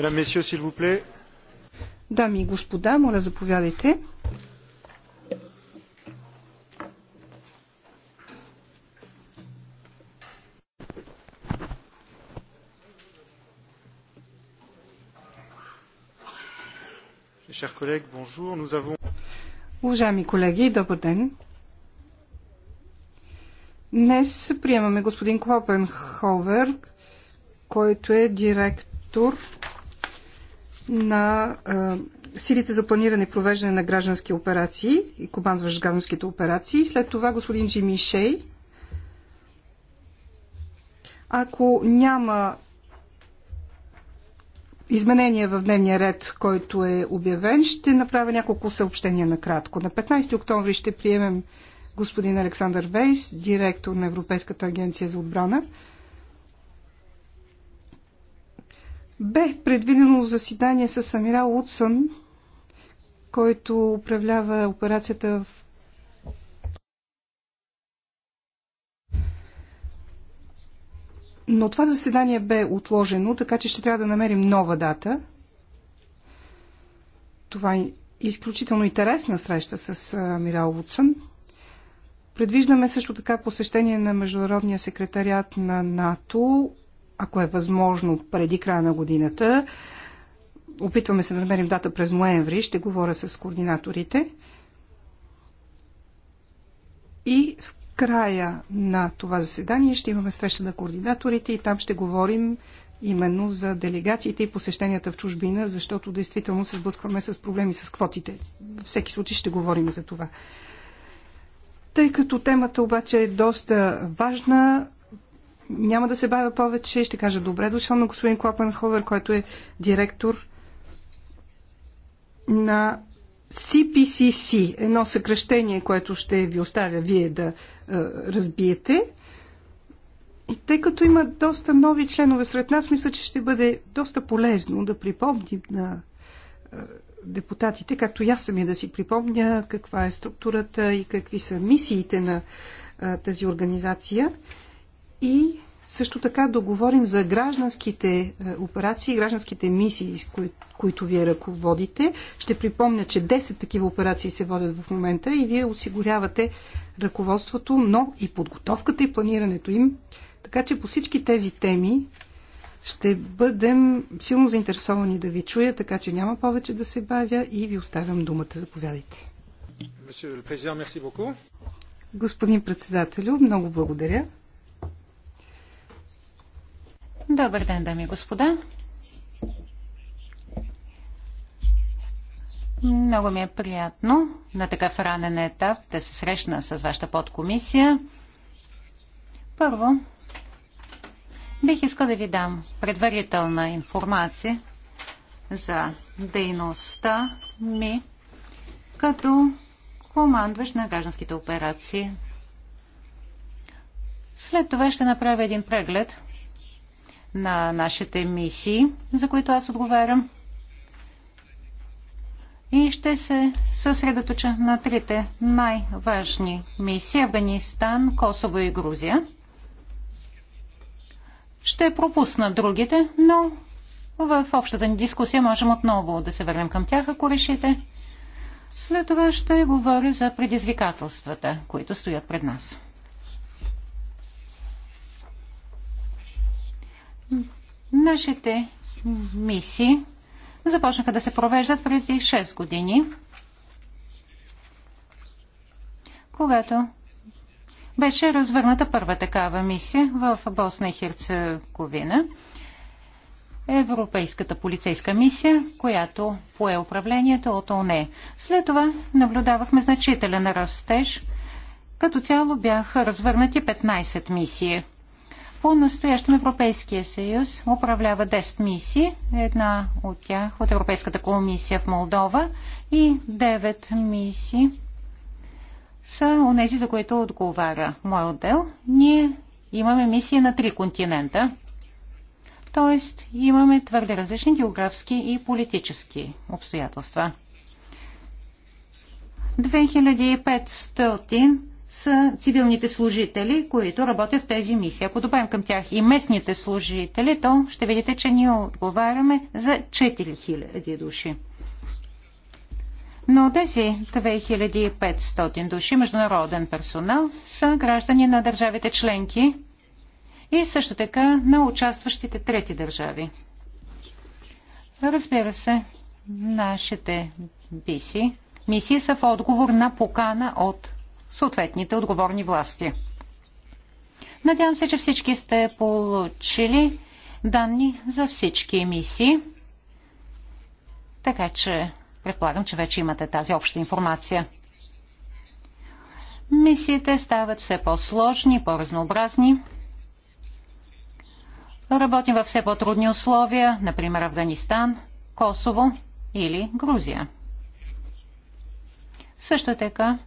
Mesdames, messieurs, s'il vous plaît. Дами и господа, моля заповядайте. Chers collègues, bonjour. Nous avons... Уважаеми колеги, добър ден. Днес приемаме господин Клопенховер, който е директор на силите за планиране и провеждане на граждански операции и командващ гражданските операции. След това господин Джими Шей. Ако няма изменения в дневния ред, който е обявен, ще направя няколко съобщения накратко. На 15 октомври ще приемем господин Александър Вейс, директор на Европейската агенция за отбрана. Бе предвидено заседание с Амирал Утсън, който управлява операцията в Но това заседание бе отложено, така че ще трябва да намерим нова дата. Това е изключително интересна среща с Амирал Утсън. Предвиждаме също така посещение на Международния секретариат на НАТО ако е възможно, преди края на годината. Опитваме се да намерим дата през ноември. Ще говоря с координаторите. И в края на това заседание ще имаме среща на координаторите и там ще говорим именно за делегациите и посещенията в чужбина, защото действително се сблъскваме с проблеми с квотите. В всеки случай ще говорим за това. Тъй като темата обаче е доста важна, няма да се бавя повече. Ще кажа добре дошъл на господин Клопенховер, който е директор на CPCC, едно съкръщение, което ще ви оставя вие да е, разбиете. И тъй като има доста нови членове сред нас, мисля, че ще бъде доста полезно да припомним на е, депутатите, както и аз самия да си припомня каква е структурата и какви са мисиите на е, тази организация и също така договорим за гражданските е, операции, гражданските мисии, кои, които вие ръководите. Ще припомня, че 10 такива операции се водят в момента и вие осигурявате ръководството, но и подготовката и планирането им. Така че по всички тези теми ще бъдем силно заинтересовани да ви чуя, така че няма повече да се бавя и ви оставям думата. Заповядайте. Господин председателю, много благодаря. Добър ден, дами и господа. Много ми е приятно на такъв ранен етап да се срещна с вашата подкомисия. Първо, бих искал да ви дам предварителна информация за дейността ми като командващ на гражданските операции. След това ще направя един преглед на нашите мисии, за които аз отговарям. И ще се съсредоточа на трите най-важни мисии Афганистан, Косово и Грузия. Ще пропусна другите, но в общата ни дискусия можем отново да се върнем към тях, ако решите. След това ще говоря за предизвикателствата, които стоят пред нас. Нашите мисии започнаха да се провеждат преди 6 години, когато беше развърната първа такава мисия в Босна и Херцеговина. Европейската полицейска мисия, която пое управлението от ОНЕ. След това наблюдавахме значителен растеж. Като цяло бяха развърнати 15 мисии – по-настоящем Европейския съюз управлява 10 мисии, една от тях от Европейската комисия в Молдова и 9 мисии са онези, за които отговаря мой отдел. Ние имаме мисии на три континента, т.е. имаме твърде различни географски и политически обстоятелства. 2500 са цивилните служители, които работят в тези мисии. Ако добавим към тях и местните служители, то ще видите, че ние отговаряме за 4000 души. Но тези 2500 души международен персонал са граждани на държавите членки и също така на участващите трети държави. Разбира се, нашите биси, мисии са в отговор на покана от съответните отговорни власти. Надявам се, че всички сте получили данни за всички емисии, така че предполагам, че вече имате тази обща информация. Мисиите стават все по-сложни, по-разнообразни. Работим във все по-трудни условия, например Афганистан, Косово или Грузия. Също така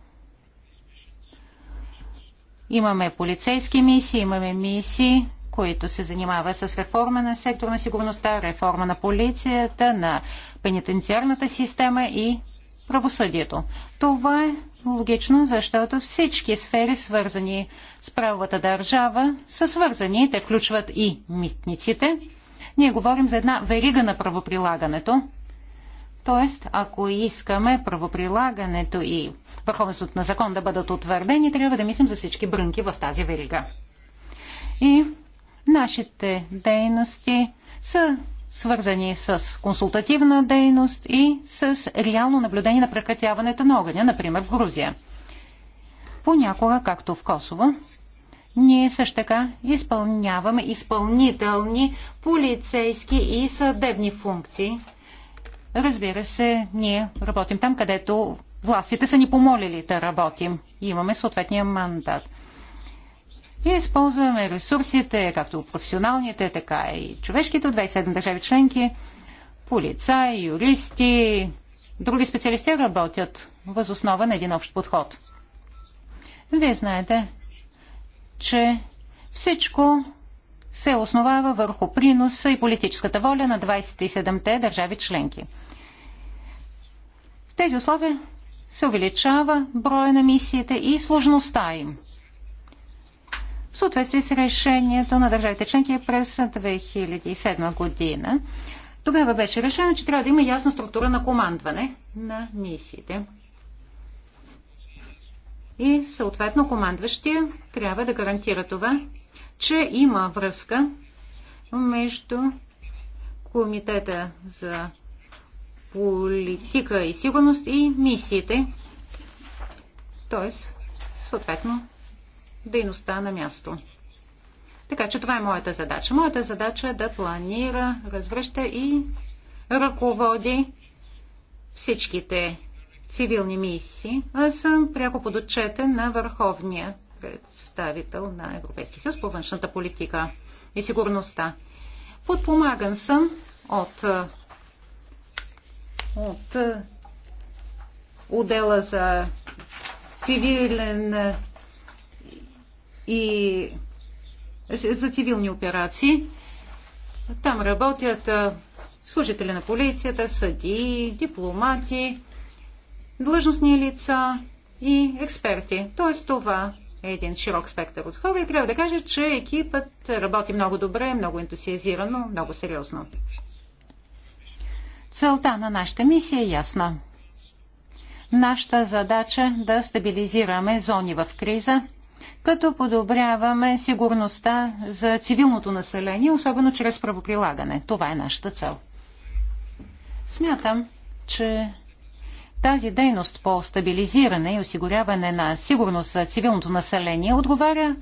Имаме полицейски мисии, имаме мисии, които се занимават с реформа на сектор на сигурността, реформа на полицията, на пенитенциарната система и правосъдието. Това е логично, защото всички сфери, свързани с правовата държава, са свързани. Те включват и митниците. Ние говорим за една верига на правоприлагането, Тоест, ако искаме правоприлагането и върховенството на закон да бъдат утвърдени, трябва да мислим за всички брънки в тази верига. И нашите дейности са свързани с консултативна дейност и с реално наблюдение на прекратяването на огъня, например в Грузия. Понякога, както в Косово, ние също така изпълняваме изпълнителни полицейски и съдебни функции – Разбира се, ние работим там, където властите са ни помолили да работим. Имаме съответния мандат. И използваме ресурсите, както професионалните, така и човешките от 27 държави членки, полицаи, юристи, други специалисти работят въз основа на един общ подход. Вие знаете, че всичко се основава върху приноса и политическата воля на 27-те държави членки. В тези условия се увеличава броя на мисиите и сложността им. В съответствие с решението на държавите членки през 2007 година, тогава беше решено, че трябва да има ясна структура на командване на мисиите. И съответно командващия трябва да гарантира това, че има връзка между Комитета за политика и сигурност и мисиите, т.е. съответно дейността на място. Така че това е моята задача. Моята задача е да планира, развръща и ръководи всичките цивилни мисии. Аз съм пряко подотчетен на върховния представител на Европейския съюз по външната политика и сигурността. Подпомаган съм от, от отдела за цивилен и за цивилни операции. Там работят служители на полицията, съдии, дипломати, длъжностни лица и експерти. Т.е. това един широк спектър от хора и трябва да кажа, че екипът работи много добре, много ентусиазирано, много сериозно. Целта на нашата мисия е ясна. Нашата задача е да стабилизираме зони в криза, като подобряваме сигурността за цивилното население, особено чрез правоприлагане. Това е нашата цел. Смятам, че тази дейност по стабилизиране и осигуряване на сигурност за цивилното население отговаря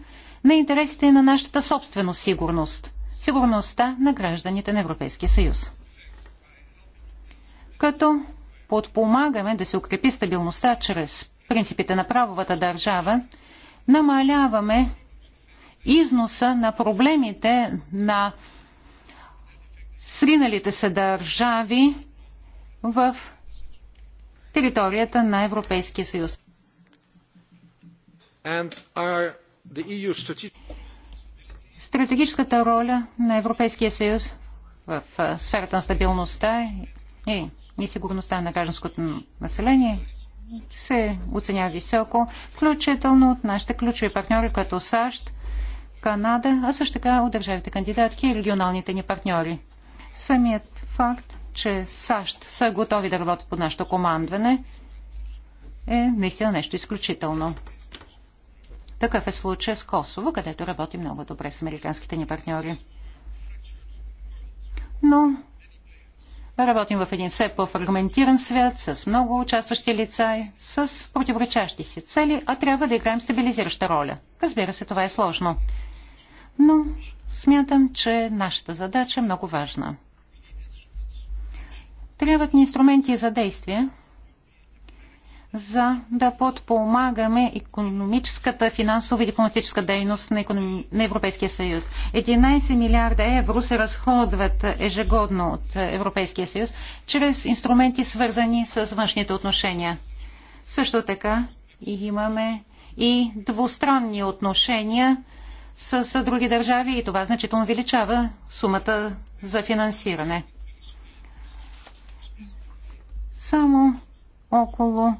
на интересите на нашата собствена сигурност, сигурността на гражданите на Европейския съюз. Като подпомагаме да се укрепи стабилността чрез принципите на правовата държава, намаляваме износа на проблемите на сриналите се държави в територията на Европейския съюз. Стратегическата роля на Европейския съюз в сферата на стабилността и несигурността на гражданското население се оценя високо, включително от нашите ключови партньори, като САЩ, Канада, а също така от държавите кандидатки и регионалните ни партньори. Самият факт, че САЩ са готови да работят под нашето командване, е наистина нещо изключително. Такъв е случай с Косово, където работи много добре с американските ни партньори. Но работим в един все по-фрагментиран свят, с много участващи лица и с противоречащи си цели, а трябва да играем стабилизираща роля. Разбира се, това е сложно. Но смятам, че нашата задача е много важна. Трябват ни инструменти за действие, за да подпомагаме економическата, финансова и дипломатическа дейност на, економ... на Европейския съюз. 11 милиарда евро се разходват ежегодно от Европейския съюз чрез инструменти, свързани с външните отношения. Също така имаме и двустранни отношения с други държави и това значително увеличава сумата за финансиране само около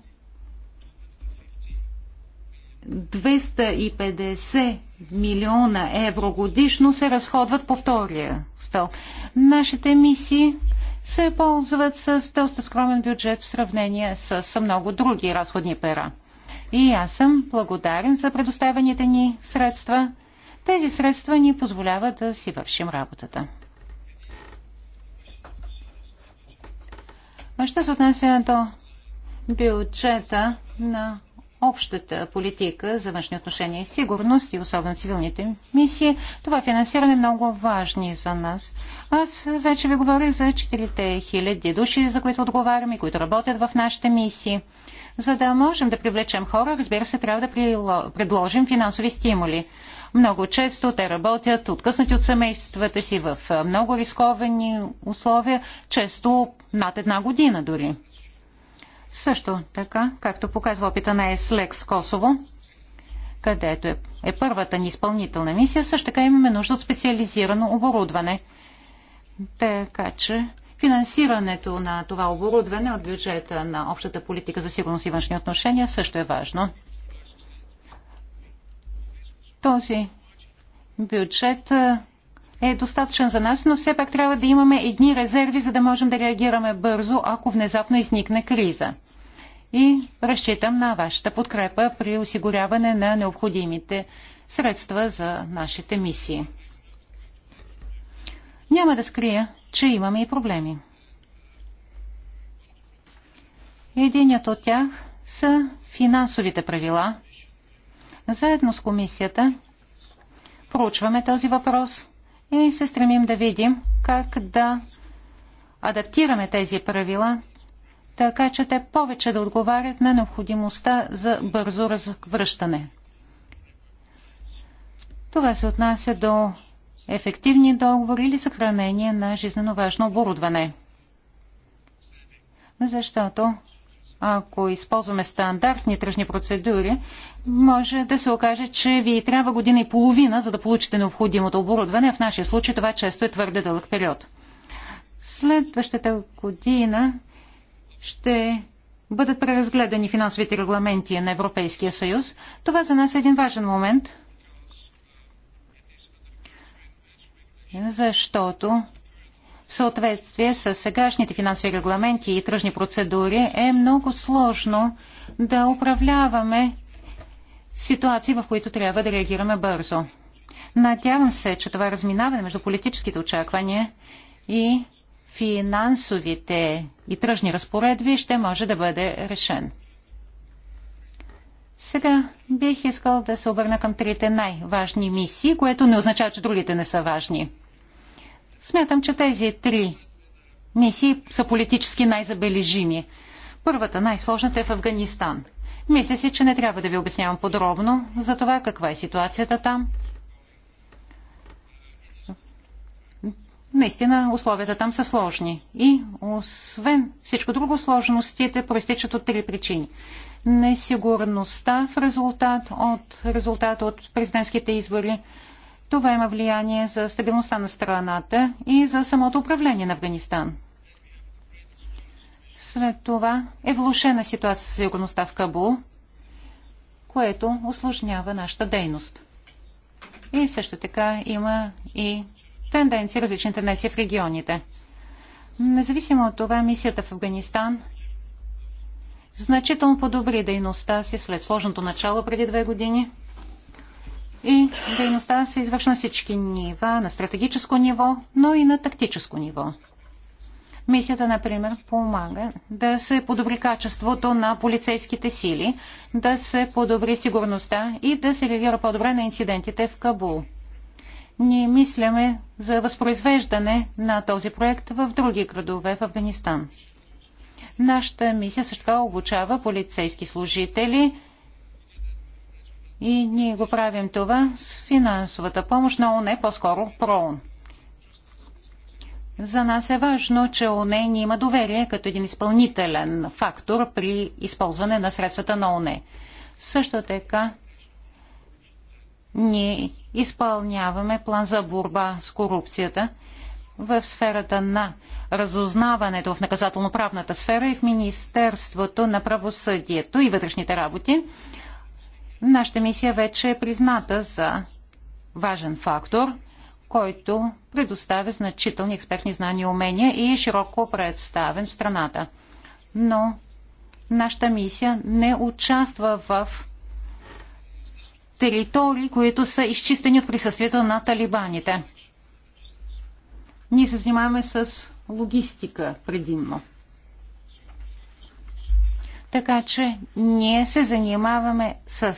250 милиона евро годишно се разходват по втория стъл. Нашите мисии се ползват с доста скромен бюджет в сравнение с много други разходни пера. И аз съм благодарен за предоставените ни средства. Тези средства ни позволяват да си вършим работата. А що се отнася до бюджета на общата политика за външни отношения и сигурност и особено цивилните мисии, това финансиране е много важни за нас. Аз вече ви говорих за 4000 души, за които отговарям и които работят в нашите мисии. За да можем да привлечем хора, разбира се, трябва да предложим финансови стимули. Много често те работят откъснати от семействата си в много рисковани условия, често над една година дори. Също така, както показва опита на ЕСЛЕКС Косово, където е, е първата ни изпълнителна мисия, също така имаме нужда от специализирано оборудване. Така че финансирането на това оборудване от бюджета на общата политика за сигурност и външни отношения също е важно. Този бюджет е достатъчен за нас, но все пак трябва да имаме едни резерви, за да можем да реагираме бързо, ако внезапно изникне криза. И разчитам на вашата подкрепа при осигуряване на необходимите средства за нашите мисии. Няма да скрия, че имаме и проблеми. Единият от тях са финансовите правила – заедно с комисията проучваме този въпрос и се стремим да видим как да адаптираме тези правила, така че те повече да отговарят на необходимостта за бързо развръщане. Това се отнася до ефективни договори или съхранение на жизненно важно оборудване. Защото ако използваме стандартни тръжни процедури, може да се окаже, че ви трябва година и половина, за да получите необходимото оборудване. В нашия случай това често е твърде дълъг период. Следващата година ще бъдат преразгледани финансовите регламенти на Европейския съюз. Това за нас е един важен момент, защото в съответствие с сегашните финансови регламенти и тръжни процедури е много сложно да управляваме ситуации, в които трябва да реагираме бързо. Надявам се, че това разминаване между политическите очаквания и финансовите и тръжни разпоредби ще може да бъде решен. Сега бих искал да се обърна към трите най-важни мисии, което не означава, че другите не са важни. Смятам, че тези три мисии са политически най-забележими. Първата, най-сложната е в Афганистан. Мисля си, че не трябва да ви обяснявам подробно за това каква е ситуацията там. Наистина, условията там са сложни. И освен всичко друго, сложностите проистичат от три причини. Несигурността в резултат от, резултат от президентските избори, това има влияние за стабилността на страната и за самото управление на Афганистан. След това е влушена ситуация с сигурността в Кабул, което осложнява нашата дейност. И също така има и тенденции, различни тенденции в регионите. Независимо от това, мисията в Афганистан значително подобри дейността си след сложното начало преди две години – и дейността се извършва на всички нива, на стратегическо ниво, но и на тактическо ниво. Мисията, например, помага да се подобри качеството на полицейските сили, да се подобри сигурността и да се реагира по-добре на инцидентите в Кабул. Ние мисляме за възпроизвеждане на този проект в други градове в Афганистан. Нашата мисия също така обучава полицейски служители и ние го правим това с финансовата помощ на ОНЕ, по-скоро ПРООН. За нас е важно, че ОНЕ ни има доверие като един изпълнителен фактор при използване на средствата на ОНЕ. Също така, ние изпълняваме план за борба с корупцията в сферата на разузнаването в наказателно-правната сфера и в Министерството на правосъдието и вътрешните работи. Нашата мисия вече е призната за важен фактор, който предоставя значителни експертни знания и умения и е широко представен в страната. Но нашата мисия не участва в територии, които са изчистени от присъствието на талибаните. Ние се занимаваме с логистика предимно. Така че ние се занимаваме с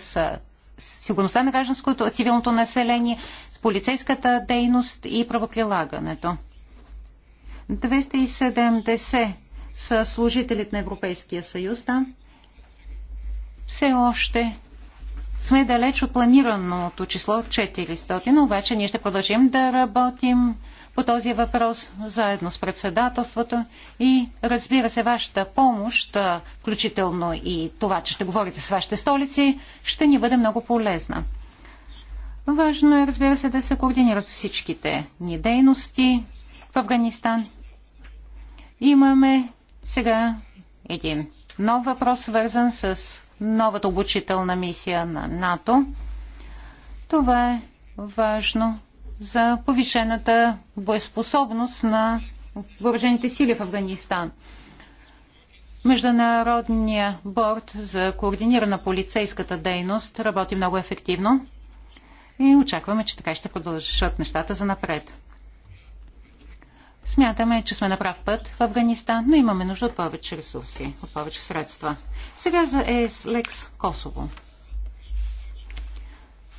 сигурността на гражданското, цивилното население, с полицейската дейност и правоприлагането. 270 са служителите на Европейския съюз там. Все още сме далеч от планираното число 400, обаче ние ще продължим да работим по този въпрос, заедно с председателството и разбира се, вашата помощ, включително и това, че ще говорите с вашите столици, ще ни бъде много полезна. Важно е, разбира се, да се координират всичките ни дейности в Афганистан. Имаме сега един нов въпрос, свързан с новата обучителна мисия на НАТО. Това е важно за повишената боеспособност на въоръжените сили в Афганистан. Международният борт за координирана полицейската дейност работи много ефективно и очакваме, че така ще продължат нещата за напред. Смятаме, че сме на прав път в Афганистан, но имаме нужда от повече ресурси, от повече средства. Сега за ЕС Лекс Косово.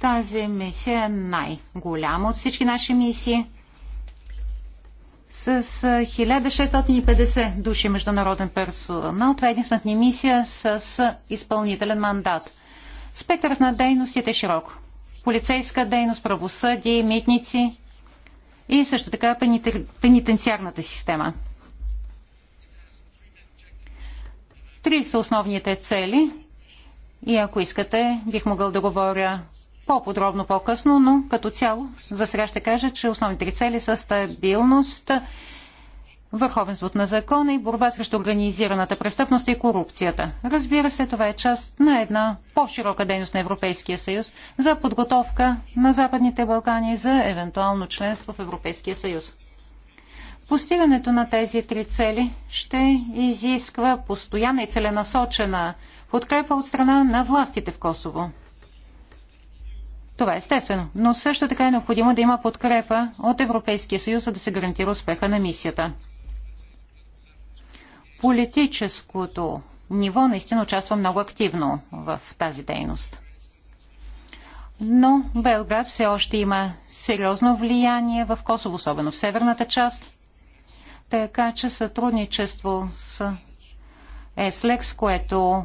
Тази мисия е най-голяма от всички наши мисии. С 1650 души международен персонал. Това е единствената ни мисия с изпълнителен мандат. Спектърът на дейностите е широк. Полицейска дейност, правосъдие, митници и също така пенитенциарната система. Три са основните цели и ако искате, бих могъл да говоря по-подробно по-късно, но като цяло за сега ще кажа, че основните цели са стабилност, върховенството на закона и борба срещу организираната престъпност и корупцията. Разбира се, това е част на една по-широка дейност на Европейския съюз за подготовка на Западните Балкани за евентуално членство в Европейския съюз. Постигането на тези три цели ще изисква постоянна и целенасочена подкрепа от страна на властите в Косово. Това е естествено, но също така е необходимо да има подкрепа от Европейския съюз, за да се гарантира успеха на мисията. Политическото ниво наистина участва много активно в тази дейност. Но Белград все още има сериозно влияние в Косово, особено в северната част. Така че сътрудничество с ЕСЛЕКС, което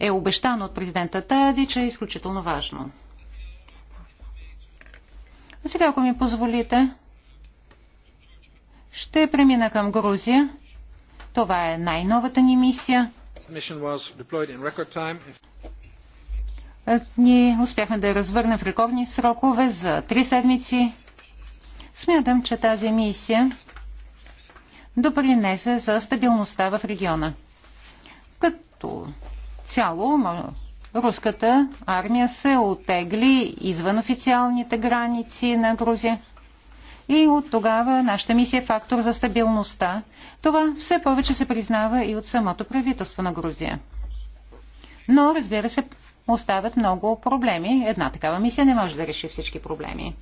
е обещано от президента Тадич, е изключително важно. А сега, ако ми позволите, ще премина към Грузия. Това е най-новата ни мисия. Е, ние успяхме да я развърнем в рекордни срокове за три седмици. Смятам, че тази мисия допринесе за стабилността в региона. Като цяло руската армия се отегли извън официалните граници на Грузия. И от тогава нашата мисия е фактор за стабилността. Това все повече се признава и от самото правителство на Грузия. Но, разбира се, остават много проблеми. Една такава мисия не може да реши всички проблеми.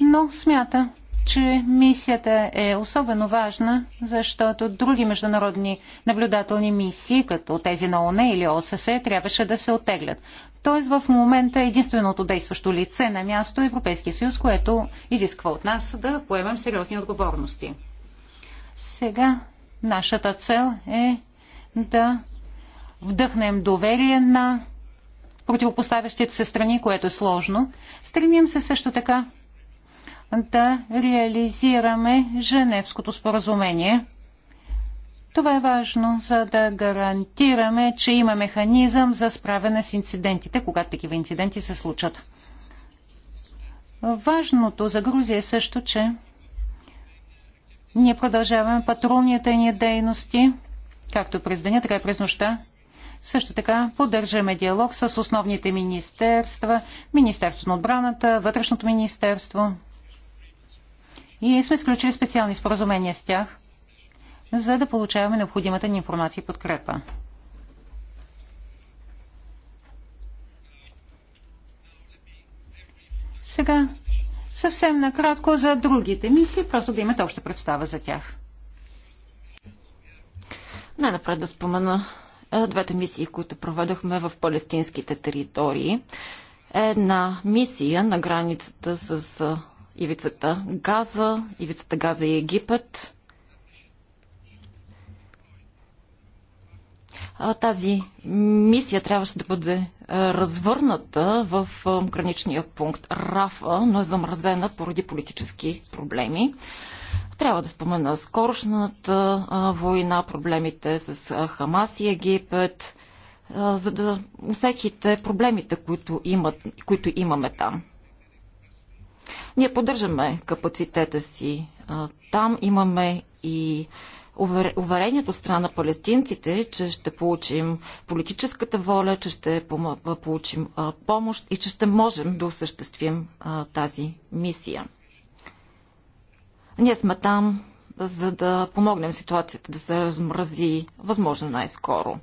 Но смята, че мисията е особено важна, защото други международни наблюдателни мисии, като тези на ОНЕ или ОССЕ, трябваше да се оттеглят. Тоест в момента единственото действащо лице на място е Европейския съюз, което изисква от нас да поемем сериозни отговорности. Сега нашата цел е да вдъхнем доверие на противопоставящите се страни, което е сложно. Стремим се също така да реализираме Женевското споразумение. Това е важно, за да гарантираме, че има механизъм за справяне с инцидентите, когато такива инциденти се случат. Важното за Грузия е също, че ние продължаваме патрулните ни дейности, както през деня, така и през нощта. Също така поддържаме диалог с основните министерства, Министерство на отбраната, Вътрешното министерство, и сме сключили специални споразумения с тях, за да получаваме необходимата ни информация и подкрепа. Сега съвсем накратко за другите мисии, просто да имате обща представа за тях. Най-напред да спомена е, двете мисии, които проведохме в палестинските територии. Една мисия на границата с ивицата Газа, ивицата Газа и Египет. Тази мисия трябваше да бъде развърната в граничния пункт Рафа, но е замразена поради политически проблеми. Трябва да спомена скорошната война, проблемите с Хамас и Египет, за да усетите проблемите, които, имат, които имаме там. Ние поддържаме капацитета си. Там имаме и уверението от страна на палестинците, че ще получим политическата воля, че ще получим помощ и че ще можем да осъществим тази мисия. Ние сме там, за да помогнем ситуацията да се размрази възможно най-скоро.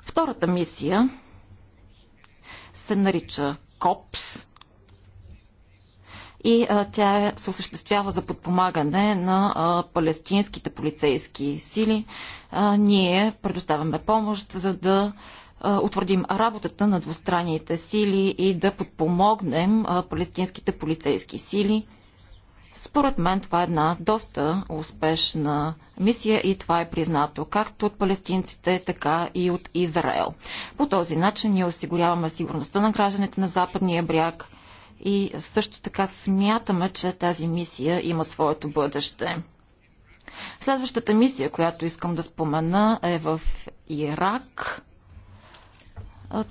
Втората мисия се нарича КОПС и а, тя се осъществява за подпомагане на а, палестинските полицейски сили. А, ние предоставяме помощ, за да утвърдим работата на двустранните сили и да подпомогнем палестинските полицейски сили. Според мен това е една доста успешна мисия и това е признато както от палестинците, така и от Израел. По този начин ние осигуряваме сигурността на гражданите на Западния бряг – и също така смятаме, че тази мисия има своето бъдеще. Следващата мисия, която искам да спомена е в Ирак.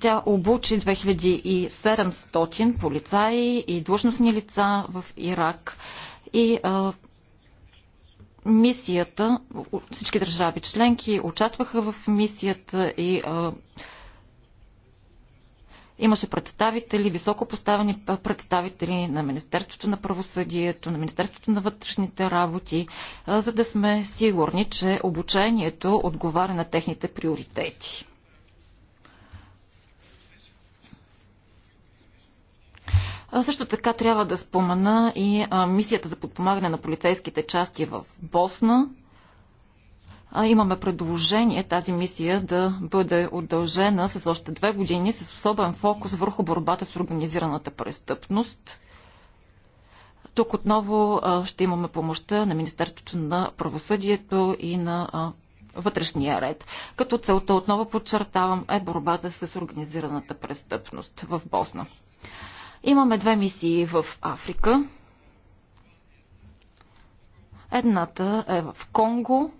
Тя обучи 2700 полицаи и длъжностни лица в Ирак и а, мисията, всички държави членки участваха в мисията и а, Имаше представители, високо поставени представители на Министерството на правосъдието, на Министерството на вътрешните работи, за да сме сигурни, че обучението отговаря на техните приоритети. Също така трябва да спомена и мисията за подпомагане на полицейските части в Босна имаме предложение тази мисия да бъде удължена с още две години с особен фокус върху борбата с организираната престъпност. Тук отново ще имаме помощта на Министерството на правосъдието и на вътрешния ред. Като целта отново подчертавам е борбата с организираната престъпност в Босна. Имаме две мисии в Африка. Едната е в Конго,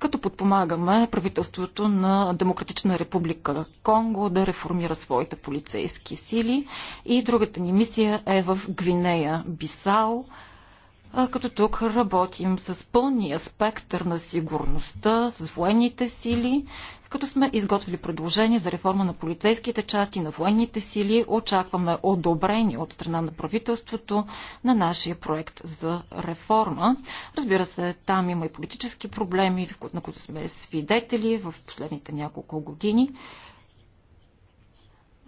като подпомагаме правителството на Демократична република Конго да реформира своите полицейски сили. И другата ни мисия е в Гвинея, Бисао, като тук работим с пълния спектър на сигурността, с военните сили, като сме изготвили предложение за реформа на полицейските части, на военните сили, очакваме одобрение от страна на правителството на нашия проект за реформа. Разбира се, там има и политически проблеми, на които сме свидетели в последните няколко години.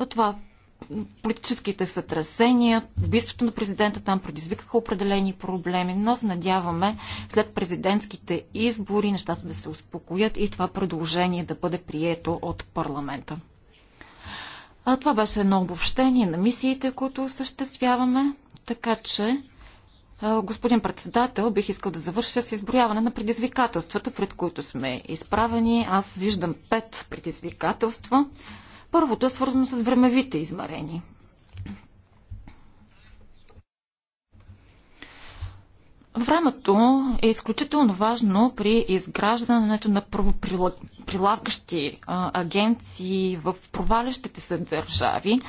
Това политическите сътресения, убийството на президента там предизвикаха определени проблеми, но се надяваме след президентските избори нещата да се успокоят и това предложение да бъде прието от парламента. А това беше едно обобщение на мисиите, които осъществяваме, така че Господин председател, бих искал да завърша с изброяване на предизвикателствата, пред които сме изправени. Аз виждам пет предизвикателства. Първото е свързано с времевите измерения. Времето е изключително важно при изграждането на правоприлагащи агенции в провалящите се държави,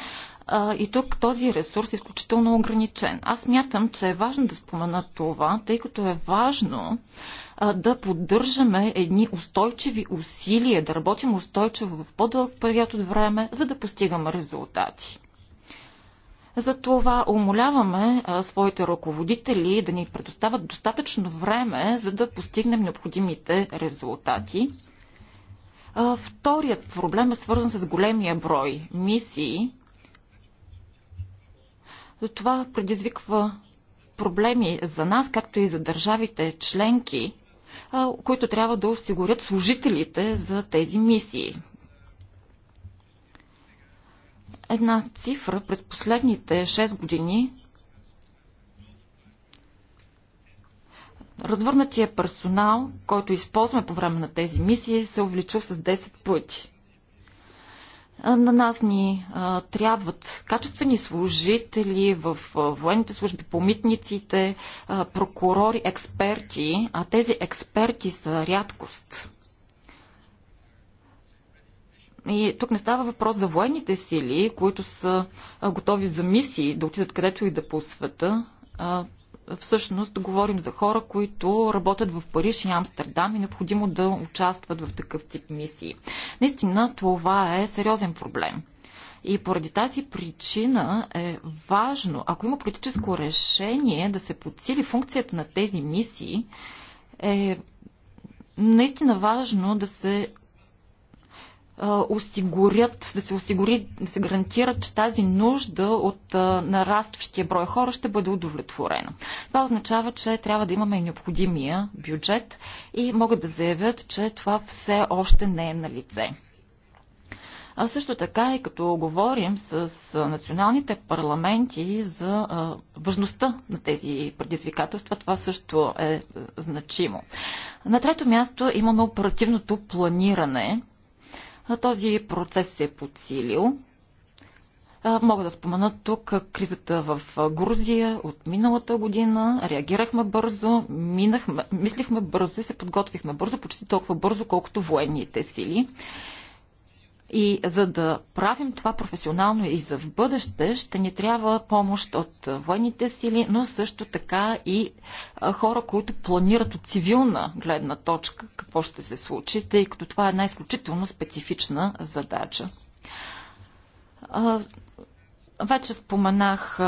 а, и тук този ресурс е изключително ограничен. Аз мятам, че е важно да спомена това, тъй като е важно а, да поддържаме едни устойчиви усилия, да работим устойчиво в по-дълъг период от време, за да постигаме резултати. Затова умоляваме а, своите ръководители да ни предоставят достатъчно време, за да постигнем необходимите резултати. А, вторият проблем е свързан с големия брой мисии, това предизвиква проблеми за нас, както и за държавите членки, които трябва да осигурят служителите за тези мисии. Една цифра през последните 6 години Развърнатия персонал, който използваме по време на тези мисии, се е увеличил с 10 пъти. На нас ни а, трябват качествени служители в а, военните служби, помитниците, а, прокурори, експерти, а тези експерти са рядкост. И тук не става въпрос за военните сили, които са готови за мисии да отидат където и да по света всъщност говорим за хора, които работят в Париж и Амстердам и необходимо да участват в такъв тип мисии. Наистина това е сериозен проблем. И поради тази причина е важно, ако има политическо решение да се подсили функцията на тези мисии, е наистина важно да се осигурят, да се осигури, да се гарантира, че тази нужда от нарастващия брой хора ще бъде удовлетворена. Това означава, че трябва да имаме и необходимия бюджет и могат да заявят, че това все още не е на лице. А също така и като говорим с националните парламенти за важността на тези предизвикателства, това също е значимо. На трето място имаме оперативното планиране този процес се е подсилил. Мога да спомена тук кризата в Грузия от миналата година. Реагирахме бързо, минахме, мислихме бързо и се подготвихме бързо, почти толкова бързо, колкото военните сили. И за да правим това професионално и за в бъдеще, ще ни трябва помощ от военните сили, но също така и хора, които планират от цивилна гледна точка какво ще се случи, тъй като това е една изключително специфична задача. Вече споменах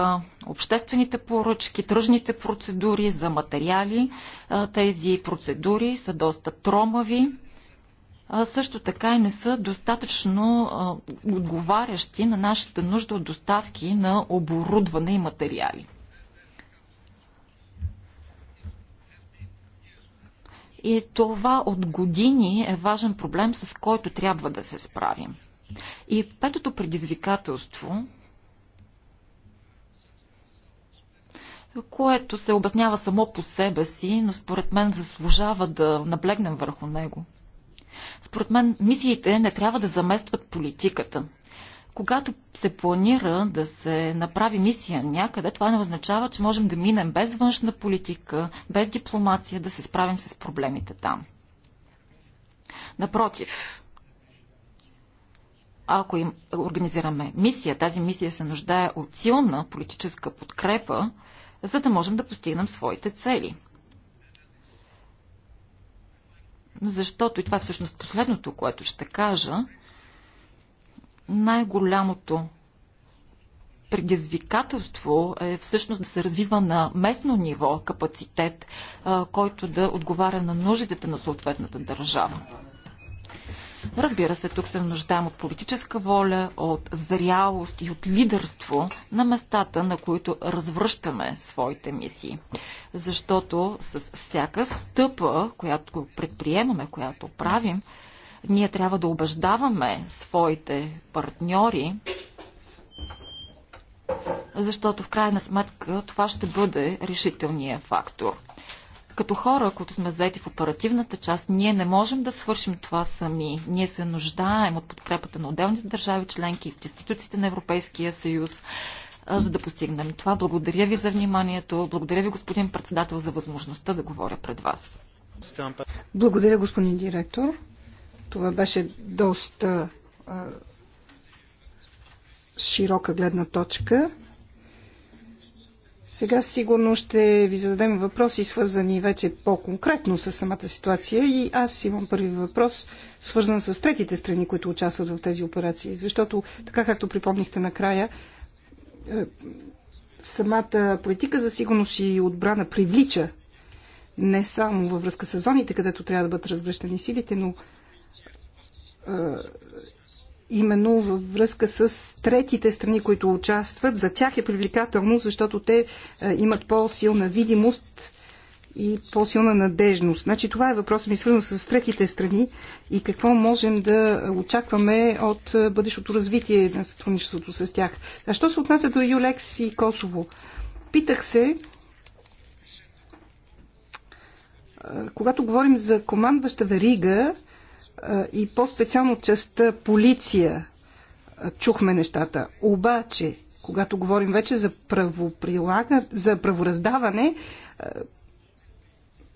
обществените поръчки, тръжните процедури за материали. Тези процедури са доста тромави а, също така и не са достатъчно а, отговарящи на нашата нужда от доставки на оборудване и материали. И това от години е важен проблем, с който трябва да се справим. И петото предизвикателство, което се обяснява само по себе си, но според мен заслужава да наблегнем върху него. Според мен мисиите не трябва да заместват политиката. Когато се планира да се направи мисия някъде, това не означава, че можем да минем без външна политика, без дипломация, да се справим с проблемите там. Напротив, ако им организираме мисия, тази мисия се нуждае от силна политическа подкрепа, за да можем да постигнем своите цели – защото, и това е всъщност последното, което ще кажа, най-голямото предизвикателство е всъщност да се развива на местно ниво капацитет, който да отговаря на нуждите на съответната държава разбира се, тук се нуждаем от политическа воля, от зрялост и от лидерство на местата, на които развръщаме своите мисии. Защото с всяка стъпа, която предприемаме, която правим, ние трябва да убеждаваме своите партньори, защото в крайна сметка това ще бъде решителният фактор като хора, които сме заети в оперативната част, ние не можем да свършим това сами. Ние се нуждаем от подкрепата на отделните държави членки, в институциите на Европейския съюз, за да постигнем това. Благодаря ви за вниманието. Благодаря ви, господин председател, за възможността да говоря пред вас. Благодаря, господин директор. Това беше доста а, широка гледна точка. Сега сигурно ще ви зададем въпроси, свързани вече по-конкретно с самата ситуация и аз имам първи въпрос, свързан с третите страни, които участват в тези операции. Защото, така както припомнихте накрая, е, самата политика за сигурност и отбрана привлича не само във връзка с зоните, където трябва да бъдат разгръщани силите, но е, именно във връзка с третите страни, които участват. За тях е привлекателно, защото те е, имат по-силна видимост и по-силна надежност. Значи това е въпросът ми свързан с третите страни и какво можем да очакваме от е, бъдещото развитие на сътрудничеството с тях. А що се отнася до Юлекс и Косово? Питах се, е, когато говорим за командваща верига, и по-специално частта полиция чухме нещата. Обаче, когато говорим вече за, правоприлага, за правораздаване,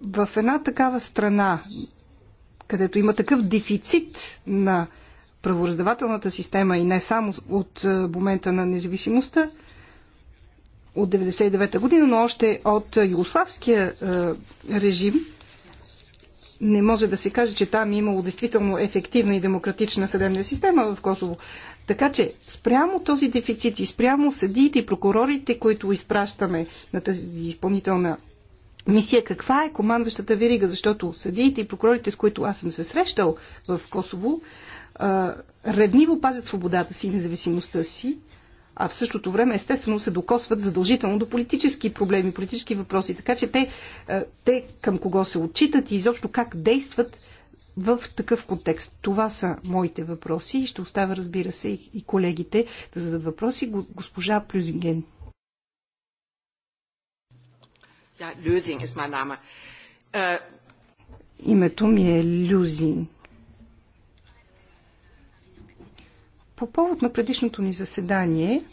в една такава страна, където има такъв дефицит на правораздавателната система и не само от момента на независимостта, от 99-та година, но още от югославския режим – не може да се каже, че там е имало действително ефективна и демократична съдебна система в Косово. Така че спрямо този дефицит и спрямо съдиите и прокурорите, които изпращаме на тази изпълнителна мисия, каква е командващата верига? Защото съдиите и прокурорите, с които аз съм се срещал в Косово, редниво пазят свободата си и независимостта си а в същото време естествено се докосват задължително до политически проблеми, политически въпроси. Така че те, е, те към кого се отчитат и изобщо как действат в такъв контекст. Това са моите въпроси и ще оставя, разбира се, и колегите да зададат въпроси. Госпожа Плюзинген. Ja, Lösing ist mein Name. Äh, Името ми е Люзин. По повод на предишното ни заседание,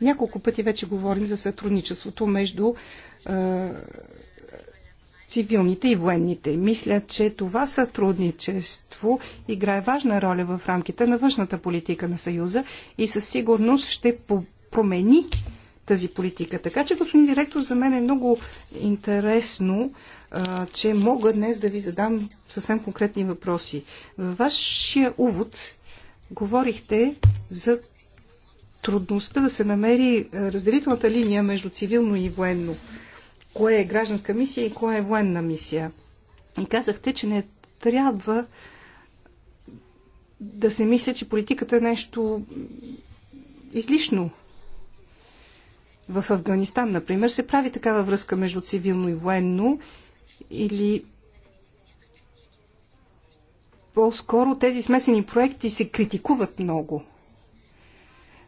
няколко пъти вече говорим за сътрудничеството между е, цивилните и военните. Мисля, че това сътрудничество играе важна роля в рамките на външната политика на Съюза и със сигурност ще промени тази политика. Така че, господин директор, за мен е много интересно, а, че мога днес да ви задам съвсем конкретни въпроси. Във вашия увод говорихте за трудността да се намери е, разделителната линия между цивилно и военно. Кое е гражданска мисия и кое е военна мисия. И казахте, че не трябва да се мисля, че политиката е нещо излишно. В Афганистан, например, се прави такава връзка между цивилно и военно или по-скоро тези смесени проекти се критикуват много.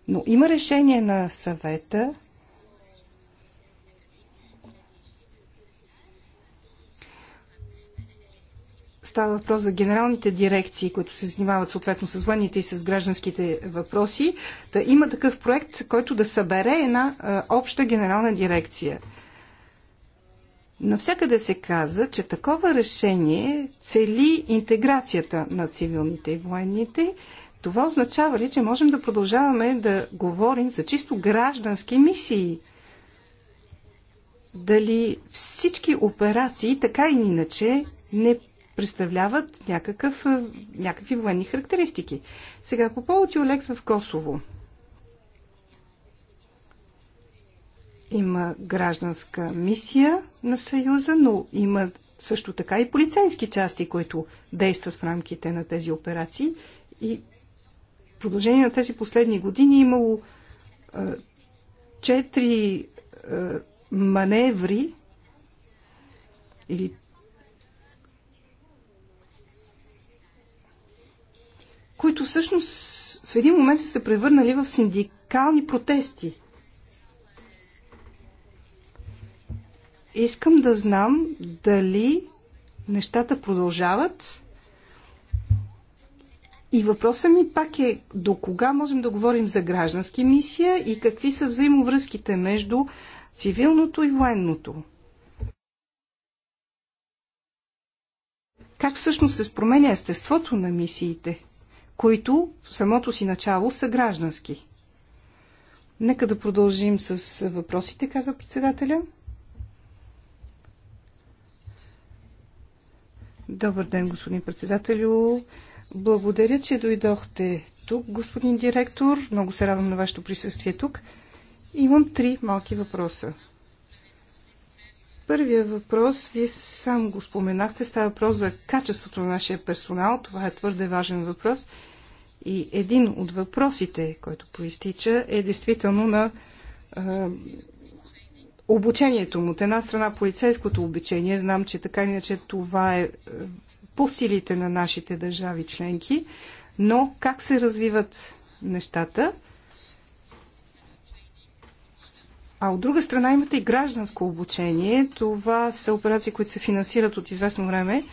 Но има решение на съвета, Става въпрос за генералните дирекции, които се занимават съответно с военните и с гражданските въпроси. Да има такъв проект, който да събере една а, обща генерална дирекция – Навсякъде се каза, че такова решение цели интеграцията на цивилните и военните. Това означава ли, че можем да продължаваме да говорим за чисто граждански мисии? Дали всички операции, така и иначе, не представляват някакъв, някакви военни характеристики? Сега по повод Юлекс в Косово – Има гражданска мисия на Съюза, но има също така и полицейски части, които действат в рамките на тези операции. И в продължение на тези последни години е имало четири маневри или които всъщност в един момент са се превърнали в синдикални протести. Искам да знам дали нещата продължават. И въпросът ми пак е до кога можем да говорим за граждански мисия и какви са взаимовръзките между цивилното и военното. Как всъщност се променя естеството на мисиите, които в самото си начало са граждански? Нека да продължим с въпросите, казва председателя. Добър ден, господин председателю. Благодаря, че дойдохте тук, господин директор. Много се радвам на вашето присъствие тук. Имам три малки въпроса. Първия въпрос, вие сам го споменахте, става въпрос за качеството на нашия персонал. Това е твърде важен въпрос. И един от въпросите, който проистича, е действително на обучението му. От една страна полицейското обучение, знам, че така иначе това е, е по силите на нашите държави членки, но как се развиват нещата? А от друга страна имате и гражданско обучение. Това са операции, които се финансират от известно време.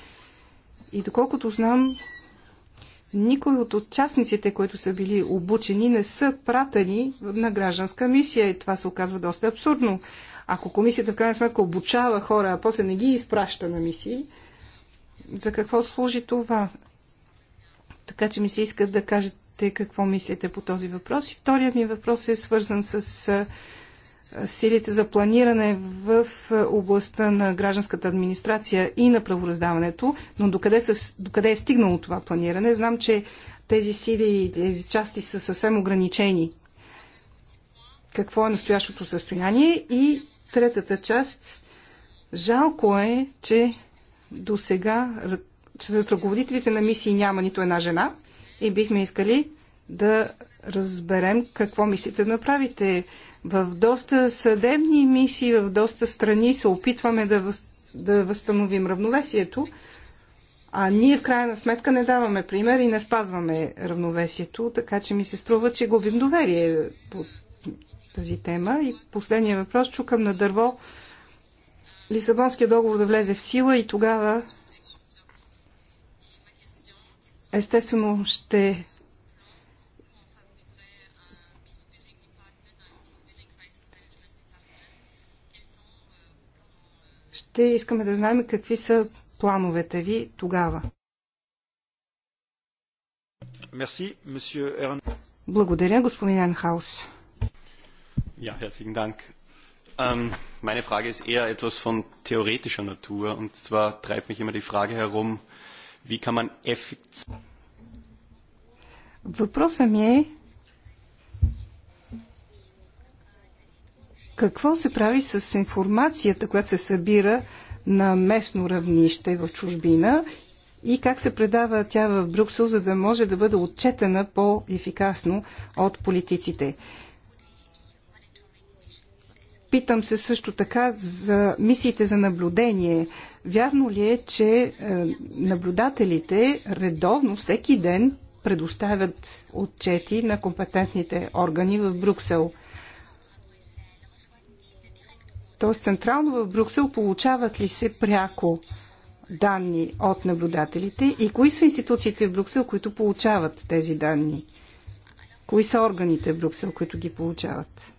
И доколкото знам, никой от участниците, които са били обучени, не са пратени на гражданска мисия. И това се оказва доста абсурдно. Ако комисията в крайна сметка обучава хора, а после не ги изпраща на мисии, за какво служи това? Така че ми се иска да кажете какво мислите по този въпрос. И вторият ми въпрос е свързан с силите за планиране в областта на гражданската администрация и на правораздаването, но докъде, с, докъде е стигнало това планиране? Знам, че тези сили и тези части са съвсем ограничени. Какво е настоящото състояние? И третата част. Жалко е, че до сега сред ръководителите на мисии няма нито една жена и бихме искали да разберем какво мислите да направите. В доста съдебни мисии, в доста страни се опитваме да, въз, да възстановим равновесието, а ние в крайна сметка не даваме пример и не спазваме равновесието, така че ми се струва, че губим доверие по тази тема. И последния въпрос, чукам на дърво Лисабонския договор да влезе в сила и тогава естествено ще ще искаме да знаем какви са плановете ви тогава. Благодаря, господин Анхаус. Ja, herzlichen Dank. Ähm, meine Frage ist eher etwas von theoretischer Natur. Und zwar treibt mich immer die Frage herum, wie kann man effizient. Въпросът ми е какво се прави с информацията, която се събира на местно равнище в чужбина и как се предава тя в Брюксел, за да може да бъде отчетена по-ефикасно от политиците. Питам се също така за мисиите за наблюдение. Вярно ли е, че е, наблюдателите редовно всеки ден предоставят отчети на компетентните органи в Брюксел? Тоест централно в Брюксел получават ли се пряко данни от наблюдателите и кои са институциите в Брюксел, които получават тези данни? Кои са органите в Брюксел, които ги получават?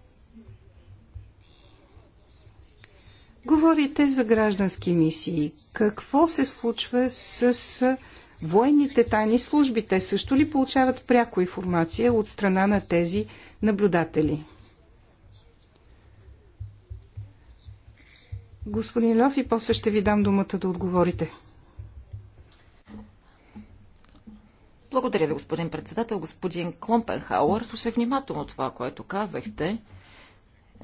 Говорите за граждански мисии. Какво се случва с военните тайни служби? Те също ли получават пряко информация от страна на тези наблюдатели? Господин Льов и после ще ви дам думата да отговорите. Благодаря ви, господин председател. Господин Кломпенхауър, слушах внимателно това, което казахте.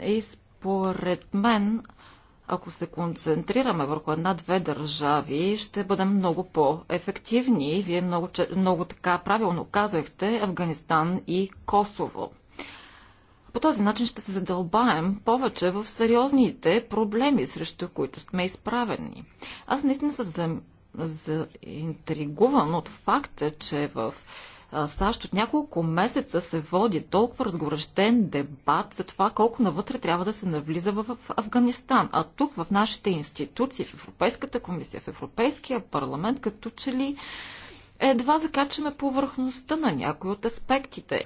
И според мен ако се концентрираме върху една-две държави, ще бъдем много по-ефективни. Вие много, много така правилно казахте Афганистан и Косово. По този начин ще се задълбаем повече в сериозните проблеми, срещу които сме изправени. Аз наистина се заинтригуван от факта, че в САЩ от няколко месеца се води толкова разгорещен дебат за това колко навътре трябва да се навлиза в Афганистан. А тук в нашите институции, в Европейската комисия, в Европейския парламент, като че ли едва закачаме повърхността на някои от аспектите.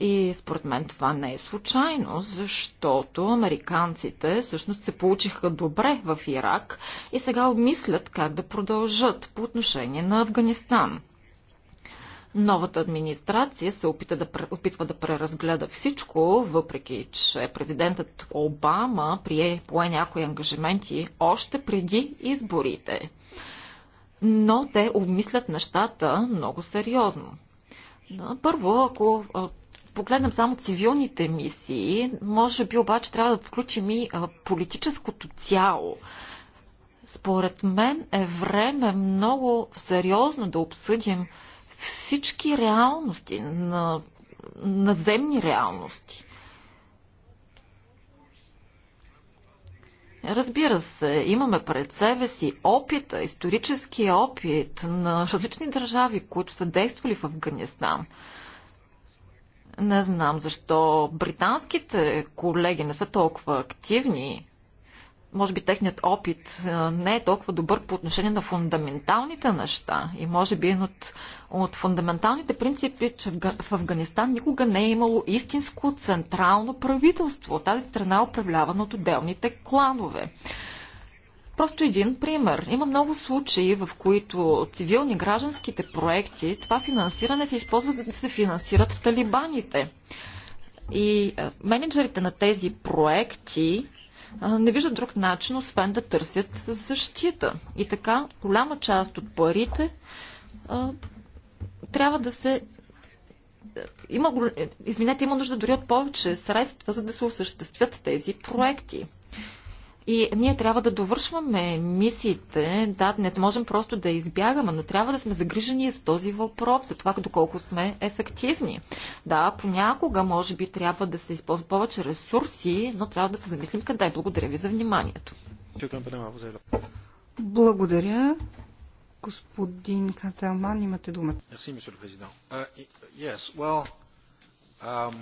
И според мен това не е случайно, защото американците всъщност се получиха добре в Ирак и сега обмислят как да продължат по отношение на Афганистан. Новата администрация се опита да, опитва да преразгледа всичко, въпреки че президентът Обама прие пое някои ангажименти още преди изборите. Но те обмислят нещата много сериозно. Първо, ако погледнем само цивилните мисии, може би обаче трябва да включим и политическото цяло. Според мен е време много сериозно да обсъдим всички реалности, на наземни реалности. Разбира се, имаме пред себе си опита, исторически опит на различни държави, които са действали в Афганистан. Не знам защо британските колеги не са толкова активни може би техният опит не е толкова добър по отношение на фундаменталните неща и може би е от, от фундаменталните принципи, че в Афганистан никога не е имало истинско централно правителство. Тази страна е управлявана от отделните кланове. Просто един пример. Има много случаи, в които цивилни гражданските проекти, това финансиране се използва за да се финансират талибаните. И менеджерите на тези проекти не виждат друг начин, освен да търсят защита. И така, голяма част от парите трябва да се. Има, извинете, има нужда дори от повече средства, за да се осъществят тези проекти. И ние трябва да довършваме мисиите. Да, не можем просто да избягаме, но трябва да сме загрижени за този въпрос, за това доколко сме ефективни. Да, понякога може би трябва да се използва повече ресурси, но трябва да се замислим къде. Благодаря ви за вниманието. Благодаря. Господин Каталман, имате думата. Uh, um,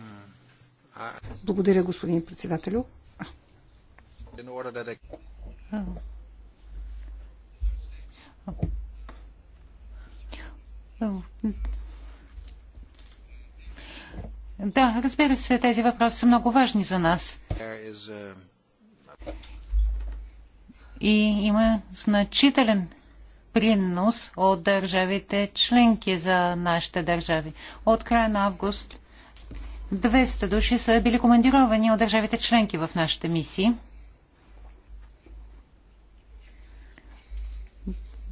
Благодаря, господин председателю in order that I... Да, разбира се, тези въпроси са много важни за нас. Uh, И има значителен принос от държавите членки за нашите държави. От края на август 200 души са били командировани от държавите членки в нашите мисии.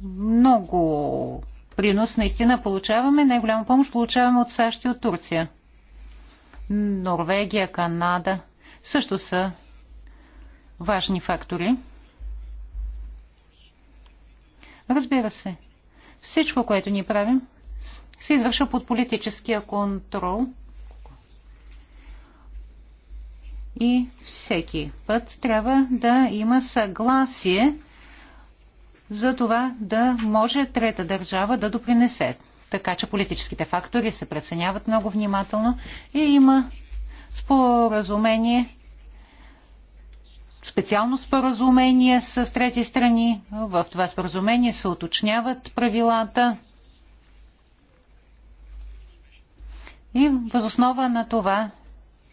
много принос наистина получаваме. Най-голяма помощ получаваме от САЩ и от Турция. Норвегия, Канада също са важни фактори. Разбира се, всичко, което ни правим, се извършва под политическия контрол и всеки път трябва да има съгласие за това да може трета държава да допринесе. Така че политическите фактори се преценяват много внимателно и има споразумение, специално споразумение с трети страни. В това споразумение се уточняват правилата и възоснова на това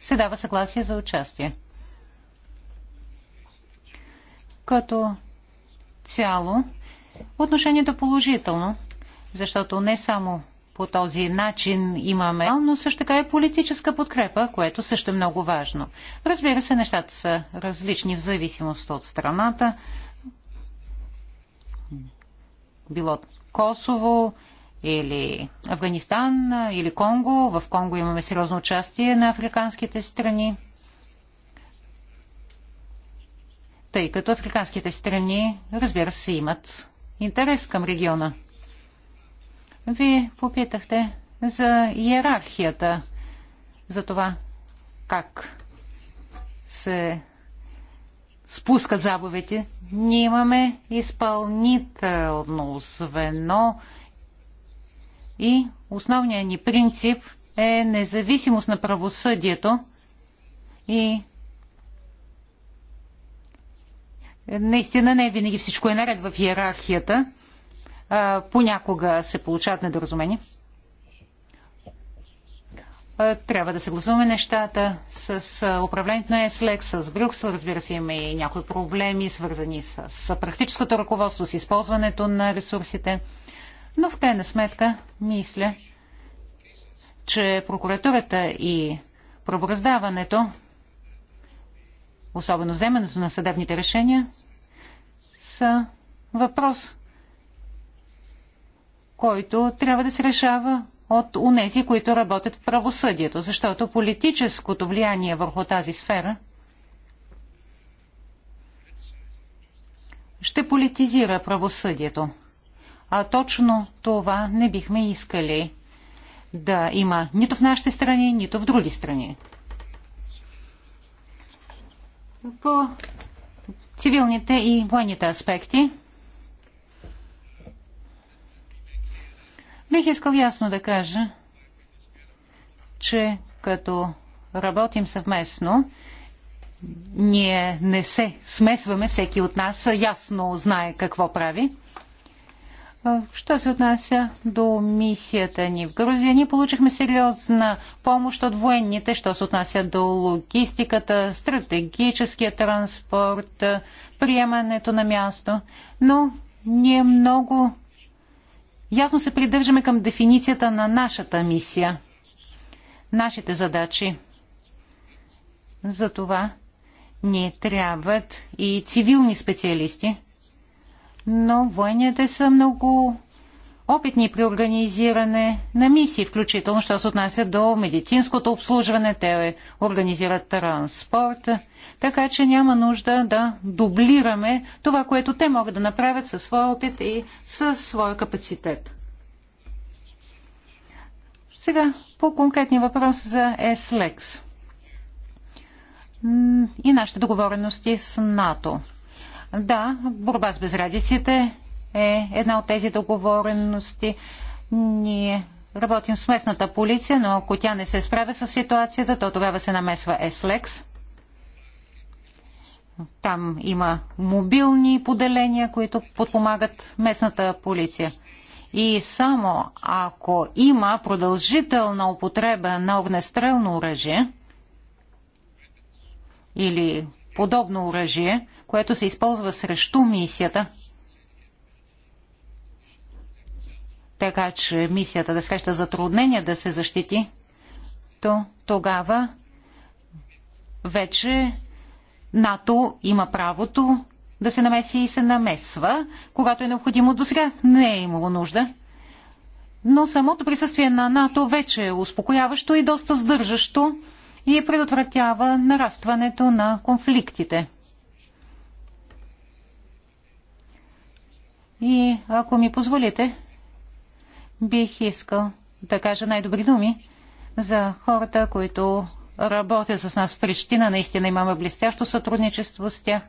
се дава съгласие за участие. Като цяло отношението положително, защото не само по този начин имаме, но също така и политическа подкрепа, което също е много важно. Разбира се, нещата са различни в зависимост от страната. Било Косово или Афганистан или Конго. В Конго имаме сериозно участие на африканските страни. тъй като африканските страни, разбира се, имат интерес към региона. Вие попитахте за иерархията, за това как се спускат забовете. Ние имаме изпълнително звено и основният ни принцип е независимост на правосъдието и Наистина не винаги всичко е наред в иерархията. Понякога се получават недоразумения. Трябва да се гласуваме нещата с управлението на ЕСЛЕК, с Брюксел. Разбира се, има и някои проблеми, свързани с практическото ръководство, с използването на ресурсите. Но в крайна сметка, мисля, че прокуратурата и правораздаването особено вземането на съдебните решения, са въпрос, който трябва да се решава от унези, които работят в правосъдието, защото политическото влияние върху тази сфера ще политизира правосъдието. А точно това не бихме искали да има нито в нашите страни, нито в други страни по цивилните и военните аспекти. Бих искал ясно да кажа, че като работим съвместно, ние не се смесваме, всеки от нас ясно знае какво прави. Що се отнася до мисията ни в Грузия, ние получихме сериозна помощ от военните, що се отнася до логистиката, стратегическия транспорт, приемането на място, но ние много ясно се придържаме към дефиницията на нашата мисия, нашите задачи. Затова ние трябват и цивилни специалисти – но военните са много опитни при организиране на мисии, включително, що се отнася до медицинското обслужване. Те организират транспорт, така че няма нужда да дублираме това, което те могат да направят със своя опит и със своя капацитет. Сега по конкретни въпроси за SLEX и нашите договорености с НАТО. Да, борба с безрадиците е една от тези договорености. Ние работим с местната полиция, но ако тя не се справя с ситуацията, то тогава се намесва ЕСЛЕКС. Там има мобилни поделения, които подпомагат местната полиция. И само ако има продължителна употреба на огнестрелно оръжие или подобно оръжие, което се използва срещу мисията. Така че мисията да среща затруднения да се защити, то тогава вече НАТО има правото да се намеси и се намесва, когато е необходимо. До сега не е имало нужда. Но самото присъствие на НАТО вече е успокояващо и доста сдържащо и предотвратява нарастването на конфликтите. И ако ми позволите, бих искал да кажа най-добри думи за хората, които работят с нас в Прищина. Наистина имаме блестящо сътрудничество с тях.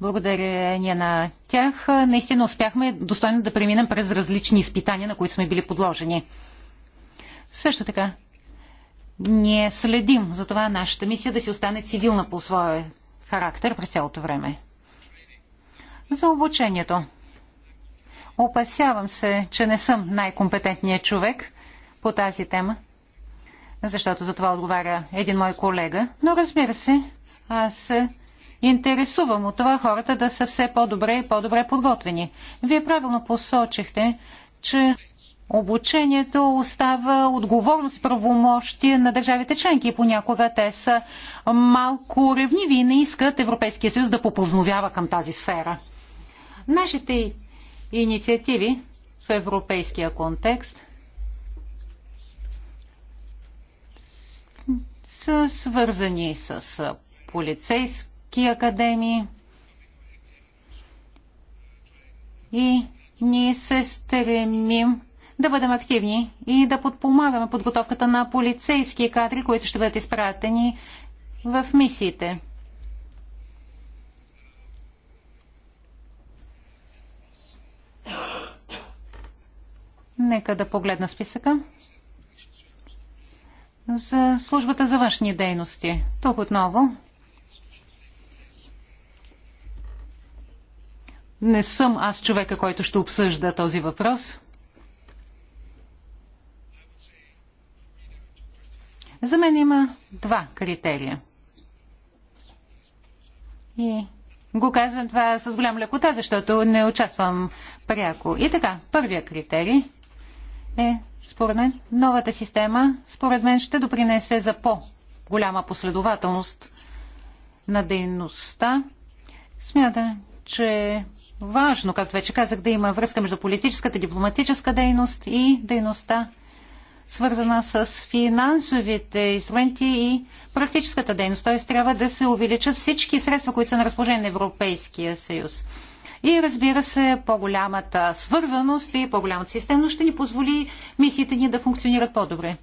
Благодарение на тях наистина успяхме достойно да преминем през различни изпитания, на които сме били подложени. Също така, ние следим за това нашата мисия да си остане цивилна по своя характер през цялото време за обучението. Опасявам се, че не съм най-компетентният човек по тази тема, защото за това отговаря един мой колега. Но разбира се, аз се интересувам от това хората да са все по-добре и по-добре подготвени. Вие правилно посочихте, че обучението остава отговорност и правомощие на държавите членки и понякога те са малко ревниви и не искат Европейския съюз да попълзновява към тази сфера. Нашите инициативи в европейския контекст са свързани с полицейски академии и ние се стремим да бъдем активни и да подпомагаме подготовката на полицейски кадри, които ще бъдат изпратени в мисиите. Нека да погледна списъка. За службата за външни дейности. Тук отново. Не съм аз човека, който ще обсъжда този въпрос. За мен има два критерия. И го казвам това с голям лекота, защото не участвам пряко. И така, първия критерий – е, според мен, новата система, според мен, ще допринесе за по-голяма последователност на дейността. Смята, че е важно, както вече казах, да има връзка между политическата и дипломатическа дейност и дейността, свързана с финансовите инструменти и практическата дейност. Т.е. трябва да се увеличат всички средства, които са на разположение на Европейския съюз. И разбира се, по-голямата свързаност и по-голямата системност ще ни позволи мисиите ни да функционират по-добре.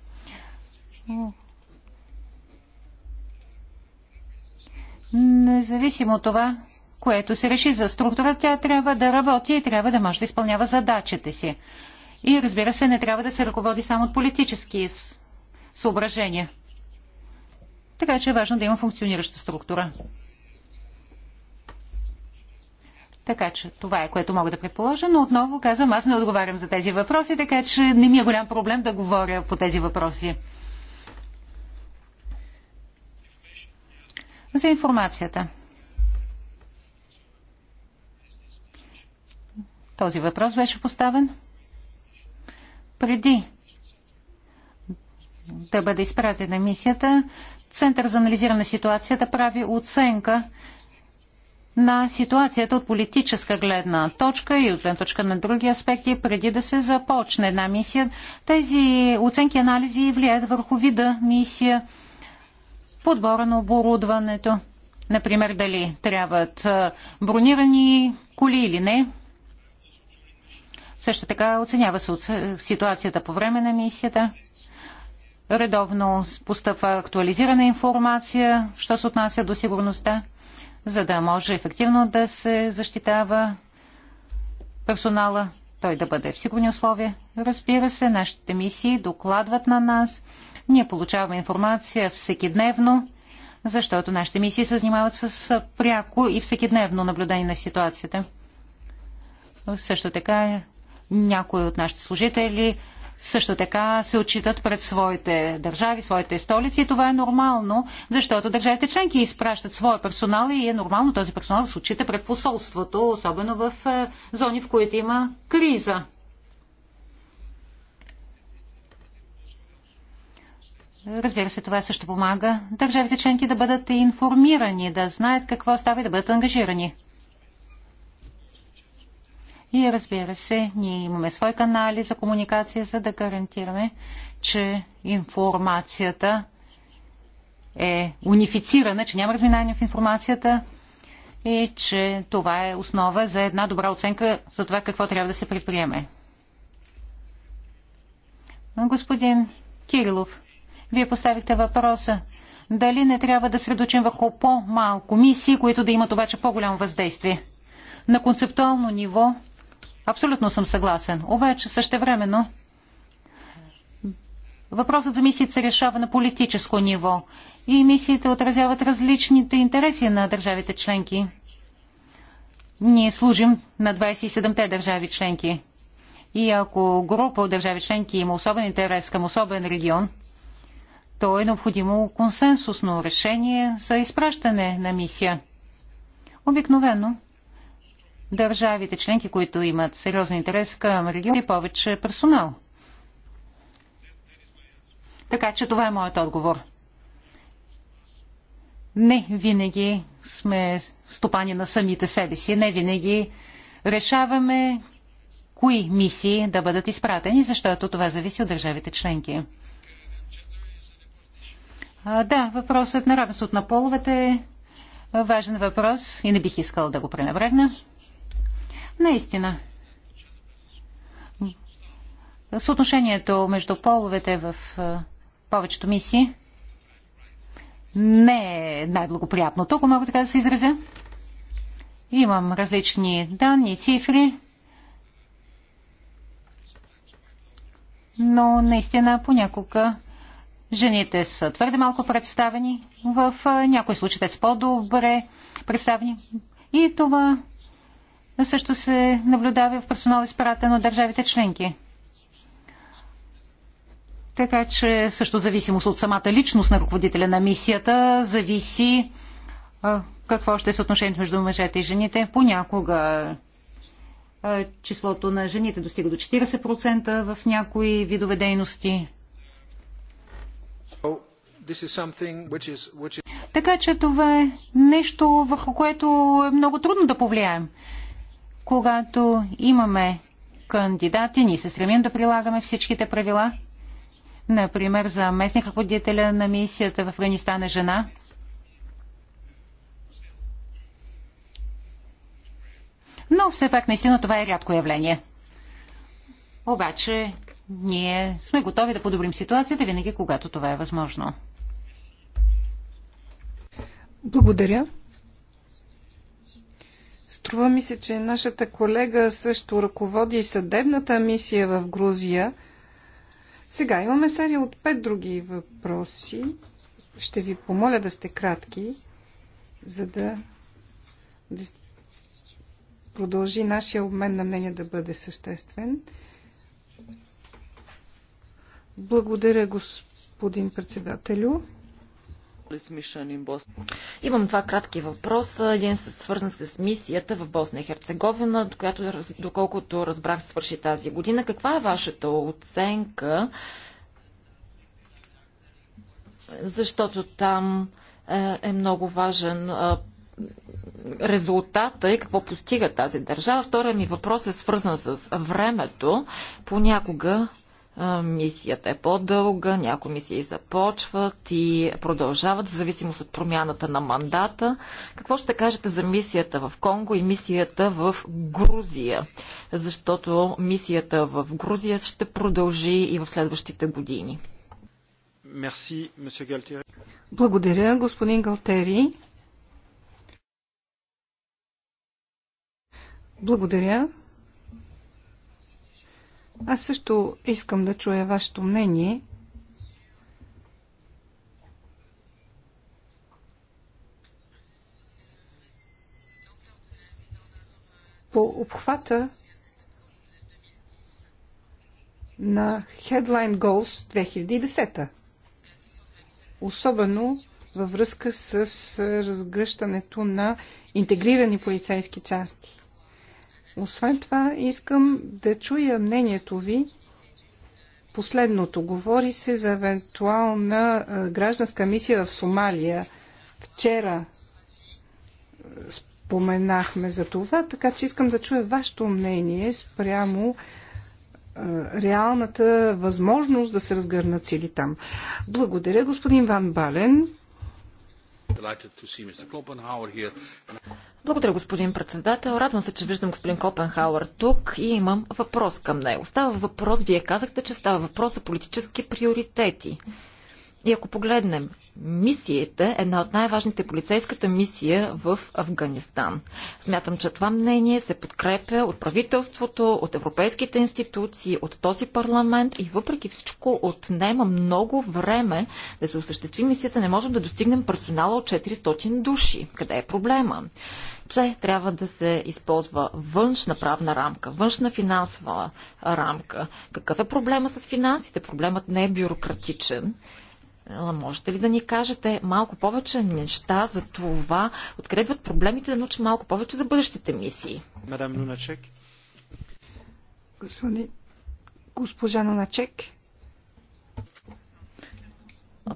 Независимо от това, което се реши за структура, тя трябва да работи и трябва да може да изпълнява задачите си. И разбира се, не трябва да се ръководи само от политически съображения. Така че е важно да има функционираща структура. Така че това е, което мога да предположа, но отново казвам, аз не отговарям за тези въпроси, така че не ми е голям проблем да говоря по тези въпроси. За информацията. Този въпрос беше поставен преди да бъде изпратена мисията. Център за анализиране на ситуацията прави оценка на ситуацията от политическа гледна точка и от гледна точка на други аспекти, преди да се започне една мисия. Тези оценки и анализи влияят върху вида мисия, подбора на оборудването. Например, дали трябват бронирани коли или не. Също така оценява се ситуацията по време на мисията. Редовно постъпва актуализирана информация, що се отнася до сигурността за да може ефективно да се защитава персонала, той да бъде в сигурни условия. Разбира се, нашите мисии докладват на нас. Ние получаваме информация всекидневно, защото нашите мисии се занимават с пряко и всекидневно наблюдение на ситуацията. Също така някои от нашите служители също така се отчитат пред своите държави, своите столици. И това е нормално, защото държавите членки изпращат своя персонал и е нормално този персонал да се отчита пред посолството, особено в е, зони, в които има криза. Разбира се, това също помага държавите членки да бъдат информирани, да знаят какво става и да бъдат ангажирани. И разбира се, ние имаме свои канали за комуникация, за да гарантираме, че информацията е унифицирана, че няма разминание в информацията и че това е основа за една добра оценка за това какво трябва да се предприеме. Господин Кирилов, вие поставихте въпроса дали не трябва да средочим върху по-малко мисии, които да имат обаче по-голямо въздействие. На концептуално ниво Абсолютно съм съгласен. Обаче същевременно въпросът за мисиите се решава на политическо ниво и мисиите отразяват различните интереси на държавите членки. Ние служим на 27-те държави членки. И ако група от държави членки има особен интерес към особен регион, то е необходимо консенсусно решение за изпращане на мисия. Обикновено държавите членки, които имат сериозен интерес към региони, повече персонал. Така че това е моят отговор. Не винаги сме стопани на самите себе си, не винаги решаваме кои мисии да бъдат изпратени, защото това зависи от държавите членки. А, да, въпросът на равенството на половете е важен въпрос и не бих искал да го пренебрегна. Наистина. Съотношението между половете в повечето мисии не е най-благоприятно. Тук мога така да се изразя. Имам различни данни, цифри, но наистина понякога жените са твърде малко представени. В някои случаи те са по-добре представени. И това също се наблюдава в персонал, изпратен от държавите членки. Така че също зависимост от самата личност на ръководителя на мисията зависи какво ще е съотношението между мъжете и жените. Понякога числото на жените достига до 40% в някои видове дейности. Which is, which is... Така че това е нещо, върху което е много трудно да повлияем когато имаме кандидати, ние се стремим да прилагаме всичките правила. Например, за местник ръководителя на мисията в Афганистан е жена. Но все пак наистина това е рядко явление. Обаче ние сме готови да подобрим ситуацията винаги, когато това е възможно. Благодаря. Струва ми се, че нашата колега също ръководи съдебната мисия в Грузия. Сега имаме серия от пет други въпроси. Ще ви помоля да сте кратки, за да, да продължи нашия обмен на мнение да бъде съществен. Благодаря, господин председателю. Имам два кратки въпроса. Един свързан с мисията в Босна и Херцеговина, която, доколкото разбрах, свърши тази година. Каква е вашата оценка? Защото там е, е много важен резултата и какво постига тази държава. Втория ми въпрос е свързан с времето. Понякога мисията е по-дълга, някои мисии започват и продължават в зависимост от промяната на мандата. Какво ще кажете за мисията в Конго и мисията в Грузия? Защото мисията в Грузия ще продължи и в следващите години. Merci, Благодаря, господин Галтери. Благодаря. Аз също искам да чуя вашето мнение. По обхвата на Headline Goals 2010. Особено във връзка с разгръщането на интегрирани полицейски части. Освен това, искам да чуя мнението ви. Последното говори се за евентуална гражданска мисия в Сомалия. Вчера споменахме за това, така че искам да чуя вашето мнение спрямо реалната възможност да се разгърнат сили там. Благодаря, господин Ван Бален. Благодаря, господин председател. Радвам се, че виждам господин Копенхауър тук и имам въпрос към него. Става въпрос, вие казахте, че става въпрос за политически приоритети. И ако погледнем мисията, една от най-важните полицейската мисия в Афганистан. Смятам, че това мнение се подкрепя от правителството, от европейските институции, от този парламент и въпреки всичко отнема много време да се осъществи мисията. Не можем да достигнем персонала от 400 души. Къде е проблема? че трябва да се използва външна правна рамка, външна финансова рамка. Какъв е проблема с финансите? Проблемът не е бюрократичен Можете ли да ни кажете малко повече неща за това, откъде идват проблемите, да научим малко повече за бъдещите мисии? Мадам Господин, госпожа Нуначек,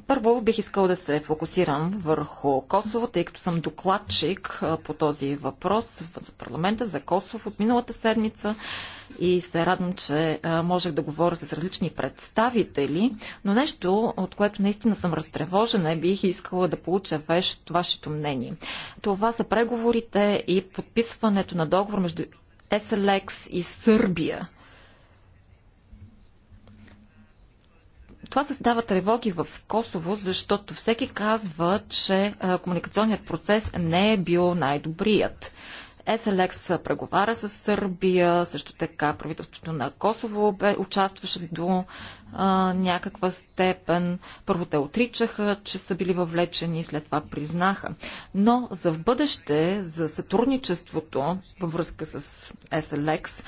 първо бих искал да се фокусирам върху Косово, тъй като съм докладчик по този въпрос за парламента, за Косово от миналата седмица и се радвам, че можех да говоря с различни представители, но нещо, от което наистина съм разтревожена и бих искала да получа вашето мнение. Това са преговорите и подписването на договор между СЛХ е и Сърбия. Това създава тревоги в Косово, защото всеки казва, че комуникационният процес не е бил най-добрият. SLX преговаря с Сърбия, също така правителството на Косово бе, участваше до а, някаква степен. Първо те отричаха, че са били въвлечени, след това признаха. Но за в бъдеще, за сътрудничеството във връзка с SLX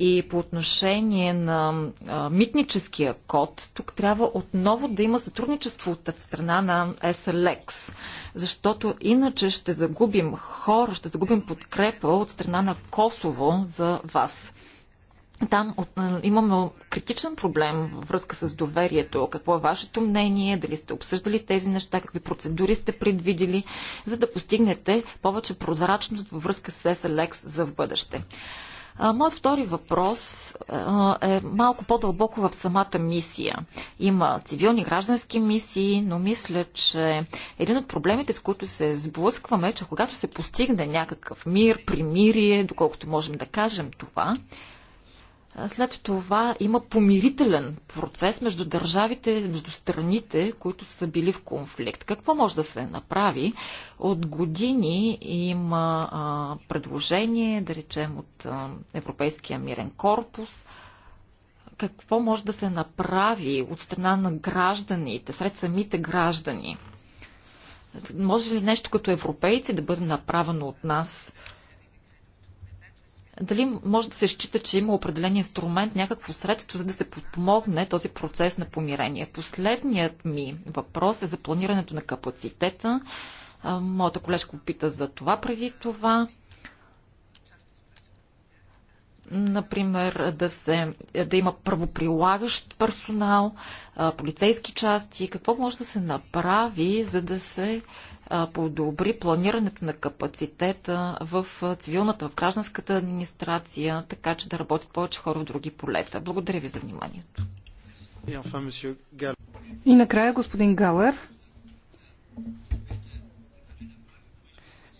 и по отношение на а, митническия код, тук трябва отново да има сътрудничество от страна на SLX, защото иначе ще загубим хора, ще загубим подкрепа от страна на Косово за вас. Там от, имаме критичен проблем във връзка с доверието. Какво е вашето мнение? Дали сте обсъждали тези неща? Какви процедури сте предвидили, за да постигнете повече прозрачност във връзка с SLX за в бъдеще? А, моят втори въпрос а, е малко по-дълбоко в самата мисия. Има цивилни граждански мисии, но мисля, че един от проблемите, с които се сблъскваме, е, че когато се постигне някакъв мир, примирие, доколкото можем да кажем това, след това има помирителен процес между държавите, между страните, които са били в конфликт. Какво може да се направи? От години има а, предложение, да речем, от а, Европейския мирен корпус. Какво може да се направи от страна на гражданите, сред самите граждани? Може ли нещо като европейци да бъде направено от нас? дали може да се счита, че има определен инструмент, някакво средство, за да се подпомогне този процес на помирение. Последният ми въпрос е за планирането на капацитета. Моята колежка опита за това преди това. Например, да, се, да има правоприлагащ персонал, полицейски части. Какво може да се направи, за да се подобри планирането на капацитета в цивилната, в гражданската администрация, така че да работят повече хора в други полета. Благодаря ви за вниманието. И накрая господин Галер.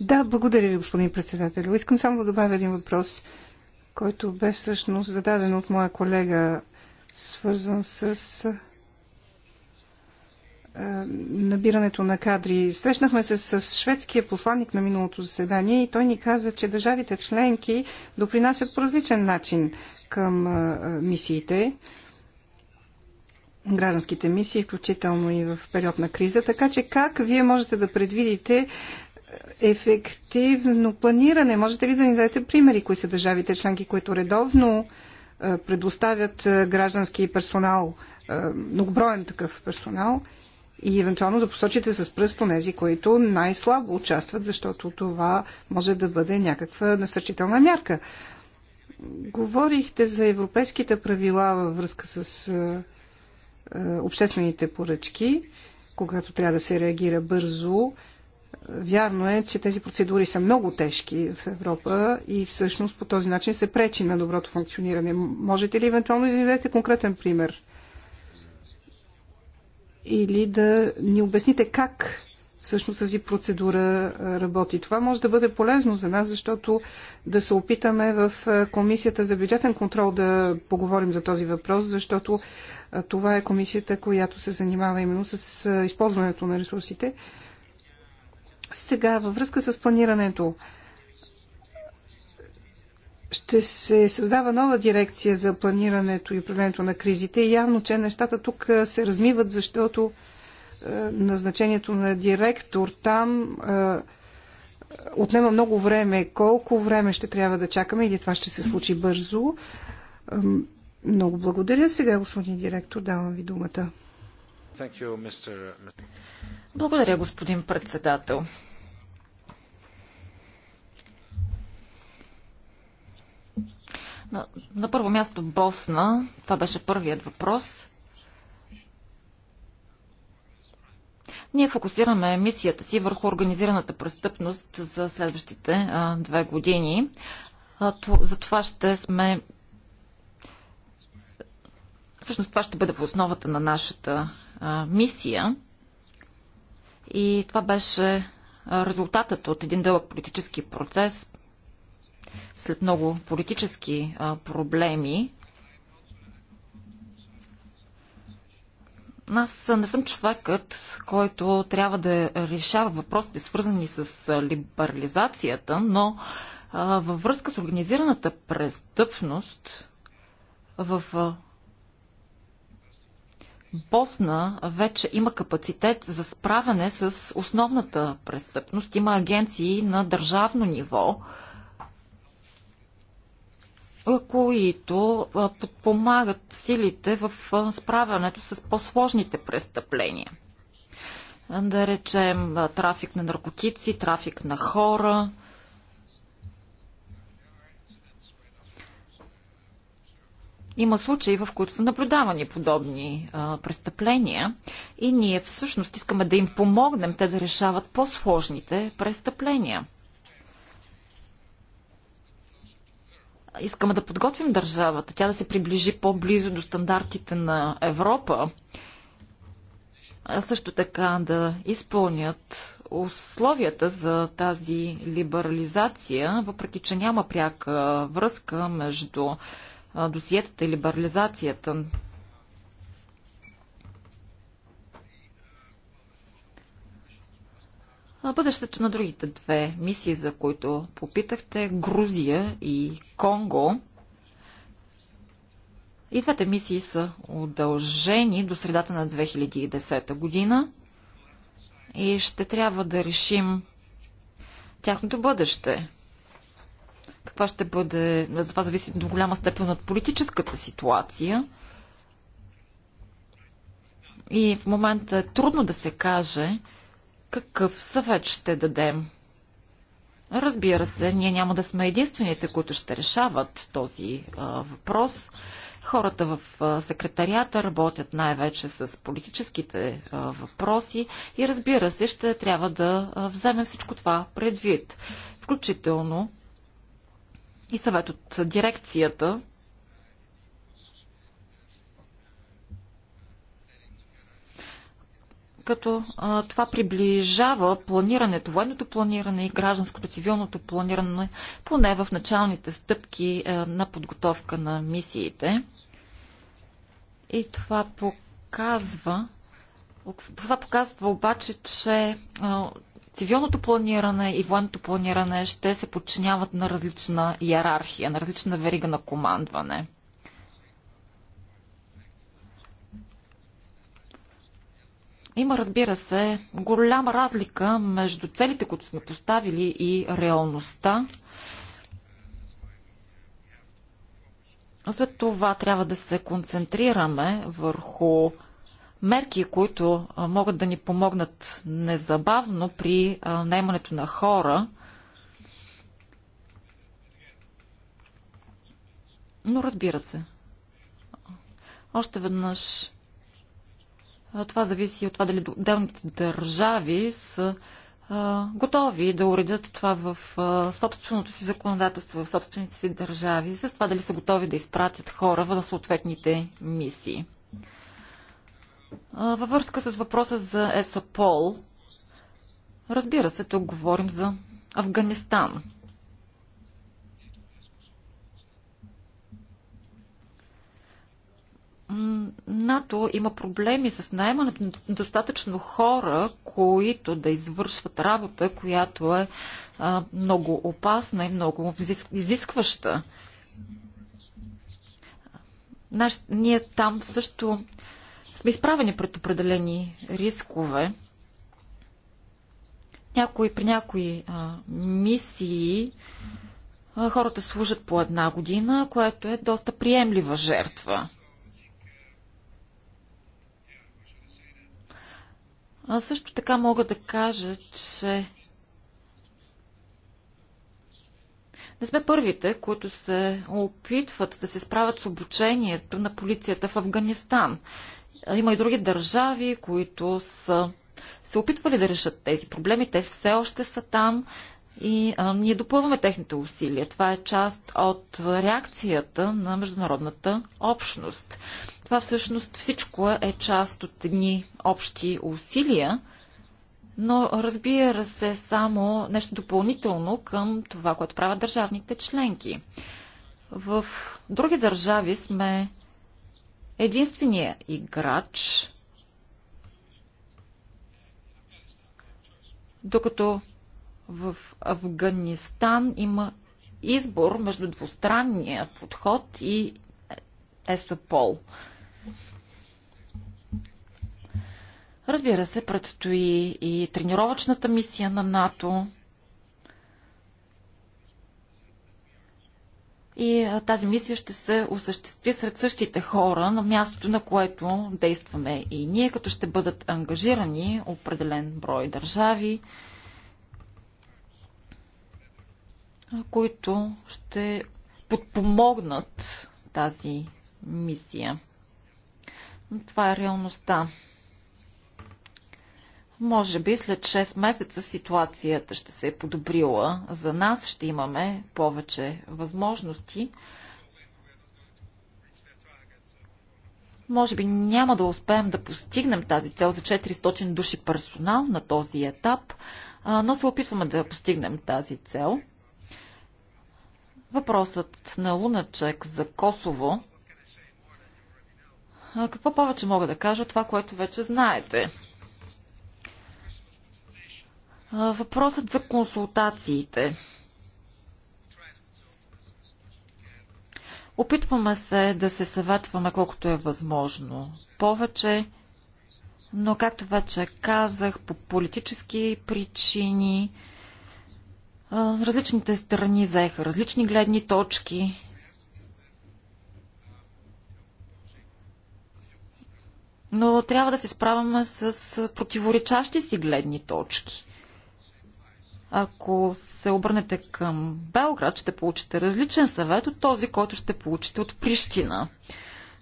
Да, благодаря ви, господин председател. Искам само да добавя един въпрос, който бе всъщност зададен от моя колега, свързан с е, набирането на кадри. Срещнахме се с шведския посланник на миналото заседание и той ни каза, че държавите членки допринасят по различен начин към е, мисиите, гражданските мисии, включително и в период на криза. Така че как вие можете да предвидите ефективно планиране? Можете ли да ни дадете примери, кои са държавите членки, които редовно е, предоставят граждански персонал, многоброен такъв персонал – и евентуално да посочите с пръст тези, които най-слабо участват, защото това може да бъде някаква насърчителна мярка. Говорихте за европейските правила във връзка с е, е, обществените поръчки, когато трябва да се реагира бързо. Е, вярно е, че тези процедури са много тежки в Европа и всъщност по този начин се пречи на доброто функциониране. Можете ли евентуално да дадете конкретен пример? или да ни обясните как всъщност тази процедура работи. Това може да бъде полезно за нас, защото да се опитаме в Комисията за бюджетен контрол да поговорим за този въпрос, защото това е комисията, която се занимава именно с използването на ресурсите. Сега, във връзка с планирането, ще се създава нова дирекция за планирането и управлението на кризите. Явно, че нещата тук се размиват, защото назначението на директор там отнема много време. Колко време ще трябва да чакаме или това ще се случи бързо? Много благодаря. Сега, господин директор, давам ви думата. Благодаря, господин председател. На, на първо място Босна. Това беше първият въпрос. Ние фокусираме мисията си върху организираната престъпност за следващите а, две години. А, то, за това ще сме. Всъщност това ще бъде в основата на нашата а, мисия. И това беше резултатът от един дълъг политически процес, след много политически проблеми. Аз не съм човекът, който трябва да решава въпросите, свързани с либерализацията, но във връзка с организираната престъпност в Босна вече има капацитет за справяне с основната престъпност. Има агенции на държавно ниво, които подпомагат силите в справянето с по-сложните престъпления. Да речем трафик на наркотици, трафик на хора. Има случаи, в които са наблюдавани подобни а, престъпления и ние всъщност искаме да им помогнем те да решават по-сложните престъпления. искаме да подготвим държавата, тя да се приближи по-близо до стандартите на Европа, а също така да изпълнят условията за тази либерализация, въпреки че няма пряка връзка между досиетата и либерализацията бъдещето на другите две мисии, за които попитахте, Грузия и Конго. И двете мисии са удължени до средата на 2010 година и ще трябва да решим тяхното бъдеще. Каква ще бъде, за това зависи до голяма степен от политическата ситуация. И в момента е трудно да се каже, какъв съвет ще дадем? Разбира се, ние няма да сме единствените, които ще решават този а, въпрос. Хората в а, секретарията работят най-вече с политическите а, въпроси и разбира се, ще трябва да а, вземе всичко това предвид. Включително и съвет от дирекцията, като а, това приближава планирането, военното планиране и гражданското, цивилното планиране, поне в началните стъпки а, е, на подготовка на мисиите. И това показва, това показва обаче, че а, цивилното планиране и военното планиране ще се подчиняват на различна иерархия, на различна верига на командване. Има, разбира се, голяма разлика между целите, които сме поставили и реалността. За това трябва да се концентрираме върху мерки, които могат да ни помогнат незабавно при наемането на хора. Но разбира се, още веднъж това зависи от това дали отделните държави са готови да уредят това в собственото си законодателство, в собствените си държави, с това дали са готови да изпратят хора в съответните мисии. Във връзка с въпроса за ЕСАПОЛ, разбира се, тук говорим за Афганистан. НАТО има проблеми с найемането на достатъчно хора, които да извършват работа, която е а, много опасна и много изискваща. Наш, ние там също сме изправени пред определени рискове. Някои, при някои а, мисии а, хората служат по една година, което е доста приемлива жертва. А също така мога да кажа, че не сме първите, които се опитват да се справят с обучението на полицията в Афганистан. Има и други държави, които са се опитвали да решат тези проблеми. Те все още са там и а, ние допълваме техните усилия. Това е част от реакцията на международната общност. Това всъщност всичко е част от едни общи усилия, но разбира се само нещо допълнително към това, което правят държавните членки. В други държави сме единствения играч, докато в Афганистан има избор между двустранния подход и ЕСАПОЛ. Разбира се, предстои и тренировъчната мисия на НАТО. И тази мисия ще се осъществи сред същите хора на мястото, на което действаме и ние, като ще бъдат ангажирани определен брой държави, които ще подпомогнат тази мисия. Това е реалността. Може би след 6 месеца ситуацията ще се е подобрила. За нас ще имаме повече възможности. Може би няма да успеем да постигнем тази цел за 400 души персонал на този етап, но се опитваме да постигнем тази цел. Въпросът на Луначек за Косово. Какво повече мога да кажа от това, което вече знаете? Въпросът за консултациите. Опитваме се да се съветваме колкото е възможно. Повече, но както вече казах, по политически причини различните страни заеха различни гледни точки. Но трябва да се справяме с противоречащи си гледни точки – ако се обърнете към Белград, ще получите различен съвет от този, който ще получите от Прищина.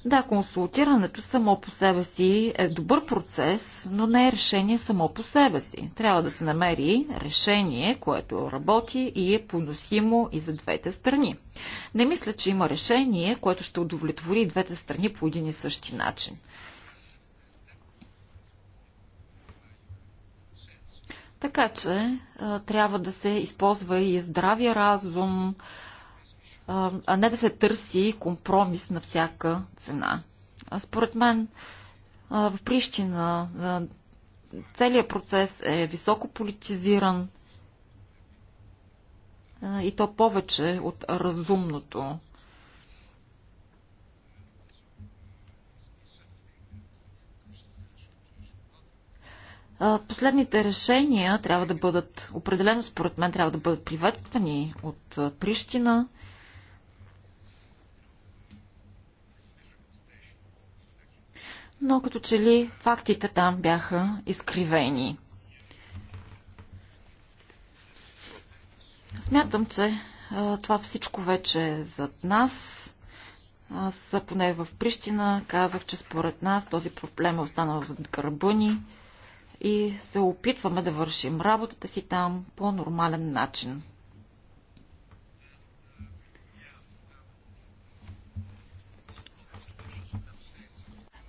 Да, консултирането само по себе си е добър процес, но не е решение само по себе си. Трябва да се намери решение, което работи и е поносимо и за двете страни. Не мисля, че има решение, което ще удовлетвори двете страни по един и същи начин. Така че трябва да се използва и здравия разум, а, не да се търси компромис на всяка цена. А според мен в Прищина целият процес е високо политизиран и то повече от разумното. Последните решения трябва да бъдат, определено според мен, трябва да бъдат приветствани от Прищина. Но като че ли фактите там бяха изкривени. Смятам, че това всичко вече е зад нас. Аз поне в Прищина казах, че според нас този проблем е останал зад гърба ни и се опитваме да вършим работата си там по нормален начин.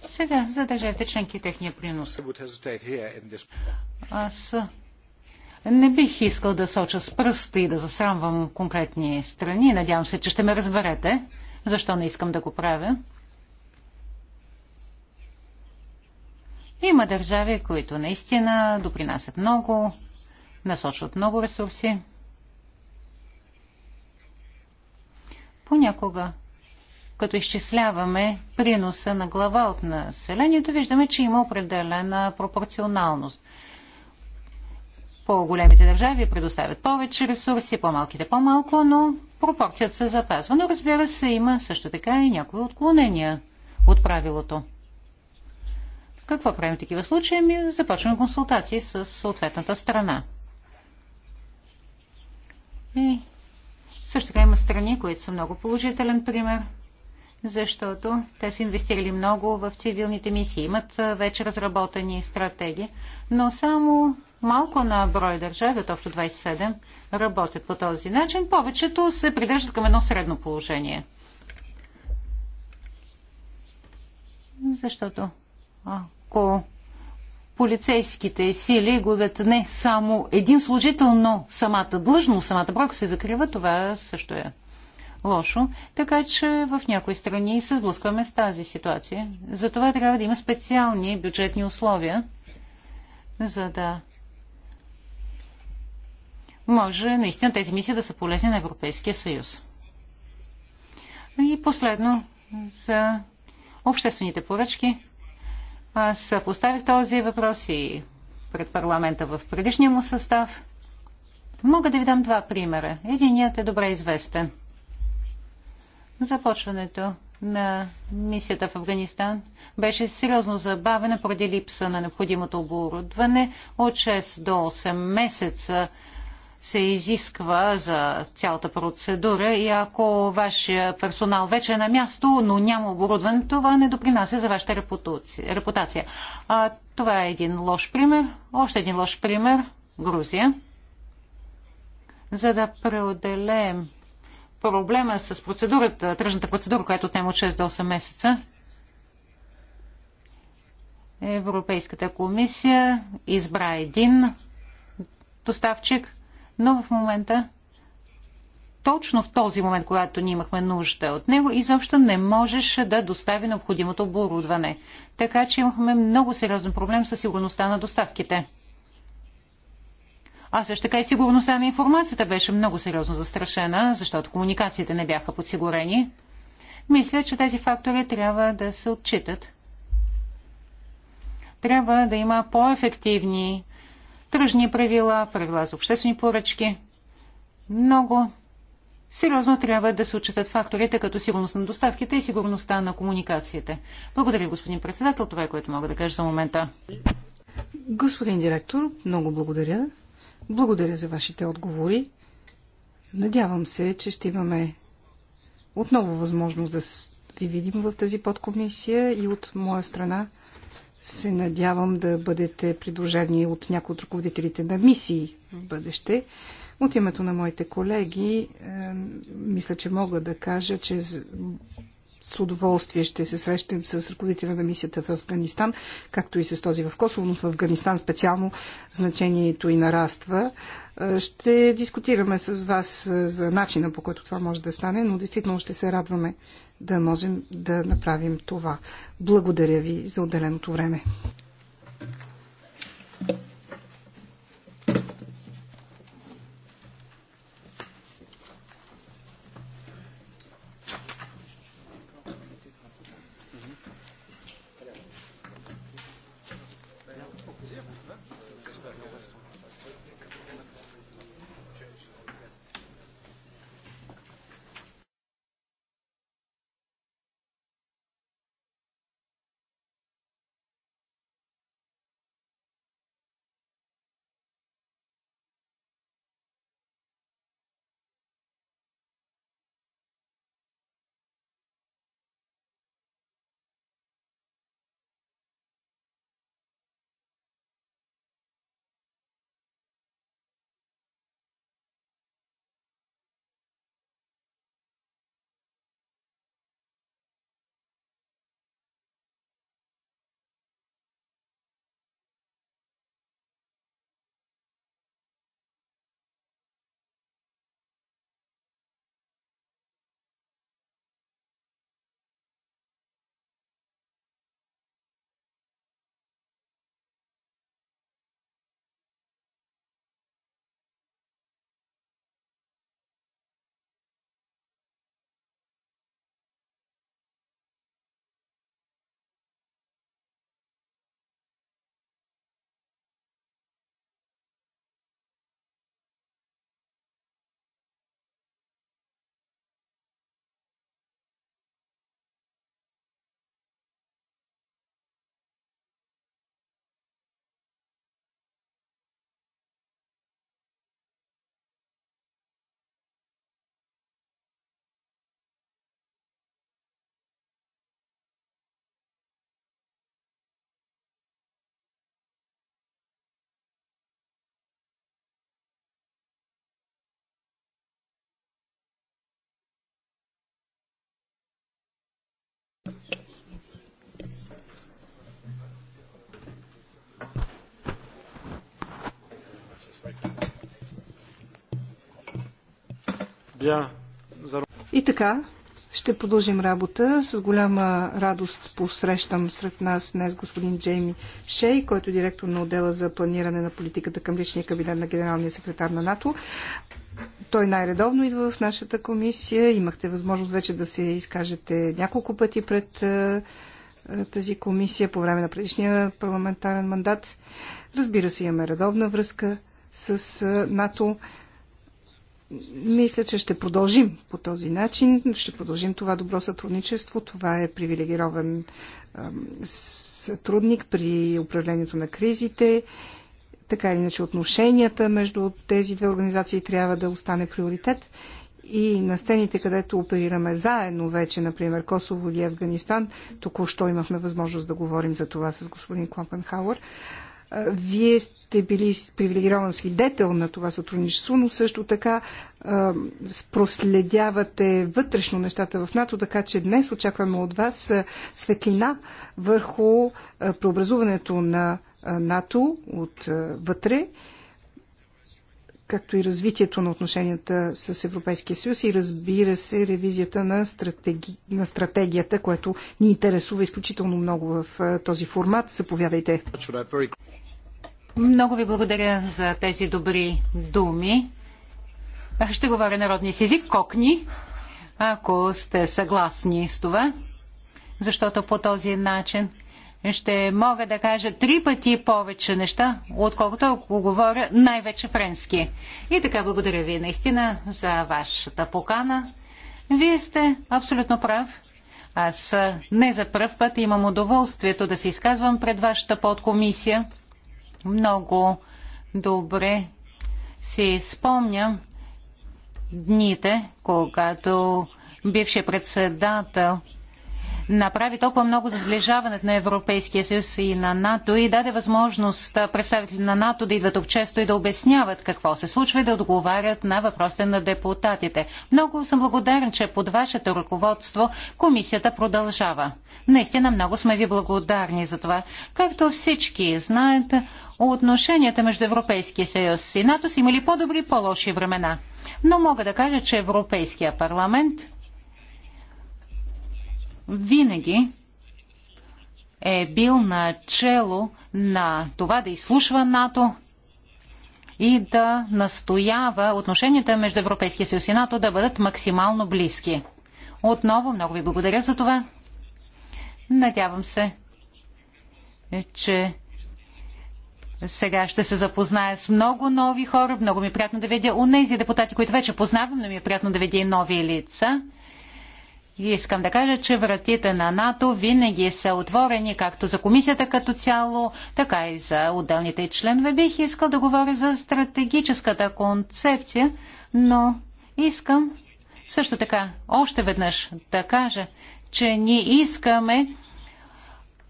Сега за държавите членки техния принос. Аз не бих искал да соча с пръста и да засрамвам конкретни страни. Надявам се, че ще ме разберете защо не искам да го правя. Има държави, които наистина допринасят много, насочват много ресурси. Понякога, като изчисляваме приноса на глава от населението, виждаме, че има определена пропорционалност. По-големите държави предоставят повече ресурси, по-малките по-малко, но пропорцията се запазва. Но разбира се, има също така и някои отклонения от правилото. Какво правим в такива случаи? Ми започваме консултации с съответната страна. И също така има страни, които са много положителен пример, защото те са инвестирали много в цивилните мисии, имат вече разработени стратегии, но само малко на брой държави, от общо 27, работят по този начин. Повечето се придържат към едно средно положение. Защото, ако полицейските сили губят не само един служител, но самата длъжност, самата бройка се закрива, това също е лошо. Така че в някои страни се сблъскваме с тази ситуация. Затова трябва да има специални бюджетни условия, за да може наистина тези мисии да са полезни на Европейския съюз. И последно за обществените поръчки. Аз поставих този въпрос и пред парламента в предишния му състав. Мога да ви дам два примера. Единият е добре известен. Започването на мисията в Афганистан беше сериозно забавена поради липса на необходимото оборудване от 6 до 8 месеца се изисква за цялата процедура и ако вашия персонал вече е на място, но няма оборудване, това не допринася за вашата репутация. А, това е един лош пример. Още един лош пример – Грузия. За да преоделеем проблема с процедурата, тръжната процедура, която отнема от 6 до 8 месеца, Европейската комисия избра един доставчик – но в момента точно в този момент, когато ние имахме нужда от него, изобщо не можеше да достави необходимото оборудване. Така че имахме много сериозен проблем със сигурността на доставките. А също така и сигурността на информацията беше много сериозно застрашена, защото комуникациите не бяха подсигурени. Мисля, че тези фактори трябва да се отчитат. Трябва да има по-ефективни тръжни правила, правила за обществени поръчки. Много сериозно трябва да се отчитат факторите като сигурност на доставките и сигурността на комуникациите. Благодаря, господин председател. Това е което мога да кажа за момента. Господин директор, много благодаря. Благодаря за вашите отговори. Надявам се, че ще имаме отново възможност да ви видим в тази подкомисия и от моя страна се надявам да бъдете придружени от някои от ръководителите на мисии в бъдеще. От името на моите колеги, е, мисля, че мога да кажа, че с удоволствие ще се срещнем с ръководителя на мисията в Афганистан, както и с този в Косово, но в Афганистан специално значението и нараства. Ще дискутираме с вас е, за начина по който това може да стане, но действително ще се радваме да можем да направим това. Благодаря ви за отделеното време. И така, ще продължим работа. С голяма радост посрещам сред нас днес господин Джейми Шей, който е директор на отдела за планиране на политиката към личния кабинет на генералния секретар на НАТО. Той най-редовно идва в нашата комисия. Имахте възможност вече да се изкажете няколко пъти пред е, е, тази комисия по време на предишния парламентарен мандат. Разбира се, имаме редовна връзка с е, НАТО мисля, че ще продължим по този начин, ще продължим това добро сътрудничество. Това е привилегирован сътрудник при управлението на кризите. Така или иначе отношенията между тези две организации трябва да остане приоритет. И на сцените, където оперираме заедно вече, например Косово или Афганистан, току-що имахме възможност да говорим за това с господин Клопенхауър. Хауър вие сте били привилегирован свидетел на това сътрудничество, но също така проследявате вътрешно нещата в НАТО, така че днес очакваме от вас светлина върху преобразуването на НАТО от вътре както и развитието на отношенията с Европейския съюз и разбира се ревизията на, стратеги... на стратегията, което ни интересува изключително много в този формат. Заповядайте. Много ви благодаря за тези добри думи. Ще говоря народния си език, кокни, ако сте съгласни с това, защото по този начин ще мога да кажа три пъти повече неща, отколкото ако говоря най-вече френски. И така, благодаря ви наистина за вашата покана. Вие сте абсолютно прав. Аз не за първ път имам удоволствието да се изказвам пред вашата подкомисия. Много добре си спомням дните, когато бившият председател направи толкова много за сближаването на Европейския съюз и на НАТО и даде възможност представители на НАТО да идват тук често и да обясняват какво се случва и да отговарят на въпросите на депутатите. Много съм благодарен, че под вашето ръководство комисията продължава. Наистина много сме ви благодарни за това. Както всички знаят, отношенията между Европейския съюз и НАТО са имали по-добри и по-лоши времена. Но мога да кажа, че Европейския парламент винаги е бил начело на това да изслушва НАТО и да настоява отношенията между Европейския съюз и НАТО да бъдат максимално близки. Отново много ви благодаря за това. Надявам се, че сега ще се запозная с много нови хора. Много ми е приятно да видя у нези депутати, които вече познавам, но ми е приятно да видя и нови лица. Искам да кажа, че вратите на НАТО винаги са отворени както за комисията като цяло, така и за отделните членове. Бих искал да говоря за стратегическата концепция, но искам също така още веднъж да кажа, че ние искаме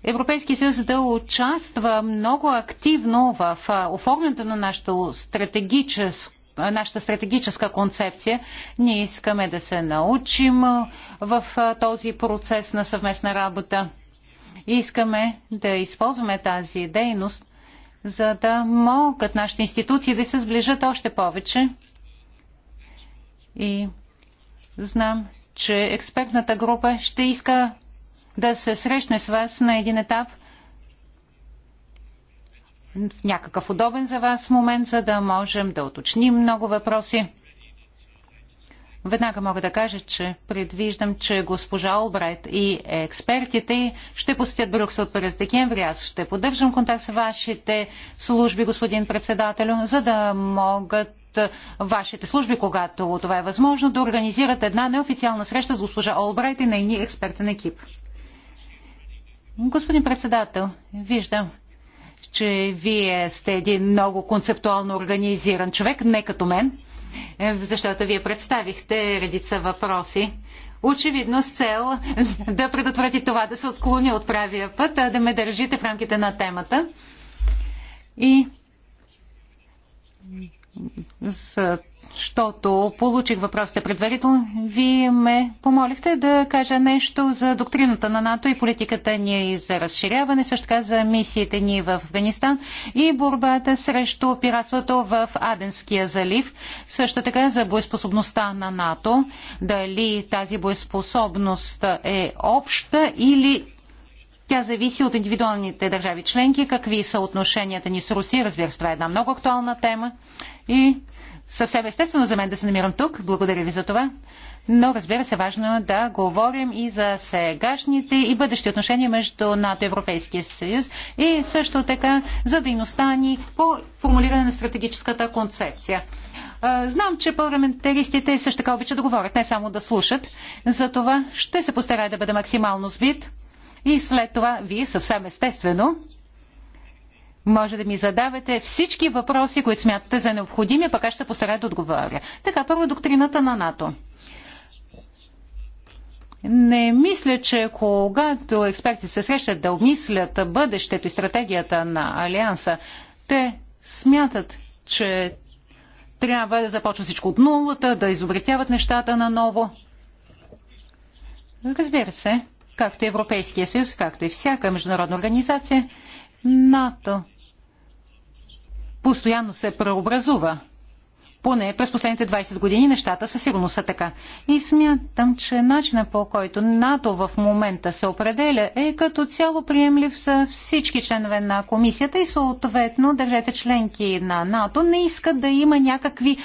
Европейския съюз да участва много активно в оформянето на нашето стратегическо нашата стратегическа концепция. Ние искаме да се научим в този процес на съвместна работа. И искаме да използваме тази дейност, за да могат нашите институции да се сближат още повече. И знам, че експертната група ще иска да се срещне с вас на един етап, в някакъв удобен за вас момент, за да можем да уточним много въпроси. Веднага мога да кажа, че предвиждам, че госпожа Олбрайт и експертите ще посетят Брюксел през декември. Аз ще поддържам контакт с вашите служби, господин председателю, за да могат вашите служби, когато това е възможно, да организират една неофициална среща с госпожа Олбрайт и нейния експертен екип. Господин председател, виждам, че вие сте един много концептуално организиран човек, не като мен, е, защото вие представихте редица въпроси. Очевидно с цел да предотврати това да се отклони от правия път, а да ме държите в рамките на темата. И за защото получих въпросите предварително, вие ме помолихте да кажа нещо за доктрината на НАТО и политиката ни за разширяване, също така за мисиите ни в Афганистан и борбата срещу пиратството в Аденския залив, също така за боеспособността на НАТО, дали тази боеспособност е обща или тя зависи от индивидуалните държави членки, какви са отношенията ни с Русия. Разбира се, това е една много актуална тема. И съвсем естествено за мен да се намирам тук. Благодаря ви за това. Но разбира се, важно е да говорим и за сегашните и бъдещи отношения между НАТО и Европейския съюз и също така за дейността ни по формулиране на стратегическата концепция. Знам, че парламентаристите също така обичат да говорят, не само да слушат. Затова ще се постарая да бъда максимално сбит и след това вие съвсем естествено може да ми задавате всички въпроси, които смятате за необходими, пък аз ще постарая да отговоря. Така, първо доктрината на НАТО. Не мисля, че когато експертите се срещат да обмислят бъдещето и стратегията на Алианса, те смятат, че трябва да започва всичко от нулата, да изобретяват нещата наново. Разбира се, както и Европейския съюз, както и всяка международна организация, НАТО постоянно се преобразува. Поне през последните 20 години нещата със сигурност са така. И смятам, че начинът по който НАТО в момента се определя е като цяло приемлив за всички членове на комисията и съответно държавите членки на НАТО не искат да има някакви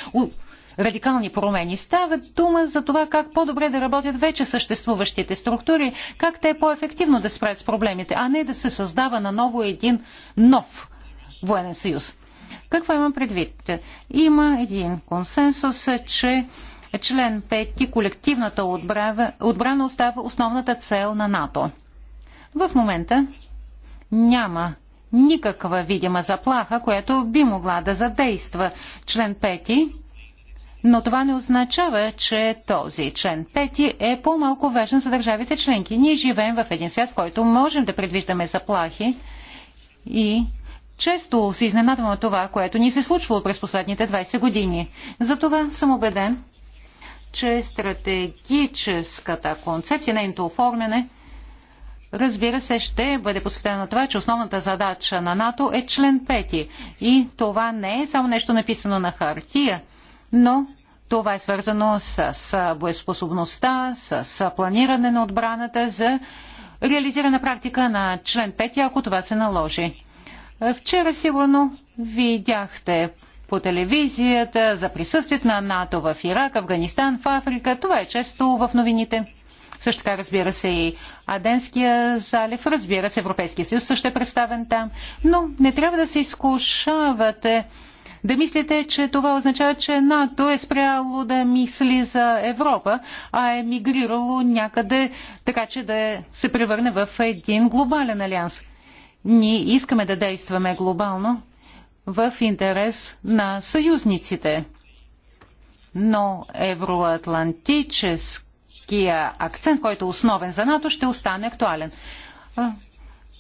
радикални промени. Става дума за това как по-добре да работят вече съществуващите структури, как те по-ефективно да справят с проблемите, а не да се създава наново един нов военен съюз. Какво имам предвид? Има един консенсус, че член 5 колективната отбрана, отбрана остава основната цел на НАТО. В момента няма никаква видима заплаха, която би могла да задейства член 5, но това не означава, че този член 5 е по-малко важен за държавите членки. Ние живеем в един свят, в който можем да предвиждаме заплахи и често се изненадвам от това, което ни се случвало през последните 20 години. Затова съм убеден, че стратегическата концепция, нейното оформяне, разбира се, ще бъде посветена на това, че основната задача на НАТО е член 5. И това не е само нещо написано на хартия, но това е свързано с, с боеспособността, с, с планиране на отбраната за реализирана практика на член 5, ако това се наложи. Вчера сигурно видяхте по телевизията за присъствието на НАТО в Ирак, Афганистан, в Африка. Това е често в новините. Също така, разбира се, и Аденския залив, разбира се, Европейския съюз също е представен там. Но не трябва да се изкушавате да мислите, че това означава, че НАТО е спряло да мисли за Европа, а е мигрирало някъде, така че да се превърне в един глобален алианс. Ние искаме да действаме глобално в интерес на съюзниците. Но евроатлантическия акцент, който е основен за НАТО, ще остане актуален.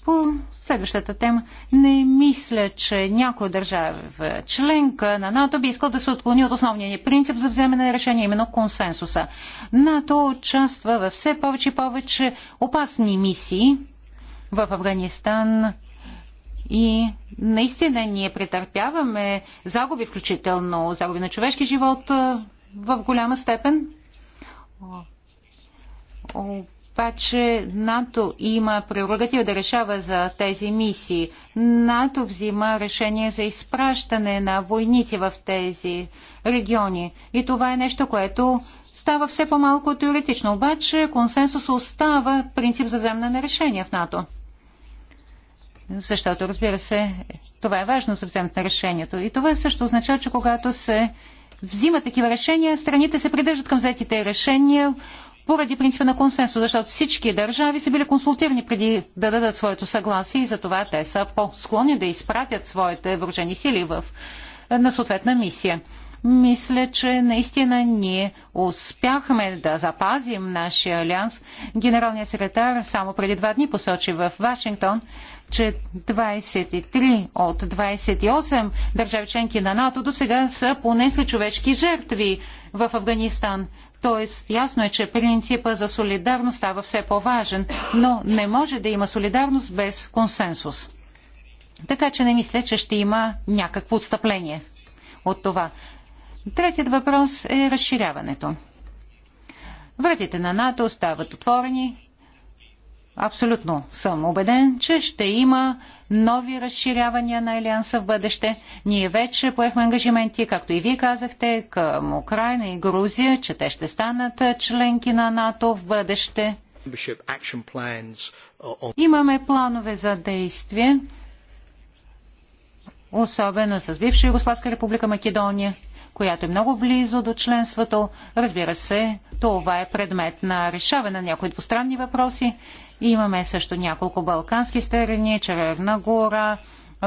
По следващата тема, не мисля, че някоя държава членка на НАТО би искал да се отклони от основния ни принцип за вземане на решение, именно консенсуса. НАТО участва във все повече и повече опасни мисии – в Афганистан и наистина ние претърпяваме загуби, включително загуби на човешки живот в голяма степен. Обаче НАТО има прерогатива да решава за тези мисии. НАТО взима решение за изпращане на войници в тези региони. И това е нещо, което става все по-малко теоретично. Обаче консенсус остава принцип за вземане на решение в НАТО защото, разбира се, това е важно за вземането на решението. И това също означава, че когато се взима такива решения, страните се придържат към взетите решения поради принципа на консенсус, защото всички държави са били консултирани преди да дадат своето съгласие и затова те са по-склонни да изпратят своите въоръжени сили в, на съответна мисия. Мисля, че наистина ние успяхме да запазим нашия алианс. Генералният секретар само преди два дни посочи в Вашингтон, че 23 от 28 държави членки на НАТО до сега са понесли човешки жертви в Афганистан. Тоест, ясно е, че принципа за солидарност става все по-важен, но не може да има солидарност без консенсус. Така че не мисля, че ще има някакво отстъпление от това. Третият въпрос е разширяването. Вратите на НАТО остават отворени Абсолютно съм убеден, че ще има нови разширявания на Алианса в бъдеще. Ние вече поехме ангажименти, както и вие казахте, към Украина и Грузия, че те ще станат членки на НАТО в бъдеще. Имаме планове за действие, особено с бивша Югославска република Македония, която е много близо до членството. Разбира се, това е предмет на решаване на някои двустранни въпроси Имаме също няколко балкански страни, Черна гора,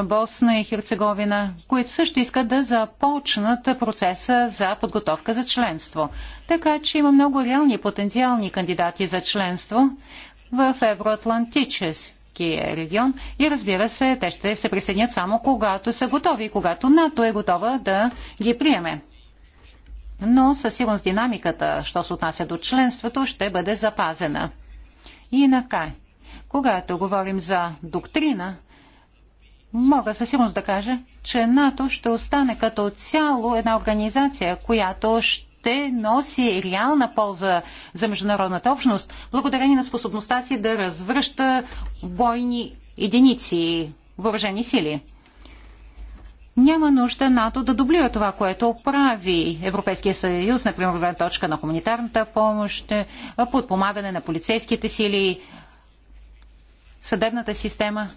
Босна и Херцеговина, които също искат да започнат процеса за подготовка за членство. Така че има много реални потенциални кандидати за членство в евроатлантическия регион и разбира се, те ще се присъединят само когато са готови и когато НАТО е готова да ги приеме. Но със сигурност динамиката, що се отнася до членството, ще бъде запазена. И накрая, когато говорим за доктрина, мога със сигурност да кажа, че НАТО ще остане като цяло една организация, която ще носи реална полза за международната общност, благодарение на способността си да развръща бойни единици въоръжени сили. Няма нужда НАТО да дублира това, което прави Европейския съюз, например, в точка на хуманитарната помощ, подпомагане на полицейските сили, съдебната система.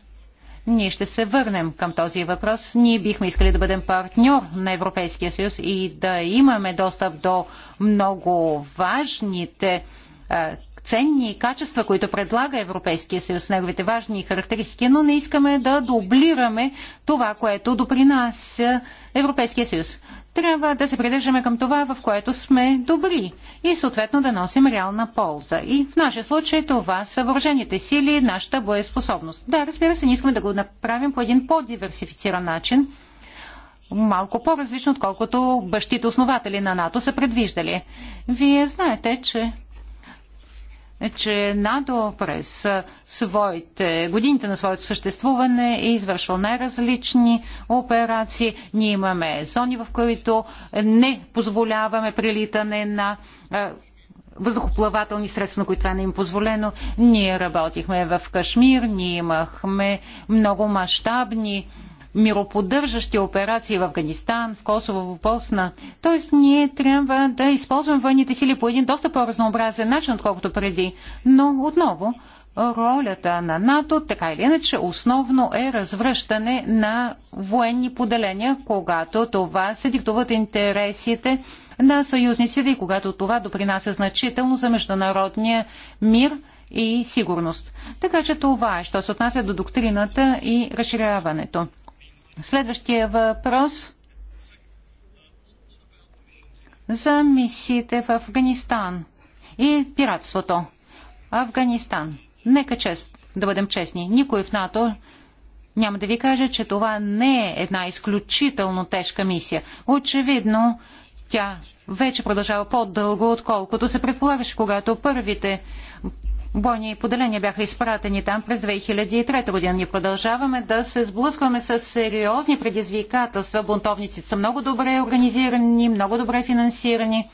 Ние ще се върнем към този въпрос. Ние бихме искали да бъдем партньор на Европейския съюз и да имаме достъп до много важните ценни качества, които предлага Европейския съюз, неговите важни характеристики, но не искаме да дублираме това, което допринася Европейския съюз. Трябва да се придържаме към това, в което сме добри и съответно да носим реална полза. И в нашия случай това са въоръжените сили и нашата боеспособност. Да, разбира се, не искаме да го направим по един по-диверсифициран начин, малко по-различно, отколкото бащите основатели на НАТО са предвиждали. Вие знаете, че че НАТО през своите, годините на своето съществуване е извършвал най-различни операции. Ние имаме зони, в които не позволяваме прилитане на въздухоплавателни средства, на които това не е им позволено. Ние работихме в Кашмир, ние имахме много мащабни мироподдържащи операции в Афганистан, в Косово, в Босна. Тоест ние трябва да използваме военните сили по един доста по-разнообразен начин, отколкото преди. Но отново, ролята на НАТО, така или иначе, основно е развръщане на военни поделения, когато това се диктуват интересите на съюзниците и когато това допринася значително за международния мир и сигурност. Така че това е, що се отнася до доктрината и разширяването. Следващия въпрос за мисиите в Афганистан и пиратството. Афганистан. Нека чест, да бъдем честни. Никой в НАТО няма да ви каже, че това не е една изключително тежка мисия. Очевидно, тя вече продължава по-дълго, отколкото се предполагаше, когато първите бойни поделения бяха изпратени там през 2003 година. Ние продължаваме да се сблъскваме с сериозни предизвикателства. Бунтовниците са много добре организирани, много добре финансирани.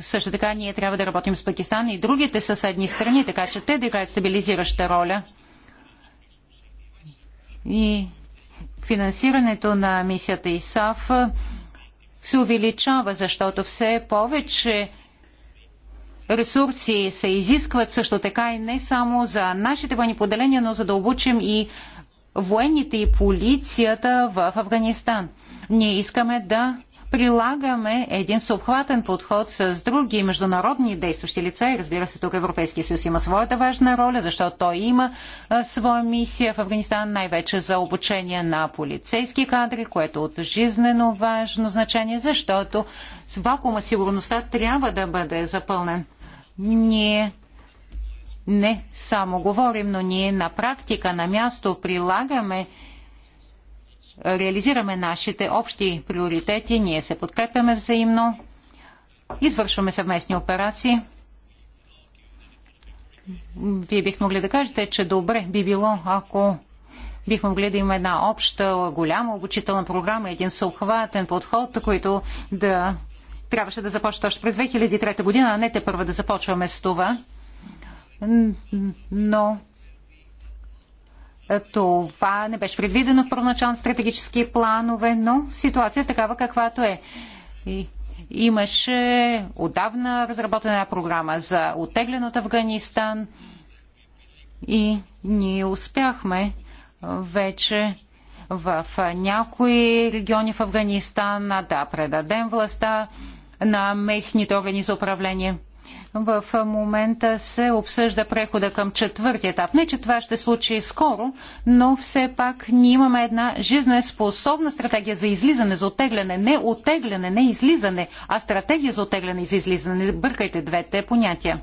Също така ние трябва да работим с Пакистан и другите съседни страни, така че те да играят стабилизираща роля. И финансирането на мисията ИСАФ се увеличава, защото все повече ресурси се изискват също така и не само за нашите военни поделения, но за да обучим и военните и полицията в Афганистан. Ние искаме да прилагаме един съобхватен подход с други международни действащи лица и разбира се тук Европейския съюз има своята важна роля, защото той има своя мисия в Афганистан, най-вече за обучение на полицейски кадри, което е от жизнено важно значение, защото с вакуума сигурността трябва да бъде запълнен. Ние не само говорим, но ние на практика, на място прилагаме реализираме нашите общи приоритети, ние се подкрепяме взаимно, извършваме съвместни операции. Вие бих могли да кажете, че добре би било, ако бихме могли да има една обща, голяма обучителна програма, един съобхватен подход, който да трябваше да започне още през 2003 година, а не те първа да започваме с това. Но е, това не беше предвидено в първоначални стратегически планове, но ситуация е такава каквато е. И имаше отдавна разработена програма за оттеглен от Афганистан и ние успяхме вече в някои региони в Афганистан да предадем властта на местните органи за управление. В момента се обсъжда прехода към четвърти етап. Не, че това ще случи скоро, но все пак ние имаме една жизнеспособна стратегия за излизане, за оттегляне. Не отегляне, не излизане, а стратегия за оттегляне и за излизане. бъркайте двете понятия.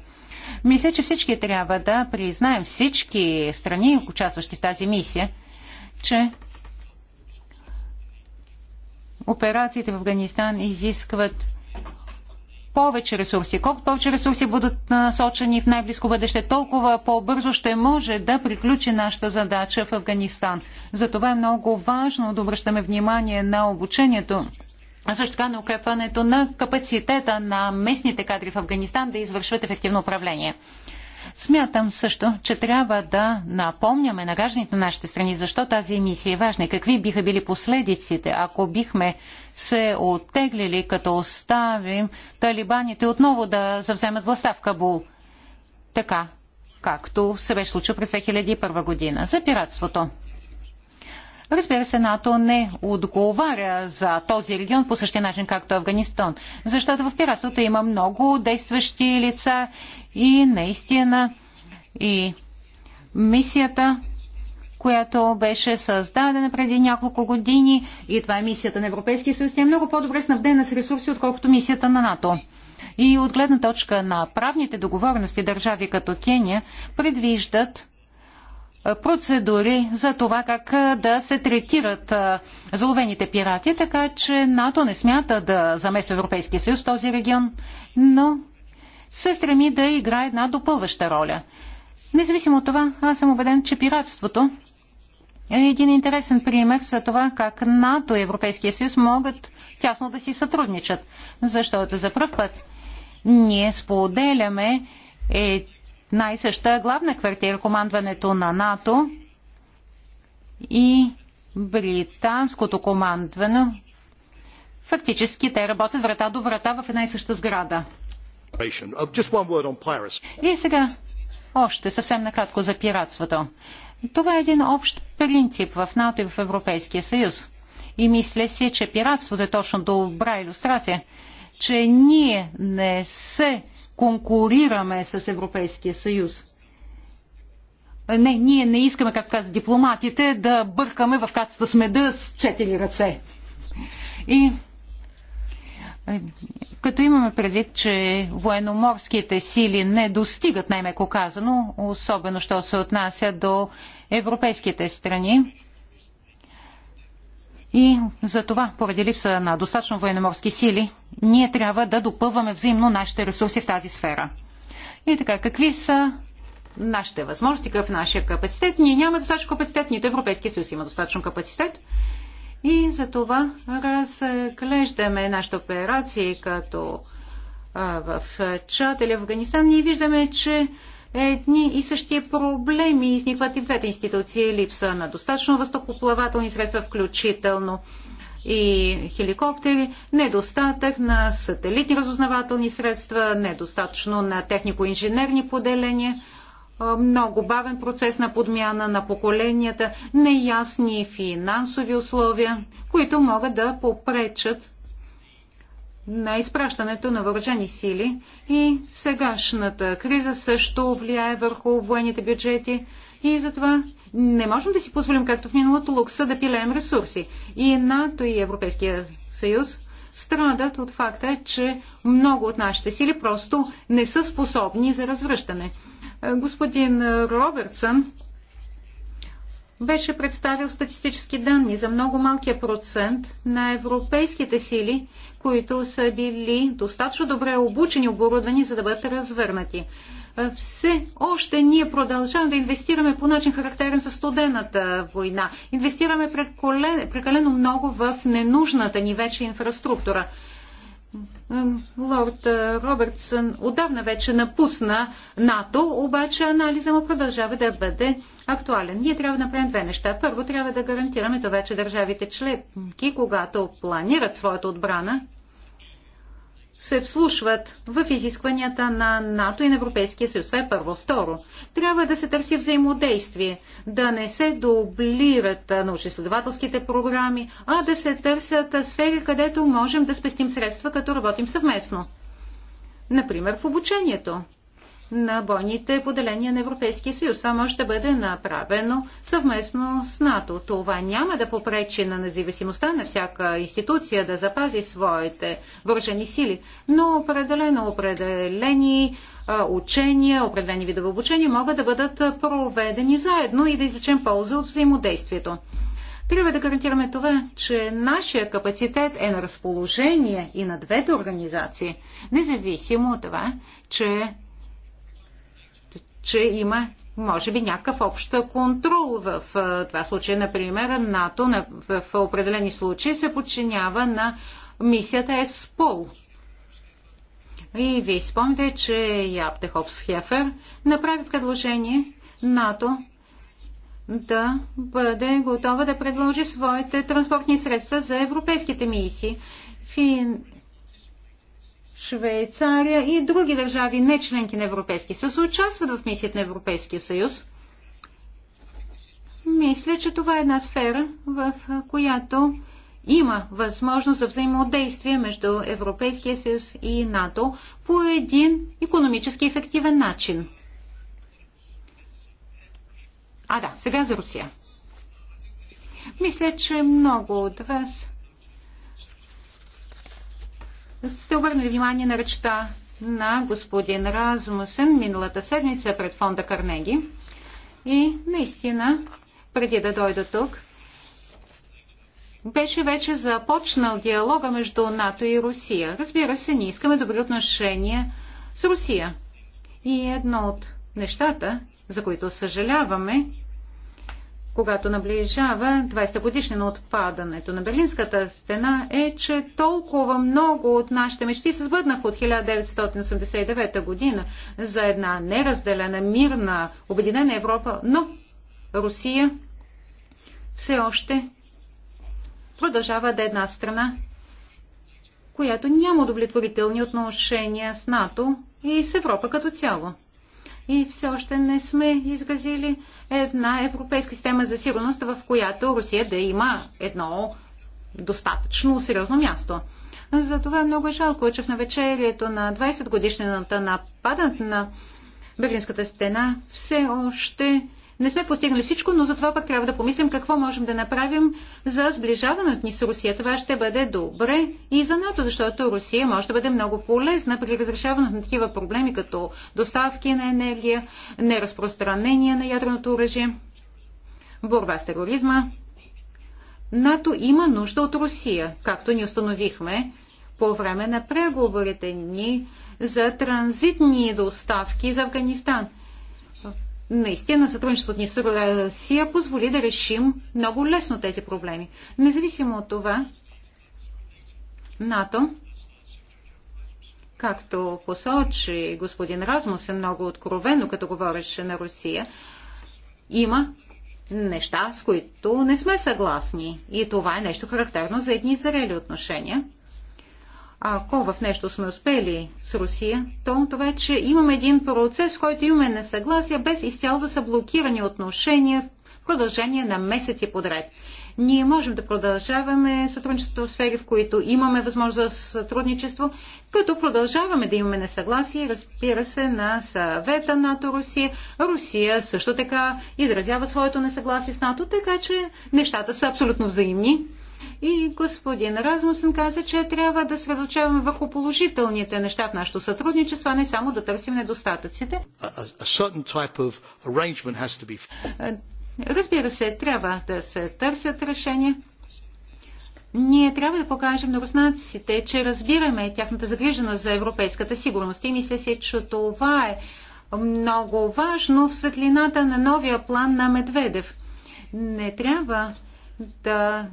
Мисля, че всички трябва да признаем, всички страни, участващи в тази мисия, че операциите в Афганистан изискват повече ресурси. Колкото повече ресурси бъдат насочени в най-близко бъдеще, толкова по-бързо ще може да приключи нашата задача в Афганистан. Затова е много важно да обръщаме внимание на обучението а също така на укрепването на капацитета на местните кадри в Афганистан да извършват ефективно управление. Смятам също, че трябва да напомняме на гражданите на нашите страни защо тази емисия е важна и какви биха били последиците, ако бихме се оттеглили, като оставим талибаните отново да завземат властта в Кабул. Така, както се беше случило през 2001 година. За пиратството. Разбира се, НАТО не отговаря за този регион по същия начин, както Афганистан, защото в пиратството има много действащи лица и наистина и мисията, която беше създадена преди няколко години и това е мисията на Европейския съюз, тя е много по-добре снабдена с ресурси, отколкото мисията на НАТО. И от гледна точка на правните договорености държави като Кения предвиждат процедури за това как да се третират заловените пирати, така че НАТО не смята да замества Европейския съюз в този регион, но се стреми да играе една допълваща роля. Независимо от това, аз съм убеден, че пиратството е един интересен пример за това как НАТО и Европейския съюз могат тясно да си сътрудничат, защото за първ път ние споделяме е най съща главна квартира, командването на НАТО и британското командване. Фактически те работят врата до врата в една и съща сграда. Uh, и сега още съвсем накратко за пиратството. Това е един общ принцип в НАТО и в Европейския съюз. И мисля си, че пиратството е точно добра иллюстрация, че ние не се конкурираме с Европейския съюз. Не, ние не искаме, както казват дипломатите, да бъркаме в кацата с меда с четири ръце. И като имаме предвид, че военноморските сили не достигат, най-меко казано, особено що се отнася до европейските страни. И за това, поради липса на достатъчно военноморски сили, ние трябва да допълваме взаимно нашите ресурси в тази сфера. И така, какви са нашите възможности, какъв е нашия капацитет? Ние нямаме достатъчно капацитет, нито Европейския съюз има достатъчно капацитет. И за това разглеждаме нашите операции като в Чад или Афганистан. Ние виждаме, че едни и същи проблеми изникват и в двете институции. Липса на достатъчно въздухоплавателни средства, включително и хеликоптери, недостатък на сателитни разузнавателни средства, недостатъчно на технико-инженерни поделения – много бавен процес на подмяна на поколенията, неясни финансови условия, които могат да попречат на изпращането на въоръжени сили и сегашната криза също влияе върху военните бюджети и затова не можем да си позволим, както в миналото лукса, да пилеем ресурси. И НАТО и Европейския съюз страдат от факта, че много от нашите сили просто не са способни за развръщане. Господин Робертсън беше представил статистически данни за много малкия процент на европейските сили, които са били достатъчно добре обучени, оборудвани, за да бъдат развърнати. Все още ние продължаваме да инвестираме по начин характерен за студената война. Инвестираме прекалено много в ненужната ни вече инфраструктура – Лорд е, Робертсън отдавна вече напусна НАТО, обаче анализа му продължава да бъде актуален. Ние трябва да направим две неща. Първо, трябва да гарантираме това, че държавите членки, когато планират своята отбрана, се вслушват в изискванията на НАТО и на Европейския съюз. Това е първо. Второ, трябва да се търси взаимодействие, да не се дублират научно-изследователските програми, а да се търсят сфери, където можем да спестим средства, като работим съвместно. Например, в обучението на бойните поделения на Европейския съюз. Това може да бъде направено съвместно с НАТО. Това няма да попречи на независимостта на всяка институция да запази своите въоръжени сили, но определено определени учения, определени видове обучения могат да бъдат проведени заедно и да извлечем полза от взаимодействието. Трябва да гарантираме това, че нашия капацитет е на разположение и на двете организации, независимо от това, че че има може би някакъв общ контрол в това случай. Например, НАТО в определени случаи се подчинява на мисията ЕСПОЛ. И вие спомните, че Яптехопс Хефер направи предложение НАТО да бъде готова да предложи своите транспортни средства за европейските мисии. Фин... Швейцария и други държави, не членки на Европейския съюз, участват в мисията на Европейския съюз. Мисля, че това е една сфера, в която има възможност за взаимодействие между Европейския съюз и НАТО по един економически ефективен начин. А да, сега за Русия. Мисля, че много от вас сте обърнали внимание на речта на господин Размусен миналата седмица пред фонда Карнеги. И наистина, преди да дойда тук, беше вече започнал диалога между НАТО и Русия. Разбира се, ние искаме добри отношения с Русия. И едно от нещата, за които съжаляваме, когато наближава 20-та годишнина от на Берлинската стена, е, че толкова много от нашите мечти се сбъднаха от 1989 година за една неразделена, мирна, обединена Европа, но Русия все още продължава да е една страна, която няма удовлетворителни отношения с НАТО и с Европа като цяло. И все още не сме изразили една европейска система за сигурност, в която Русия да има едно достатъчно сериозно място. Затова е много жалко, че в навечерието на 20 годишнината на падането на Берлинската стена все още не сме постигнали всичко, но затова пък трябва да помислим какво можем да направим за сближаването ни с Русия. Това ще бъде добре и за НАТО, защото Русия може да бъде много полезна при разрешаването на такива проблеми, като доставки на енергия, неразпространение на ядреното оръжие, борба с тероризма. НАТО има нужда от Русия, както ни установихме по време на преговорите ни за транзитни доставки за Афганистан – наистина сътрудничеството ни с Русия позволи да решим много лесно тези проблеми. Независимо от това, НАТО, както посочи господин Размус е много откровено, като говореше на Русия, има неща, с които не сме съгласни. И това е нещо характерно за едни зрели отношения – ако в нещо сме успели с Русия, то това е, че имаме един процес, в който имаме несъгласия, без изцяло да са блокирани отношения в продължение на месеци подред. Ние можем да продължаваме сътрудничество в сфери, в които имаме възможност за сътрудничество, като продължаваме да имаме несъгласие, разбира се, на съвета НАТО-Русия. Русия също така изразява своето несъгласие с НАТО, така че нещата са абсолютно взаимни. И господин Размусен каза, че трябва да средочаваме върху положителните неща в нашето сътрудничество, а не само да търсим недостатъците. Разбира се, трябва да се търсят решения. Ние трябва да покажем на руснаците, че разбираме тяхната загрижена за европейската сигурност. И мисля си, че това е много важно в светлината на новия план на Медведев. Не трябва да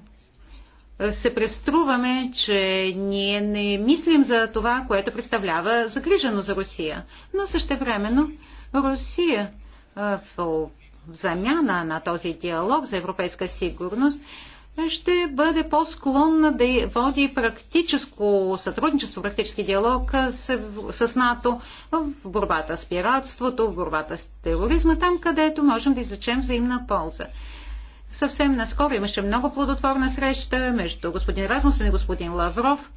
се преструваме, че ние не мислим за това, което представлява загрижено за Русия. Но същевременно Русия в замяна на този диалог за европейска сигурност ще бъде по-склонна да води практическо сътрудничество, практически диалог с, с НАТО в борбата с пиратството, в борбата с тероризма, там където можем да извлечем взаимна полза. Съвсем наскоро имаше много плодотворна среща между господин Размусен и господин Лавров.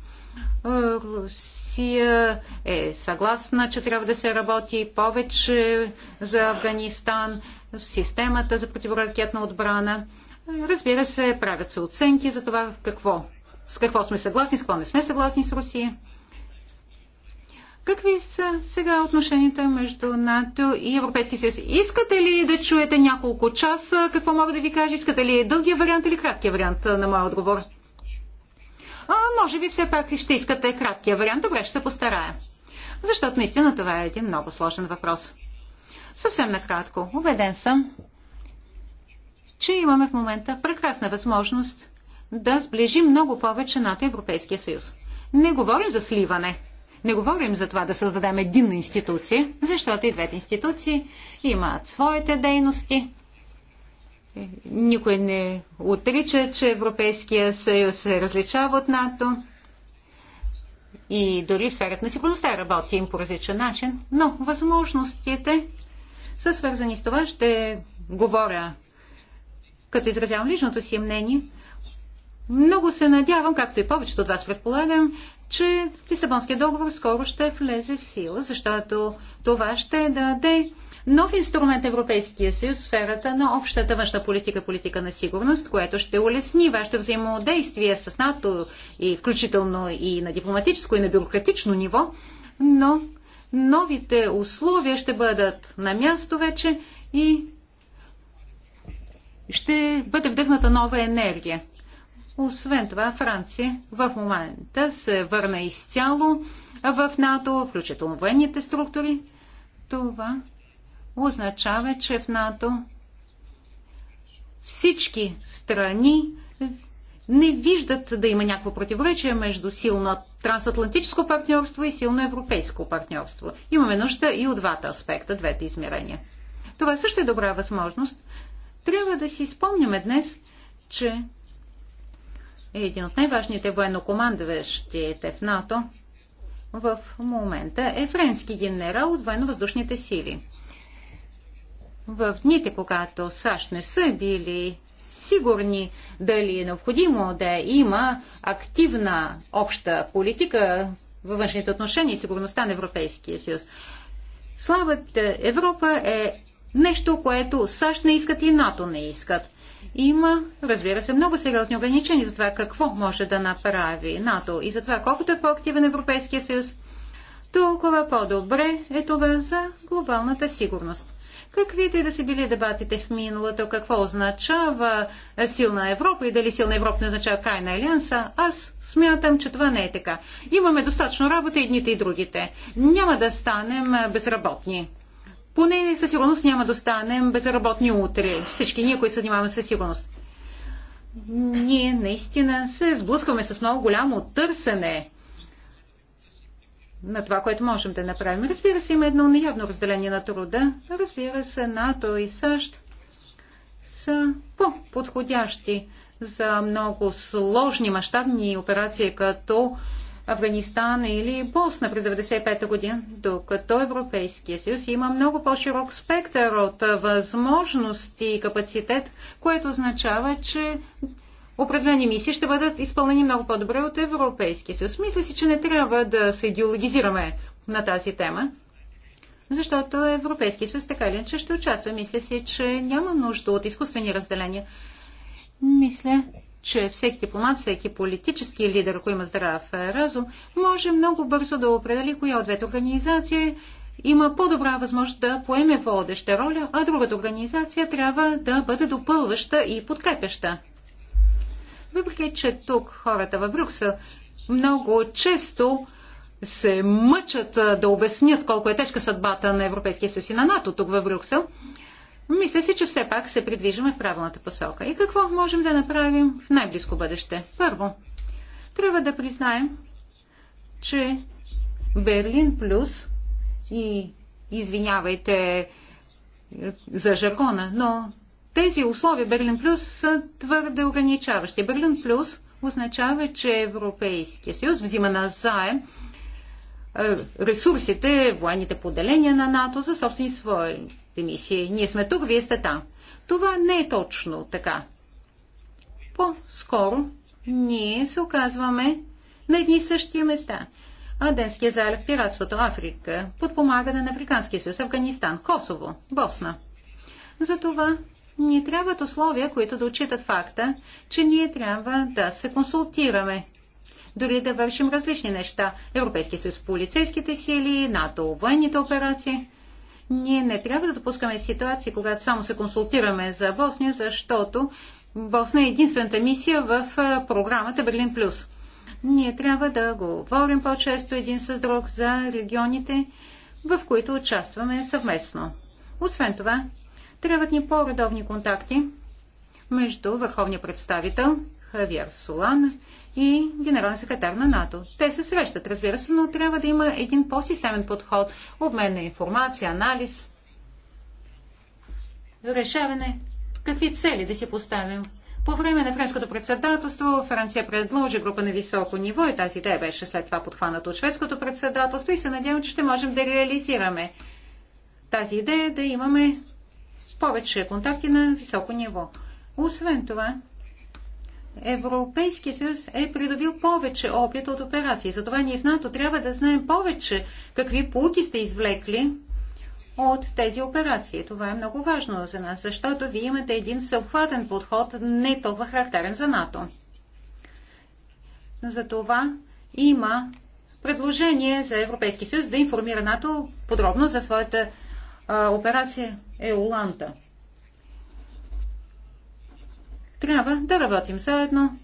Е, Русия е съгласна, че трябва да се работи повече за Афганистан, в системата за противоракетна отбрана. Разбира се, правят се оценки за това в какво, с какво сме съгласни, с какво не сме съгласни с Русия. Какви са сега отношенията между НАТО и Европейския съюз? Искате ли да чуете няколко часа? Какво мога да ви кажа? Искате ли дългия вариант или краткия вариант на моя отговор? А, може би все пак ще искате краткия вариант. Добре, ще се постарая. Защото наистина това е един много сложен въпрос. Съвсем накратко. Убеден съм, че имаме в момента прекрасна възможност да сближим много повече НАТО и Европейския съюз. Не говорим за сливане – не говорим за това да създадем единна институция, защото и двете институции имат своите дейности. Никой не отрича, че Европейския съюз се различава от НАТО. И дори в сферата на сигурността работим по различен начин, но възможностите са свързани с това. Ще говоря, като изразявам личното си мнение. Много се надявам, както и повечето от вас предполагам, че Лисабонския договор скоро ще влезе в сила, защото това ще даде нов инструмент Европейския съюз в сферата на общата външна политика, политика на сигурност, което ще улесни вашето взаимодействие с НАТО и включително и на дипломатическо и на бюрократично ниво, но новите условия ще бъдат на място вече и ще бъде вдъхната нова енергия. Освен това, Франция в момента се върна изцяло в НАТО, включително военните структури. Това означава, че в НАТО всички страни не виждат да има някакво противоречие между силно трансатлантическо партньорство и силно европейско партньорство. Имаме нужда и от двата аспекта, двете измерения. Това също е добра възможност. Трябва да си спомняме днес, че е един от най-важните военнокомандващите в НАТО в момента е френски генерал от военно-въздушните сили. В дните, когато САЩ не са били сигурни дали е необходимо да има активна обща политика във външните отношения и сигурността на Европейския съюз. Славата е, Европа е нещо, което САЩ не искат и НАТО не искат – има, разбира се, много сериозни ограничения за това какво може да направи НАТО и за това колкото е по-активен Европейския съюз, толкова по-добре е това за глобалната сигурност. Каквито и да са били дебатите в миналото, какво означава силна Европа и дали силна Европа не означава край на Алианса, аз смятам, че това не е така. Имаме достатъчно работа и едните и другите. Няма да станем безработни. Поне със сигурност няма да останем безработни утре. Всички ние, които се занимаваме със сигурност. Ние наистина се сблъскваме с много голямо търсене на това, което можем да направим. Разбира се, има едно неявно разделение на труда. Разбира се, НАТО и САЩ са по-подходящи за много сложни мащабни операции, като Афганистан или Босна през 1995 година, докато Европейския съюз има много по-широк спектър от възможности и капацитет, което означава, че определени мисии ще бъдат изпълнени много по-добре от Европейския съюз. Мисля си, че не трябва да се идеологизираме на тази тема, защото Европейския съюз така или иначе ще участва. Мисля си, че няма нужда от изкуствени разделения. Мисля, че всеки дипломат, всеки политически лидер, ако има здрав е, разум, може много бързо да определи коя от двете организации има по-добра възможност да поеме водеща роля, а другата организация трябва да бъде допълваща и подкрепяща. Въпреки, че тук хората в Брюксел много често се мъчат да обяснят колко е тежка съдбата на Европейския съюз и на НАТО тук в Брюксел, мисля си, че все пак се придвижваме в правилната посока. И какво можем да направим в най-близко бъдеще? Първо, трябва да признаем, че Берлин Плюс и извинявайте за жаргона, но тези условия Берлин Плюс са твърде ограничаващи. Берлин Плюс означава, че Европейския съюз взима на заем ресурсите, военните поделения на НАТО за собствени свои мисли, Ние сме тук, вие сте там. Това не е точно така. По-скоро ние се оказваме на едни и същи места. Аденския залив, пиратството, Африка, подпомагане на Африканския съюз, Афганистан, Косово, Босна. Затова ни трябват условия, които да отчитат факта, че ние трябва да се консултираме. Дори да вършим различни неща. Европейския съюз, полицейските сили, НАТО, военните операции – ние не трябва да допускаме ситуации, когато само се консултираме за Босния, защото Босна е единствената мисия в програмата Берлин Плюс. Ние трябва да говорим по-често един с друг за регионите, в които участваме съвместно. Освен това, трябват ни по-редовни контакти между върховния представител Хавиер Солан и генерален секретар на НАТО. Те се срещат, разбира се, но трябва да има един по-системен подход, обмен на информация, анализ, решаване какви цели да си поставим. По време на френското председателство Франция предложи група на високо ниво и тази идея беше след това подхваната от шведското председателство и се надявам, че ще можем да реализираме тази идея да имаме повече контакти на високо ниво. Освен това, Европейския съюз е придобил повече опит от операции. Затова ние в НАТО трябва да знаем повече какви полуки сте извлекли от тези операции. Това е много важно за нас, защото вие имате един съобхватен подход, не толкова характерен за НАТО. Затова има предложение за Европейски съюз да информира НАТО подробно за своята а, операция Еоланта. Трябва да работим заедно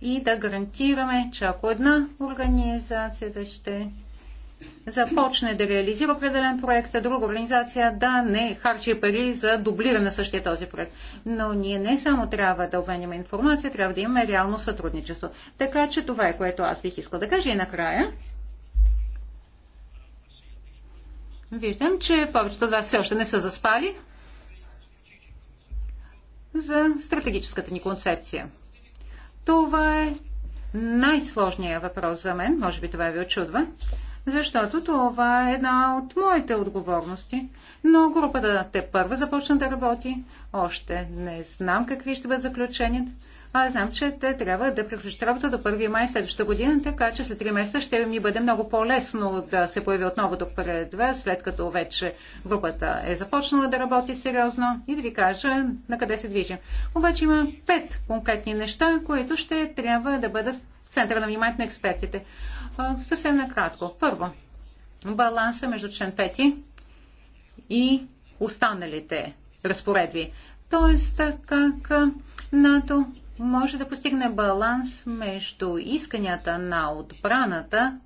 и да гарантираме, че ако една организация ще започне да реализира определен проект, а друга организация да не харчи пари за дублиране на същия този проект. Но ние не само трябва да обменяме информация, трябва да имаме реално сътрудничество. Така че това е което аз бих искал да кажа и накрая. Виждам, че повечето от вас все още не са заспали за стратегическата ни концепция. Това е най-сложният въпрос за мен, може би това ви очудва, защото това е една от моите отговорности, но групата те първа започна да работи. Още не знам какви ще бъдат заключенията, аз знам, че те трябва да приключат работа до 1 май следващата година, така че след 3 месеца ще ми бъде много по-лесно да се появи отново тук пред вас, след като вече групата е започнала да работи сериозно и да ви кажа на къде се движим. Обаче има 5 конкретни неща, които ще трябва да бъдат в центъра на вниманието на експертите. съвсем накратко. Първо, баланса между член 5 и останалите разпоредби. Тоест, как НАТО може да постигне баланс между исканията на отбраната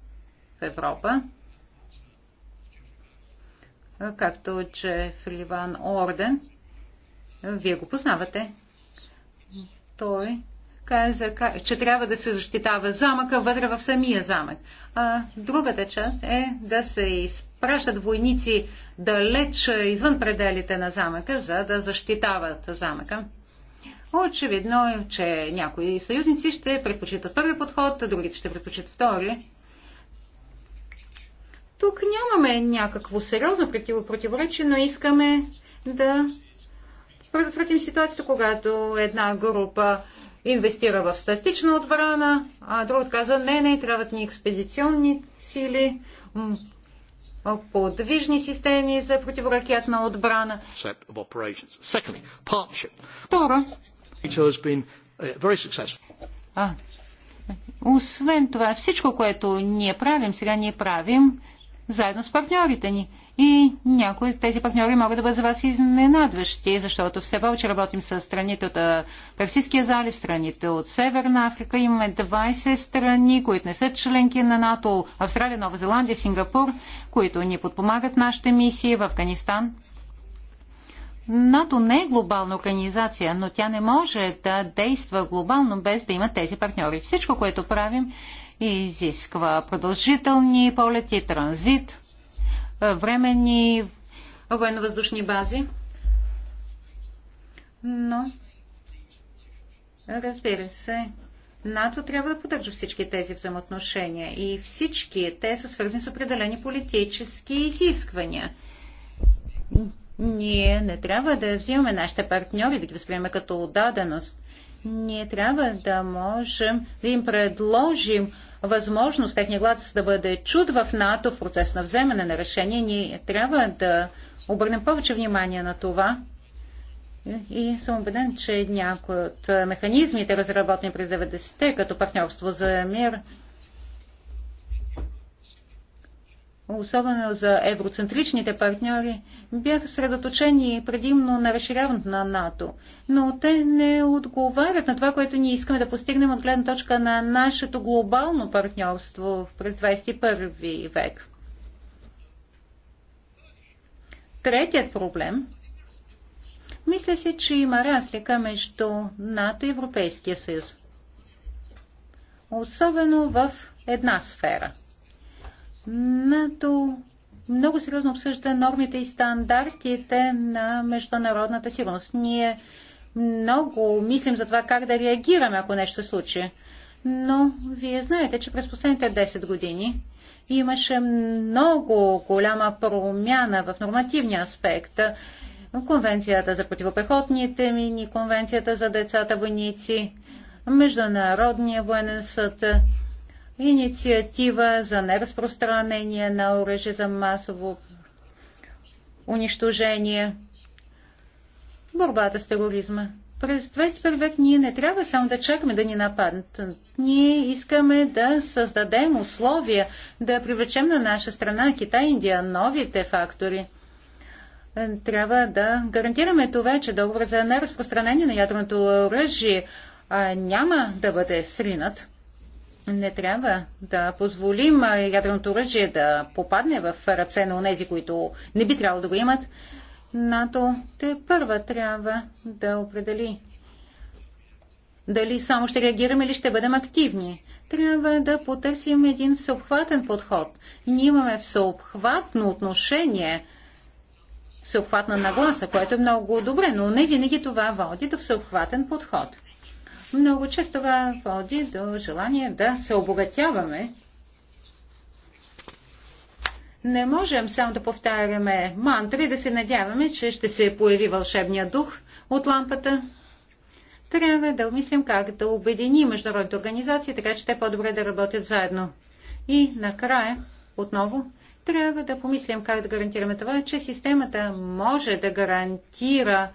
в Европа, както в Ливан Орден, вие го познавате, той каза, че трябва да се защитава замъка вътре в самия замък. А другата част е да се изпращат войници далеч извън пределите на замъка, за да защитават замъка. Очевидно е, че някои съюзници ще предпочитат първи подход, а другите ще предпочитат втори. Тук нямаме някакво сериозно противоречие, но искаме да предотвратим ситуацията, когато една група инвестира в статична отбрана, а другата каза, не, не, трябват ни експедиционни сили, подвижни системи за противоракетна отбрана. Второ, Uh, освен това, всичко, което ние правим, сега ние правим заедно с партньорите ни. И някои от тези партньори могат да бъдат за вас изненадващи, защото все повече работим с страните от Персийския залив, страните от Северна Африка. Имаме 20 страни, които не са членки на НАТО, Австралия, Нова Зеландия, Сингапур, които ни подпомагат нашите мисии в Афганистан. НАТО не е глобална организация, но тя не може да действа глобално без да има тези партньори. Всичко, което правим, изисква продължителни полети, транзит, временни военно-въздушни бази. Но, разбира се, НАТО трябва да поддържа всички тези взаимоотношения и всички те са свързани с определени политически изисквания – ние не трябва да взимаме нашите партньори, да ги възприемаме като отдаденост. Ние трябва да можем да им предложим възможност техния глас да бъде чуд в НАТО в процес на вземане на решение. Ние трябва да обърнем повече внимание на това. И съм убеден, че някои от механизмите, разработени през 90-те като партньорство за мир, особено за евроцентричните партньори, бяха средоточени предимно на разширяването на НАТО, но те не отговарят на това, което ние искаме да постигнем от гледна точка на нашето глобално партньорство през 21 век. Третият проблем. Мисля се, че има разлика между НАТО и Европейския съюз. Особено в една сфера – НАТО много сериозно обсъжда нормите и стандартите на международната сигурност. Ние много мислим за това как да реагираме, ако нещо се случи. Но вие знаете, че през последните 10 години имаше много голяма промяна в нормативния аспект. Конвенцията за противопехотните мини, Конвенцията за децата войници, Международния военен съд, инициатива за неразпространение на оръжие за масово унищожение, борбата с тероризма. През 21 век ние не трябва само да чакаме да ни нападнат. Ние искаме да създадем условия да привлечем на наша страна Китай, Индия, новите фактори. Трябва да гарантираме това, че договор за неразпространение на ядреното оръжие няма да бъде сринат не трябва да позволим ядреното оръжие да попадне в ръце на тези, които не би трябвало да го имат. НАТО те първа трябва да определи дали само ще реагираме или ще бъдем активни. Трябва да потърсим един всеобхватен подход. Ние имаме всеобхватно отношение, всеобхватна нагласа, което е много добре, но не винаги това води до всеобхватен подход. Много често това води до желание да се обогатяваме. Не можем само да повтаряме мантри, да се надяваме, че ще се появи вълшебния дух от лампата. Трябва да обмислим как да обедини международните организации, така че те по-добре да работят заедно. И накрая, отново, трябва да помислим как да гарантираме това, че системата може да гарантира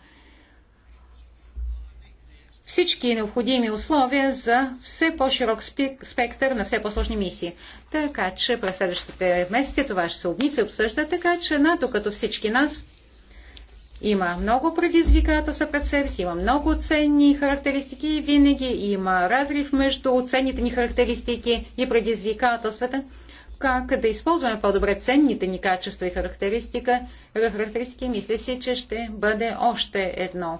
всички необходими условия за все по-широк спектър на все по-сложни мисии. Така че през следващите месеци това ще се обмисли, обсъжда, така че НАТО, като всички нас, има много предизвикателства пред себе си, има много ценни характеристики и винаги има разрив между ценните ни характеристики и предизвикателствата. Как да използваме по-добре ценните ни качества и характеристика, характеристики, мисля си, че ще бъде още едно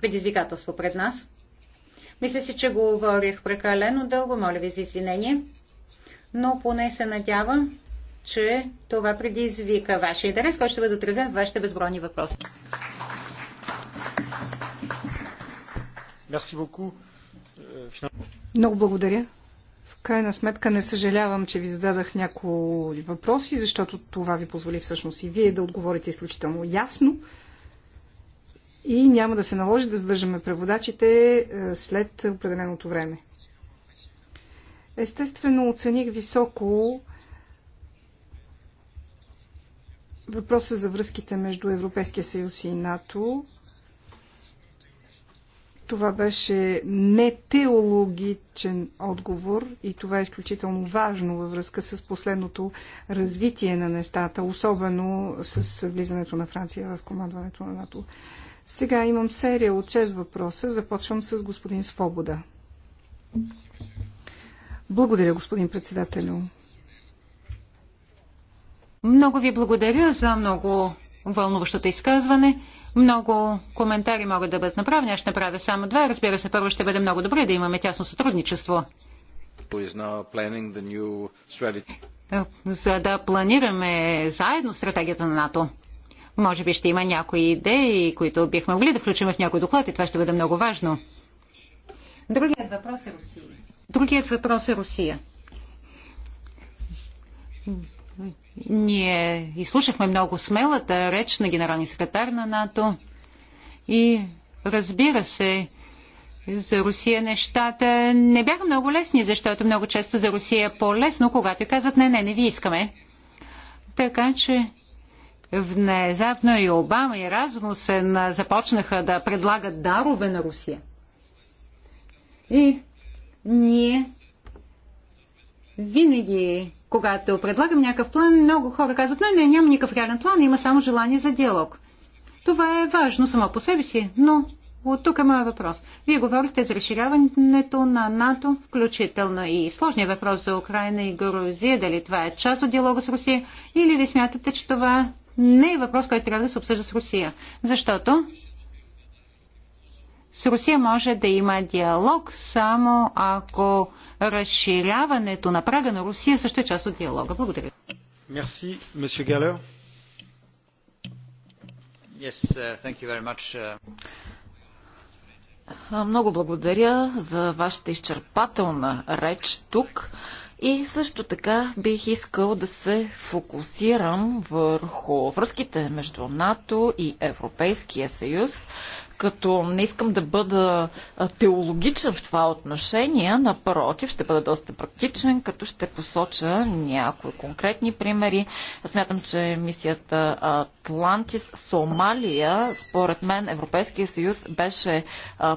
предизвикателство пред нас. Мисля си, че го говорих прекалено дълго, моля ви за извинение, но поне се надявам, че това предизвика вашия интерес, който ще бъде отразен в вашите безбройни въпроси. Много благодаря. В крайна сметка не съжалявам, че ви зададах някои въпроси, защото това ви позволи всъщност и вие да отговорите изключително ясно и няма да се наложи да задържаме преводачите е, след определеното време. Естествено, оцених високо въпроса за връзките между Европейския съюз и НАТО. Това беше не теологичен отговор и това е изключително важно във връзка с последното развитие на нещата, особено с влизането на Франция в командването на НАТО. Сега имам серия от 6 въпроса. Започвам с господин Свобода. Благодаря, господин председателю. Много ви благодаря за много вълнуващото изказване. Много коментари могат да бъдат направени. Аз ще направя само два. Разбира се, първо ще бъде много добре да имаме тясно сътрудничество. За да планираме заедно стратегията на НАТО. Може би ще има някои идеи, които бихме могли да включим в някой доклад и това ще бъде много важно. Другият въпрос е Русия. Другият въпрос е Русия. Ние изслушахме много смелата реч на генералния секретар на НАТО и разбира се, за Русия нещата не бяха много лесни, защото много често за Русия е по-лесно, когато и казват не, не, не ви искаме. Така че внезапно и Обама и Размусен започнаха да предлагат дарове на Русия. И ние винаги, когато предлагам някакъв план, много хора казват, не, не, няма никакъв реален план, има само желание за диалог. Това е важно само по себе си, но от тук е моят въпрос. Вие говорите за разширяването на НАТО, включително и сложния въпрос за Украина и Грузия, дали това е част от диалога с Русия, или ви смятате, че това не е въпрос, който трябва да се обсъжда с Русия. Защото с Русия може да има диалог само ако разширяването на прага на Русия също е част от диалога. Благодаря. Мерси, месье Галер. Yes, uh, thank you very much. Uh. Много благодаря за вашата изчерпателна реч тук. И също така бих искал да се фокусирам върху връзките между НАТО и Европейския съюз, като не искам да бъда теологичен в това отношение, напротив, ще бъда доста практичен, като ще посоча някои конкретни примери. Смятам, че мисията Атлантис Сомалия, според мен Европейския съюз беше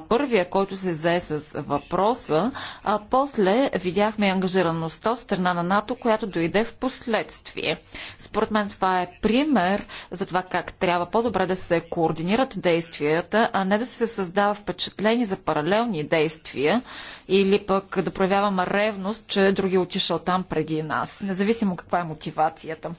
първия, който се зае с въпроса, а после видяхме ангажираността от страна на НАТО, която дойде в последствие. Според мен това е пример за това как трябва по-добре да се координират действията, а не да се създава впечатление за паралелни действия или пък да проявяваме ревност, че други отишъл там преди нас, независимо каква е мотивацията.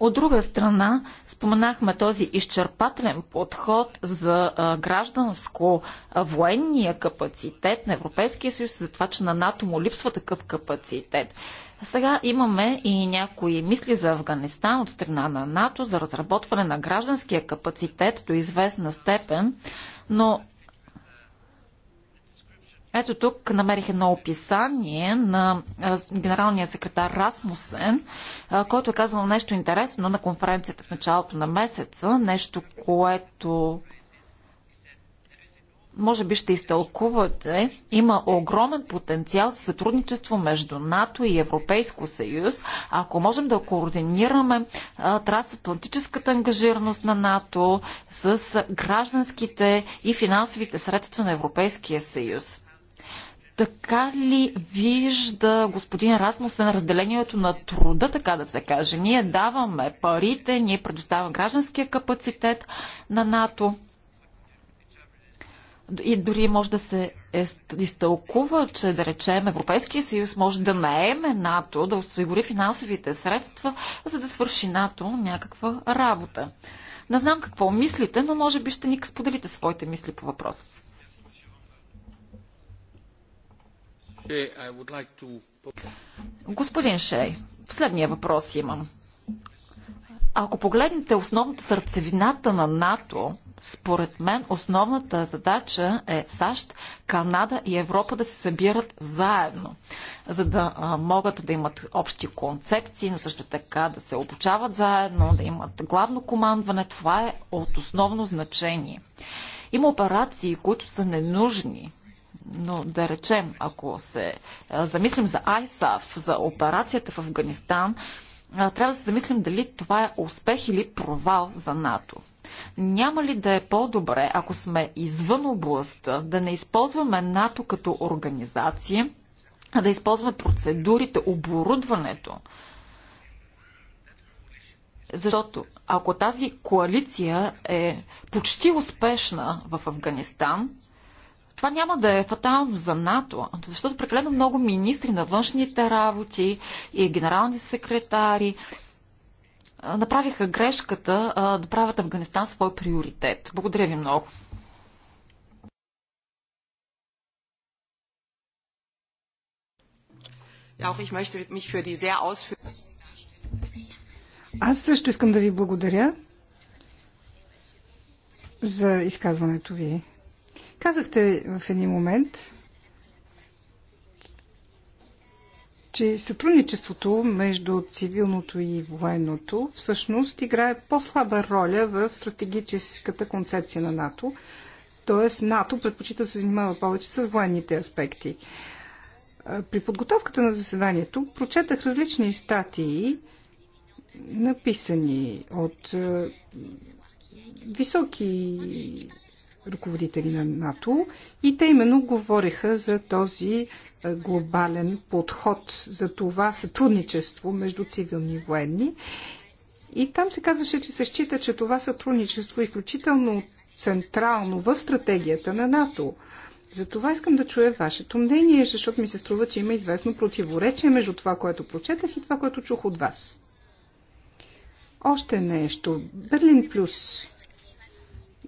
От друга страна, споменахме този изчерпателен подход за гражданско-военния капацитет на Европейския съюз, за това, че на НАТО му липсва такъв капацитет. Сега имаме и някои мисли за Афганистан от страна на НАТО за разработване на гражданския капацитет до известна степен, но ето тук намерих едно описание на генералния секретар Расмусен, който е казал нещо интересно на конференцията в началото на месеца, нещо, което може би ще изтълкувате, има огромен потенциал за сътрудничество между НАТО и Европейско съюз, ако можем да координираме трансатлантическата ангажираност на НАТО с гражданските и финансовите средства на Европейския съюз. Така ли вижда господин Расмусен разделението на труда, така да се каже? Ние даваме парите, ние предоставяме гражданския капацитет на НАТО и дори може да се е изтълкува, че да речем Европейския съюз може да наеме НАТО, да осигури финансовите средства, за да свърши НАТО някаква работа. Не знам какво мислите, но може би ще ни споделите своите мисли по въпроса. Е, Господин Шей, последния въпрос имам. Ако погледнете основната сърцевината на НАТО, според мен основната задача е САЩ, Канада и Европа да се събират заедно, за да а, могат да имат общи концепции, но също така да се обучават заедно, да имат главно командване. Това е от основно значение. Има операции, които са ненужни, но да речем, ако се замислим за ISAF, за операцията в Афганистан, трябва да се замислим дали това е успех или провал за НАТО. Няма ли да е по-добре, ако сме извън областта, да не използваме НАТО като организация, а да използваме процедурите, оборудването? Защото ако тази коалиция е почти успешна в Афганистан, това няма да е фатално за НАТО, защото прекалено много министри на външните работи и генерални секретари направиха грешката да правят Афганистан свой приоритет. Благодаря ви много. Аз също искам да ви благодаря за изказването ви. Казахте в един момент, че сътрудничеството между цивилното и военното всъщност играе по-слаба роля в стратегическата концепция на НАТО. Тоест НАТО предпочита да се занимава повече с военните аспекти. При подготовката на заседанието прочетах различни статии, написани от високи ръководители на НАТО и те именно говориха за този е, глобален подход, за това сътрудничество между цивилни и военни. И там се казваше, че се счита, че това сътрудничество е изключително централно в стратегията на НАТО. За това искам да чуя вашето мнение, защото ми се струва, че има известно противоречие между това, което прочетах и това, което чух от вас. Още нещо. Берлин Плюс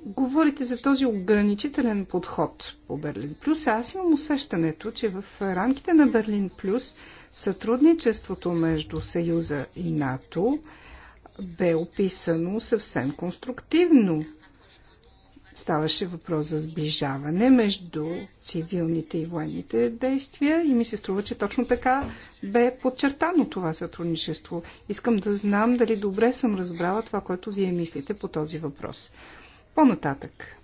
говорите за този ограничителен подход по Берлин Плюс. Аз имам усещането, че в рамките на Берлин Плюс сътрудничеството между Съюза и НАТО бе описано съвсем конструктивно. Ставаше въпрос за сближаване между цивилните и военните действия и ми се струва, че точно така бе подчертано това сътрудничество. Искам да знам дали добре съм разбрала това, което вие мислите по този въпрос. По-нататък.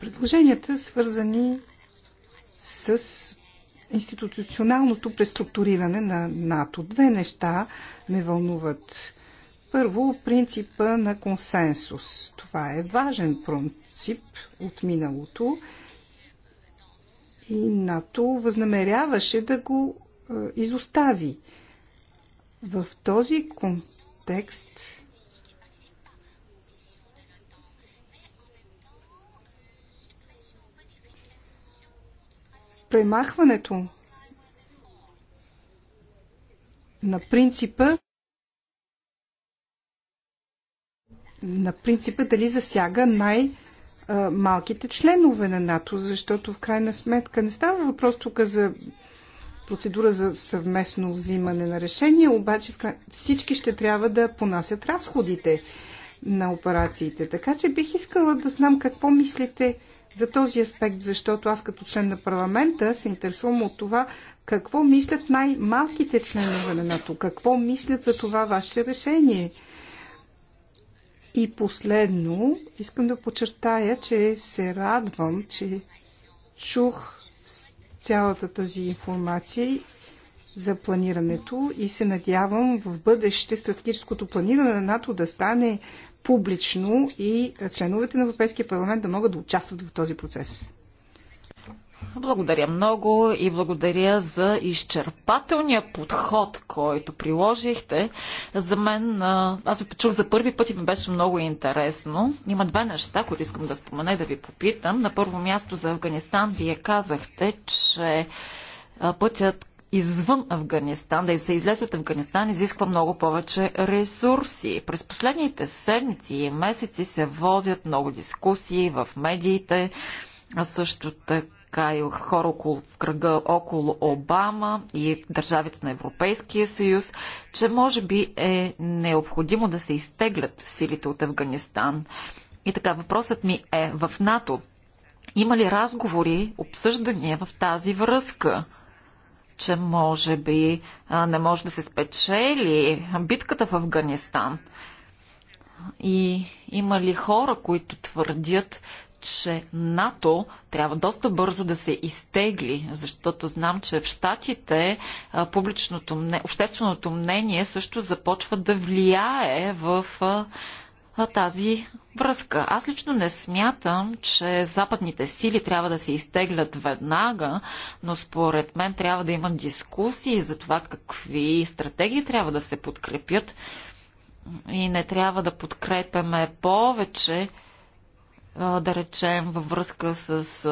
Предложенията свързани с институционалното преструктуриране на НАТО. Две неща ме вълнуват. Първо, принципа на консенсус. Това е важен принцип от миналото и НАТО възнамеряваше да го е, изостави. В този контекст премахването на принципа на принципа дали засяга най- малките членове на НАТО, защото в крайна сметка не става въпрос тук за процедура за съвместно взимане на решение, обаче всички ще трябва да понасят разходите на операциите. Така че бих искала да знам какво мислите за този аспект, защото аз като член на парламента се интересувам от това какво мислят най-малките членове на НАТО, какво мислят за това ваше решение. И последно, искам да подчертая, че се радвам, че чух цялата тази информация за планирането и се надявам в бъдеще стратегическото планиране на НАТО да стане публично и е, членовете на Европейския парламент да могат да участват в този процес. Благодаря много и благодаря за изчерпателния подход, който приложихте. За мен, аз ви почух за първи път и ми беше много интересно. Има две неща, които искам да спомена и да ви попитам. На първо място за Афганистан вие казахте, че пътят извън Афганистан, да се излезе от Афганистан, изисква много повече ресурси. През последните седмици и месеци се водят много дискусии в медиите, а също така и хора около, в кръга около Обама и държавите на Европейския съюз, че може би е необходимо да се изтеглят силите от Афганистан. И така, въпросът ми е в НАТО. Има ли разговори, обсъждания в тази връзка? че може би не може да се спечели битката в Афганистан. И има ли хора, които твърдят, че НАТО трябва доста бързо да се изтегли, защото знам, че в Штатите публичното, общественото мнение също започва да влияе в тази връзка. Аз лично не смятам, че западните сили трябва да се изтеглят веднага, но според мен трябва да има дискусии за това какви стратегии трябва да се подкрепят и не трябва да подкрепяме повече, да речем, във връзка с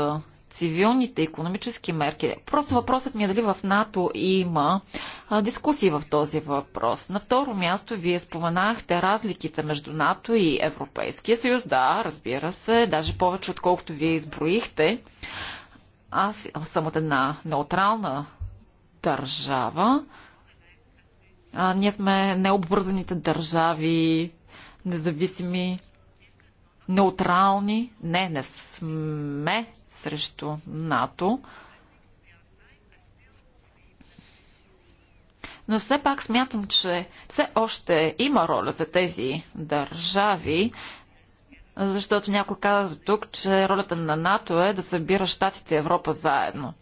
цивилните економически мерки. Просто въпросът ми е дали в НАТО има а, дискусии в този въпрос. На второ място, вие споменахте разликите между НАТО и Европейския съюз. Да, разбира се, даже повече отколкото вие изброихте. Аз съм от една неутрална държава. А, ние сме необвързаните държави, независими неутрални. Не, не сме срещу НАТО. Но все пак смятам, че все още има роля за тези държави, защото някой каза тук, че ролята на НАТО е да събира Штатите Европа заедно.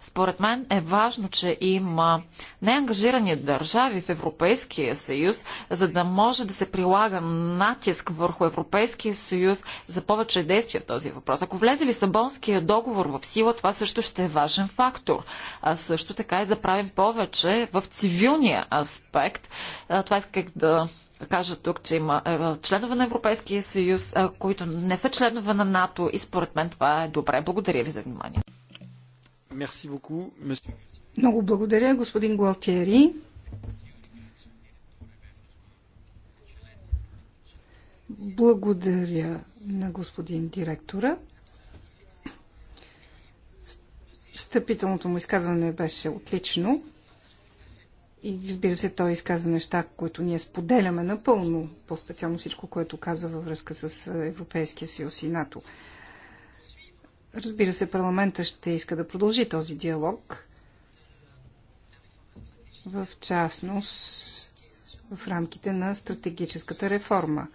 Според мен е важно, че има неангажирани държави в Европейския съюз, за да може да се прилага натиск върху Европейския съюз за повече действия в този въпрос. Ако влезе Лисабонския договор в сила, това също ще е важен фактор. А също така и е да правим повече в цивилния аспект. Това исках да кажа тук, че има е, членове на Европейския съюз, които не са членове на НАТО и според мен това е добре. Благодаря ви за вниманието. Много благодаря, господин Гуалтери. Благодаря на господин директора. Встъпителното му изказване беше отлично. И разбира се, той изказа неща, които ние споделяме напълно, по-специално всичко, което каза във връзка с Европейския съюз и НАТО. Разбира се, парламента ще иска да продължи този диалог. В частност, в рамките на стратегическата реформа.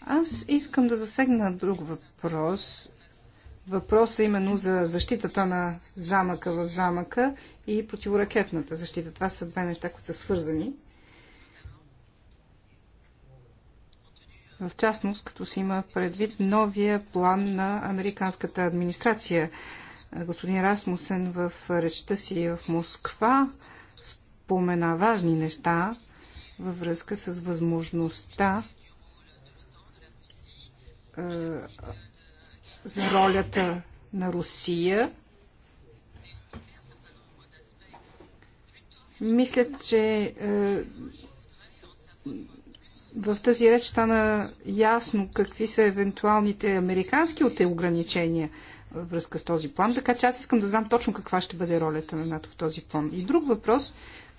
Аз искам да засегна друг въпрос. Въпроса е именно за защитата на замъка в замъка и противоракетната защита. Това са две неща, които са свързани. в частност като се има предвид новия план на американската администрация. Господин Расмусен в речта си в Москва спомена важни неща във връзка с възможността е, за ролята на Русия. Мисля, че е, в тази реч стана ясно какви са евентуалните американски от ограничения във връзка с този план, така че аз искам да знам точно каква ще бъде ролята на НАТО в този план. И друг въпрос,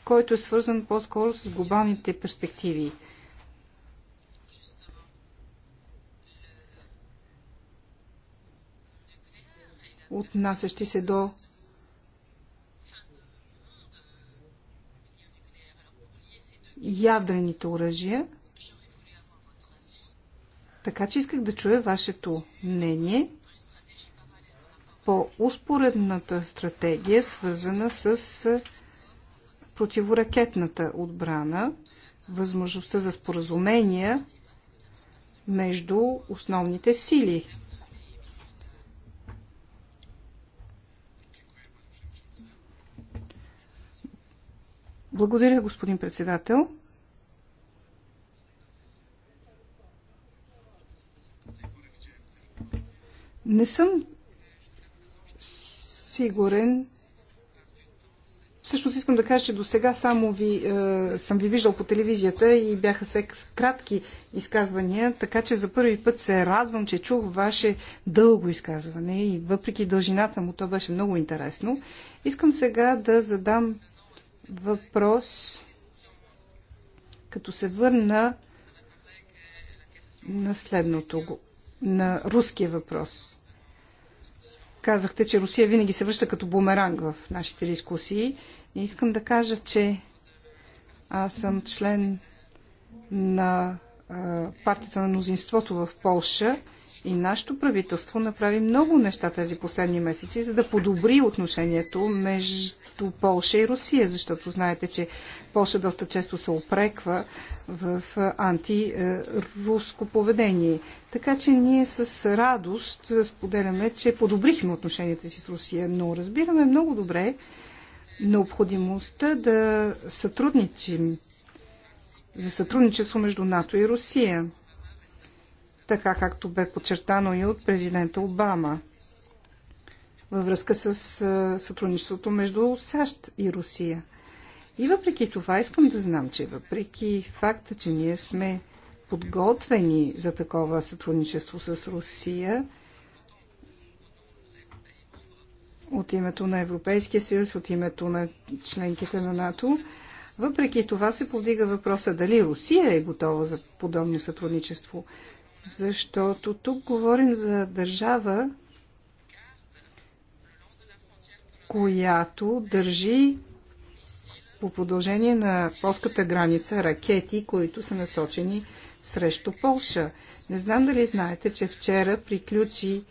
който е свързан по-скоро с глобалните перспективи. отнасящи се до ядрените оръжия – така че исках да чуя вашето мнение по успоредната стратегия, свързана с противоракетната отбрана, възможността за споразумения между основните сили. Благодаря, господин председател. Не съм сигурен. Всъщност искам да кажа, че до сега само ви, е, съм ви виждал по телевизията и бяха се кратки изказвания, така че за първи път се радвам, че чух ваше дълго изказване и въпреки дължината му то беше много интересно. Искам сега да задам въпрос, като се върна на следното на руския въпрос. Казахте, че Русия винаги се връща като бумеранг в нашите дискусии. И искам да кажа, че аз съм член на партията на мнозинството в Полша и нашето правителство направи много неща тези последни месеци, за да подобри отношението между Полша и Русия, защото знаете, че Польша доста често се опреква в антируско поведение. Така че ние с радост споделяме, че подобрихме отношенията си с Русия, но разбираме много добре необходимостта да сътрудничим за сътрудничество между НАТО и Русия, така както бе подчертано и от президента Обама във връзка с сътрудничеството между САЩ и Русия. И въпреки това искам да знам, че въпреки факта, че ние сме подготвени за такова сътрудничество с Русия, от името на Европейския съюз, от името на членките на НАТО. Въпреки това се повдига въпроса дали Русия е готова за подобно сътрудничество. Защото тук говорим за държава, която държи по продължение на полската граница ракети, които са насочени срещу Полша. Не знам дали знаете, че вчера приключи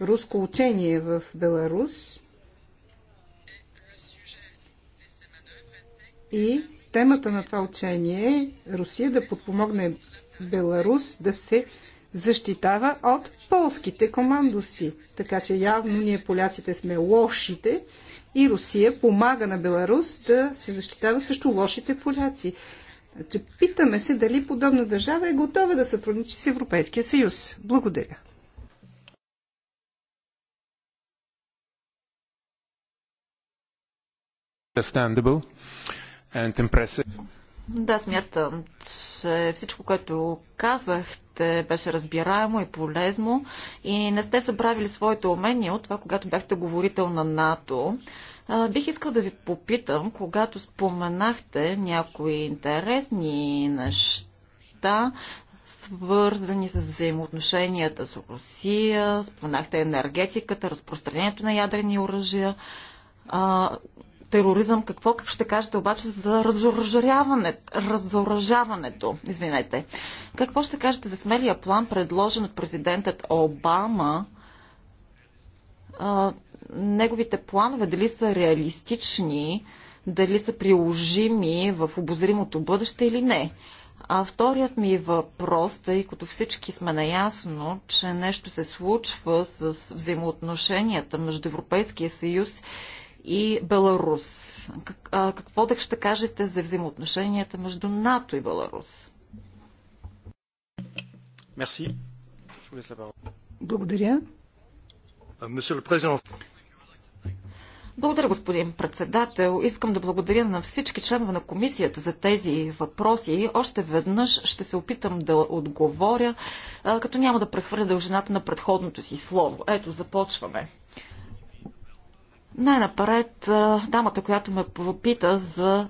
руско учение в Беларус и темата на това учение е Русия да подпомогне Беларус да се защитава от полските командоси. Така че явно ние поляците сме лошите и Русия помага на Беларус да се защитава срещу лошите поляци. Че питаме се дали подобна държава е готова да сътрудничи с Европейския съюз. Благодаря. Understandable and impressive. Да, смятам, че всичко, което казахте, беше разбираемо и полезно и не сте събравили своите умения от това, когато бяхте говорител на НАТО. Бих искал да ви попитам, когато споменахте някои интересни неща, свързани с взаимоотношенията с Русия, споменахте енергетиката, разпространението на ядрени оръжия тероризъм. Какво как ще кажете обаче за разоръжаване, разоръжаването? Извинете. Какво ще кажете за смелия план, предложен от президентът Обама? А, неговите планове дали са реалистични, дали са приложими в обозримото бъдеще или не? А вторият ми въпрос, тъй като всички сме наясно, че нещо се случва с взаимоотношенията между Европейския съюз и Беларус. Какво да ще кажете за взаимоотношенията между НАТО и Беларус? Мерси. Благодаря. Благодаря, господин председател. Искам да благодаря на всички членове на комисията за тези въпроси още веднъж ще се опитам да отговоря, като няма да прехвърля дължината на предходното си слово. Ето, започваме. Най-напред дамата, която ме попита за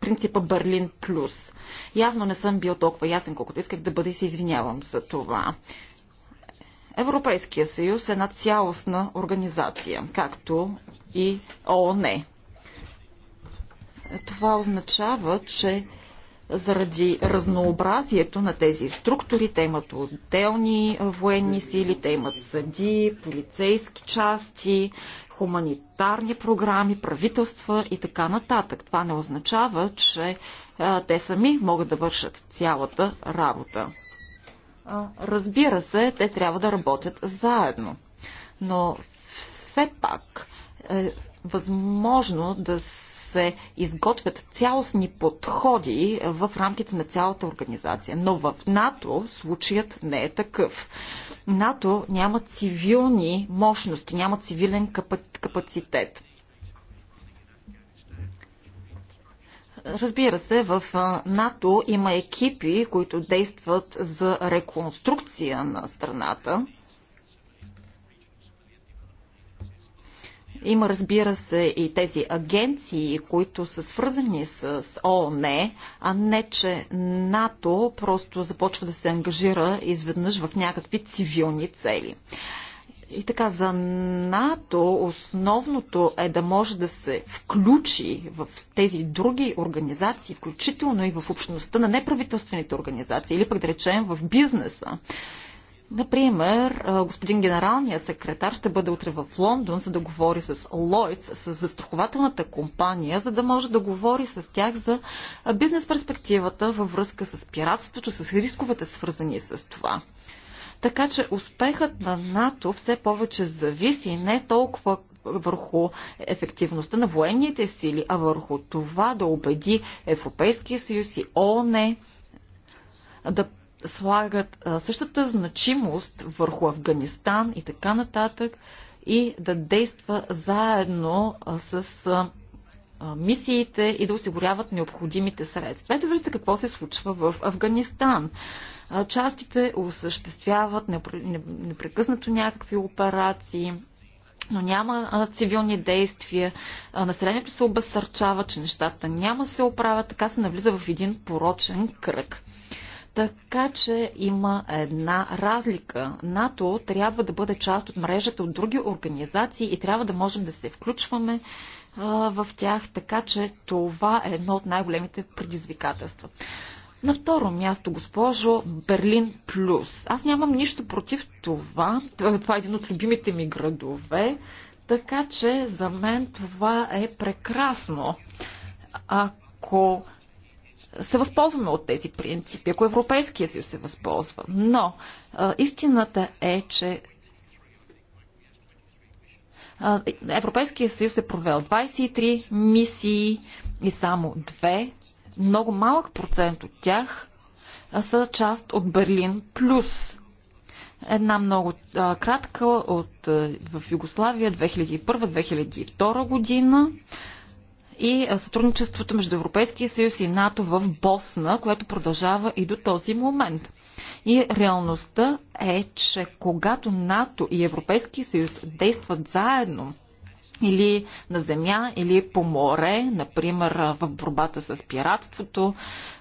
принципа Берлин Плюс. Явно не съм бил толкова ясен, колкото исках да бъда и се извинявам за това. Европейския съюз е една цялостна организация, както и ООН. Това означава, че заради разнообразието на тези структури, те имат отделни военни сили, те имат съди, полицейски части хуманитарни програми, правителства и така нататък. Това не означава, че а, те сами могат да вършат цялата работа. А, разбира се, те трябва да работят заедно. Но все пак е възможно да се се изготвят цялостни подходи в рамките на цялата организация. Но в НАТО случаят не е такъв. НАТО няма цивилни мощности, няма цивилен капацитет. Разбира се, в НАТО има екипи, които действат за реконструкция на страната. Има, разбира се, и тези агенции, които са свързани с ООН, а не, че НАТО просто започва да се ангажира изведнъж в някакви цивилни цели. И така, за НАТО основното е да може да се включи в тези други организации, включително и в общността на неправителствените организации, или пък да речем в бизнеса. Например, господин генералният секретар ще бъде утре в Лондон, за да говори с Лойц, с застрахователната компания, за да може да говори с тях за бизнес перспективата във връзка с пиратството, с рисковете свързани с това. Така че успехът на НАТО все повече зависи не толкова върху ефективността на военните сили, а върху това да убеди Европейския съюз и ООН да слагат а, същата значимост върху Афганистан и така нататък и да действа заедно а, с а, мисиите и да осигуряват необходимите средства. Ето виждате какво се случва в Афганистан. Частите осъществяват непрекъснато някакви операции, но няма а, цивилни действия. А, населението се обесърчава, че нещата няма се оправят, така се навлиза в един порочен кръг. Така че има една разлика. НАТО трябва да бъде част от мрежата от други организации и трябва да можем да се включваме а, в тях, така че това е едно от най-големите предизвикателства. На второ място, госпожо Берлин Плюс. Аз нямам нищо против това. Е- това е един от любимите ми градове, така че за мен това е прекрасно. Ако се възползваме от тези принципи, ако Европейския съюз се възползва. Но а, истината е, че а, Европейския съюз е провел 23 мисии и само две, много малък процент от тях а, са част от Берлин плюс. Една много а, кратка от, а, в Югославия 2001-2002 година и сътрудничеството между Европейския съюз и НАТО в Босна, което продължава и до този момент. И реалността е, че когато НАТО и Европейския съюз действат заедно, или на земя, или по море, например в борбата с пиратството,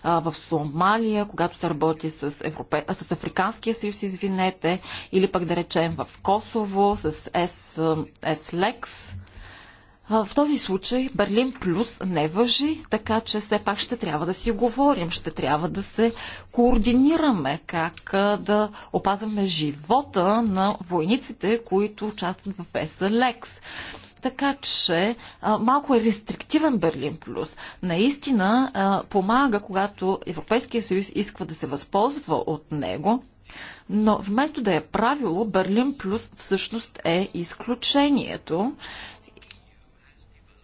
в Сомалия, когато се работи с, Европе... с Африканския съюз, извинете, или пък да речем в Косово с ЕС... ЕСЛЕКС в този случай Берлин плюс не въжи, така че все пак ще трябва да си говорим, ще трябва да се координираме как да опазваме живота на войниците, които участват в СЛЕКС. Така че малко е рестриктивен Берлин Плюс. Наистина помага, когато Европейския съюз иска да се възползва от него, но вместо да е правило, Берлин Плюс всъщност е изключението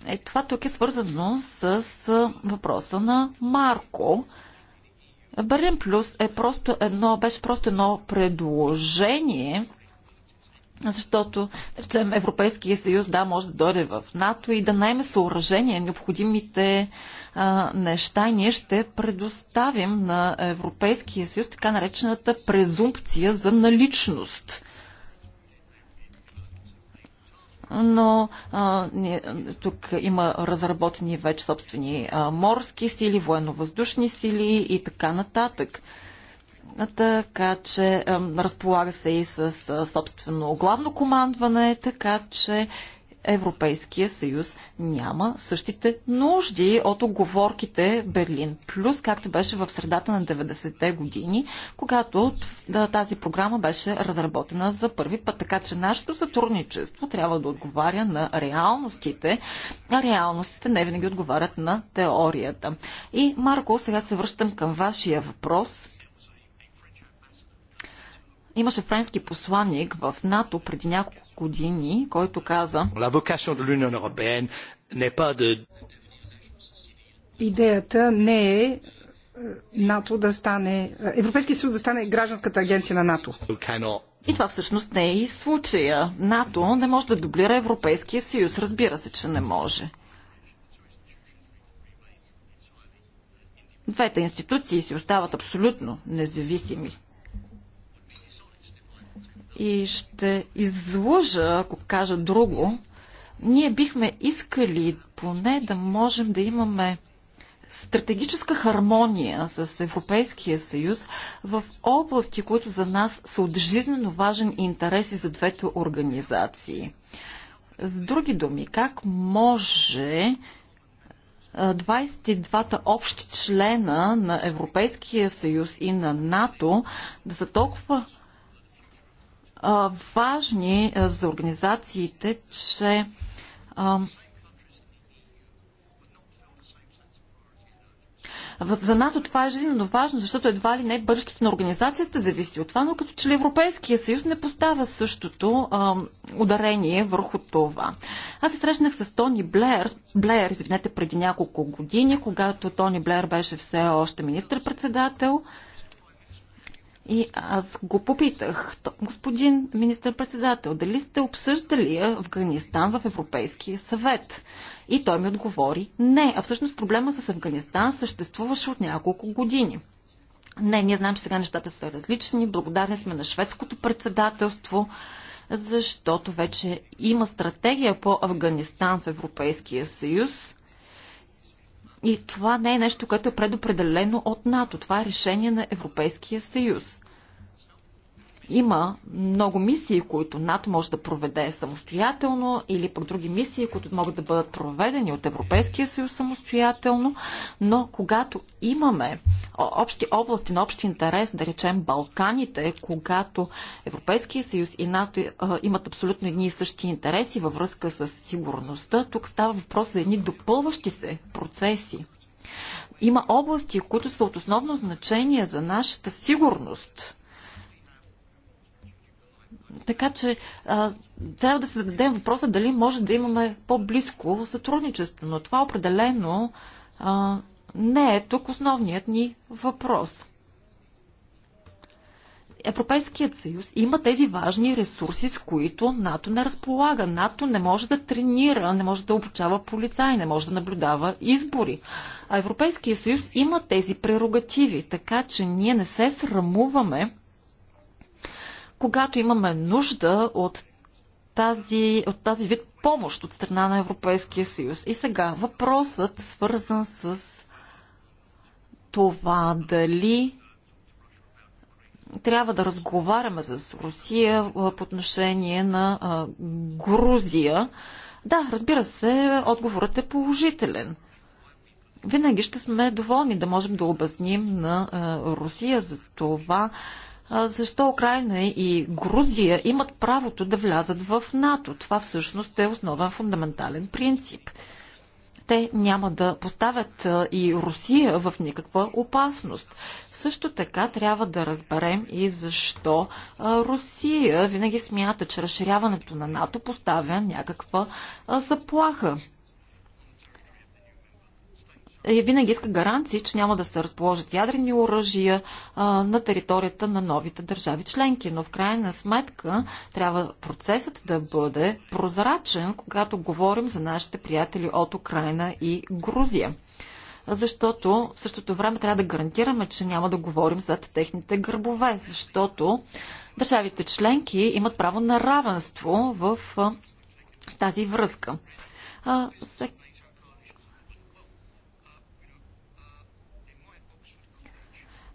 е, това тук е свързано с въпроса на Марко. Берлин Плюс е просто едно, беше просто едно предложение, защото, речем, Европейския съюз, да, може да дойде в НАТО и да найме съоръжения, необходимите а, неща. Ние ще предоставим на Европейския съюз така наречената презумпция за наличност но а, не, тук има разработени вече собствени а, морски сили, военно-въздушни сили и така нататък. Така че а, разполага се и с а, собствено главно командване, така че Европейския съюз няма същите нужди от оговорките Берлин Плюс, както беше в средата на 90-те години, когато тази програма беше разработена за първи път. Така че нашето сътрудничество трябва да отговаря на реалностите, а реалностите не винаги отговарят на теорията. И, Марко, сега се връщам към вашия въпрос имаше френски посланник в НАТО преди няколко години, който каза Идеята не е, е НАТО да стане, е, Европейския съюз да стане гражданската агенция на НАТО. И това всъщност не е и случая. НАТО не може да дублира Европейския съюз. Разбира се, че не може. Двете институции си остават абсолютно независими и ще излъжа, ако кажа друго, ние бихме искали поне да можем да имаме стратегическа хармония с Европейския съюз в области, които за нас са от жизненно важен интерес и за двете организации. С други думи, как може 22-та общи члена на Европейския съюз и на НАТО да са толкова важни е, за организациите, че За НАТО това е жизненно важно, защото едва ли не бъдещето на организацията зависи от това, но като че ли Европейския съюз не поставя същото а, ударение върху това. Аз се срещнах с Тони Блеер, Блеер, извинете, преди няколко години, когато Тони Блеер беше все още министр-председател. И аз го попитах, господин министър-председател, дали сте обсъждали Афганистан в Европейския съвет? И той ми отговори не. А всъщност проблема с Афганистан съществуваше от няколко години. Не, ние знаем, че сега нещата са различни. Благодарни сме на шведското председателство, защото вече има стратегия по Афганистан в Европейския съюз. И това не е нещо, което е предопределено от НАТО. Това е решение на Европейския съюз. Има много мисии, които НАТО може да проведе самостоятелно или пък други мисии, които могат да бъдат проведени от Европейския съюз самостоятелно, но когато имаме общи области на общ интерес, да речем Балканите, когато Европейския съюз и НАТО е, имат абсолютно едни и същи интереси във връзка с сигурността, тук става въпрос за едни допълващи се процеси. Има области, които са от основно значение за нашата сигурност. Така че а, трябва да се зададем въпроса дали може да имаме по-близко сътрудничество, но това определено а, не е тук основният ни въпрос. Европейският съюз има тези важни ресурси, с които НАТО не разполага. НАТО не може да тренира, не може да обучава полицаи, не може да наблюдава избори. А Европейския съюз има тези прерогативи, така че ние не се срамуваме когато имаме нужда от тази, от тази вид помощ от страна на Европейския съюз. И сега въпросът свързан с това дали трябва да разговаряме с Русия по отношение на а, Грузия. Да, разбира се, отговорът е положителен. Винаги ще сме доволни да можем да обясним на а, Русия за това, защо Украина и Грузия имат правото да влязат в НАТО. Това всъщност е основен фундаментален принцип. Те няма да поставят и Русия в никаква опасност. Също така трябва да разберем и защо Русия винаги смята, че разширяването на НАТО поставя някаква заплаха и е, винаги иска гаранции, че няма да се разположат ядрени оръжия на територията на новите държави членки. Но в крайна сметка трябва процесът да бъде прозрачен, когато говорим за нашите приятели от Украина и Грузия. Защото в същото време трябва да гарантираме, че няма да говорим зад техните гърбове, защото държавите членки имат право на равенство в тази връзка. А,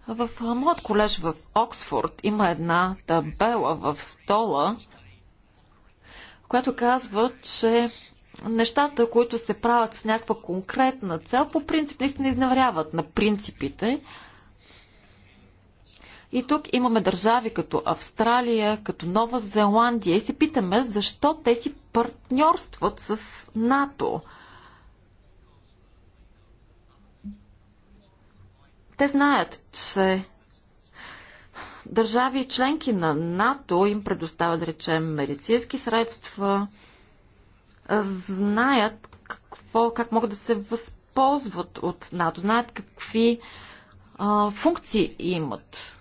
В моят колеж в Оксфорд има една табела в стола, която казва, че нещата, които се правят с някаква конкретна цел, по принцип наистина изневряват на принципите. И тук имаме държави като Австралия, като Нова Зеландия и се питаме защо те си партньорстват с НАТО. Те знаят, че държави и членки на НАТО им предоставят, да речем, медицински средства, знаят какво, как могат да се възползват от НАТО, знаят какви а, функции имат.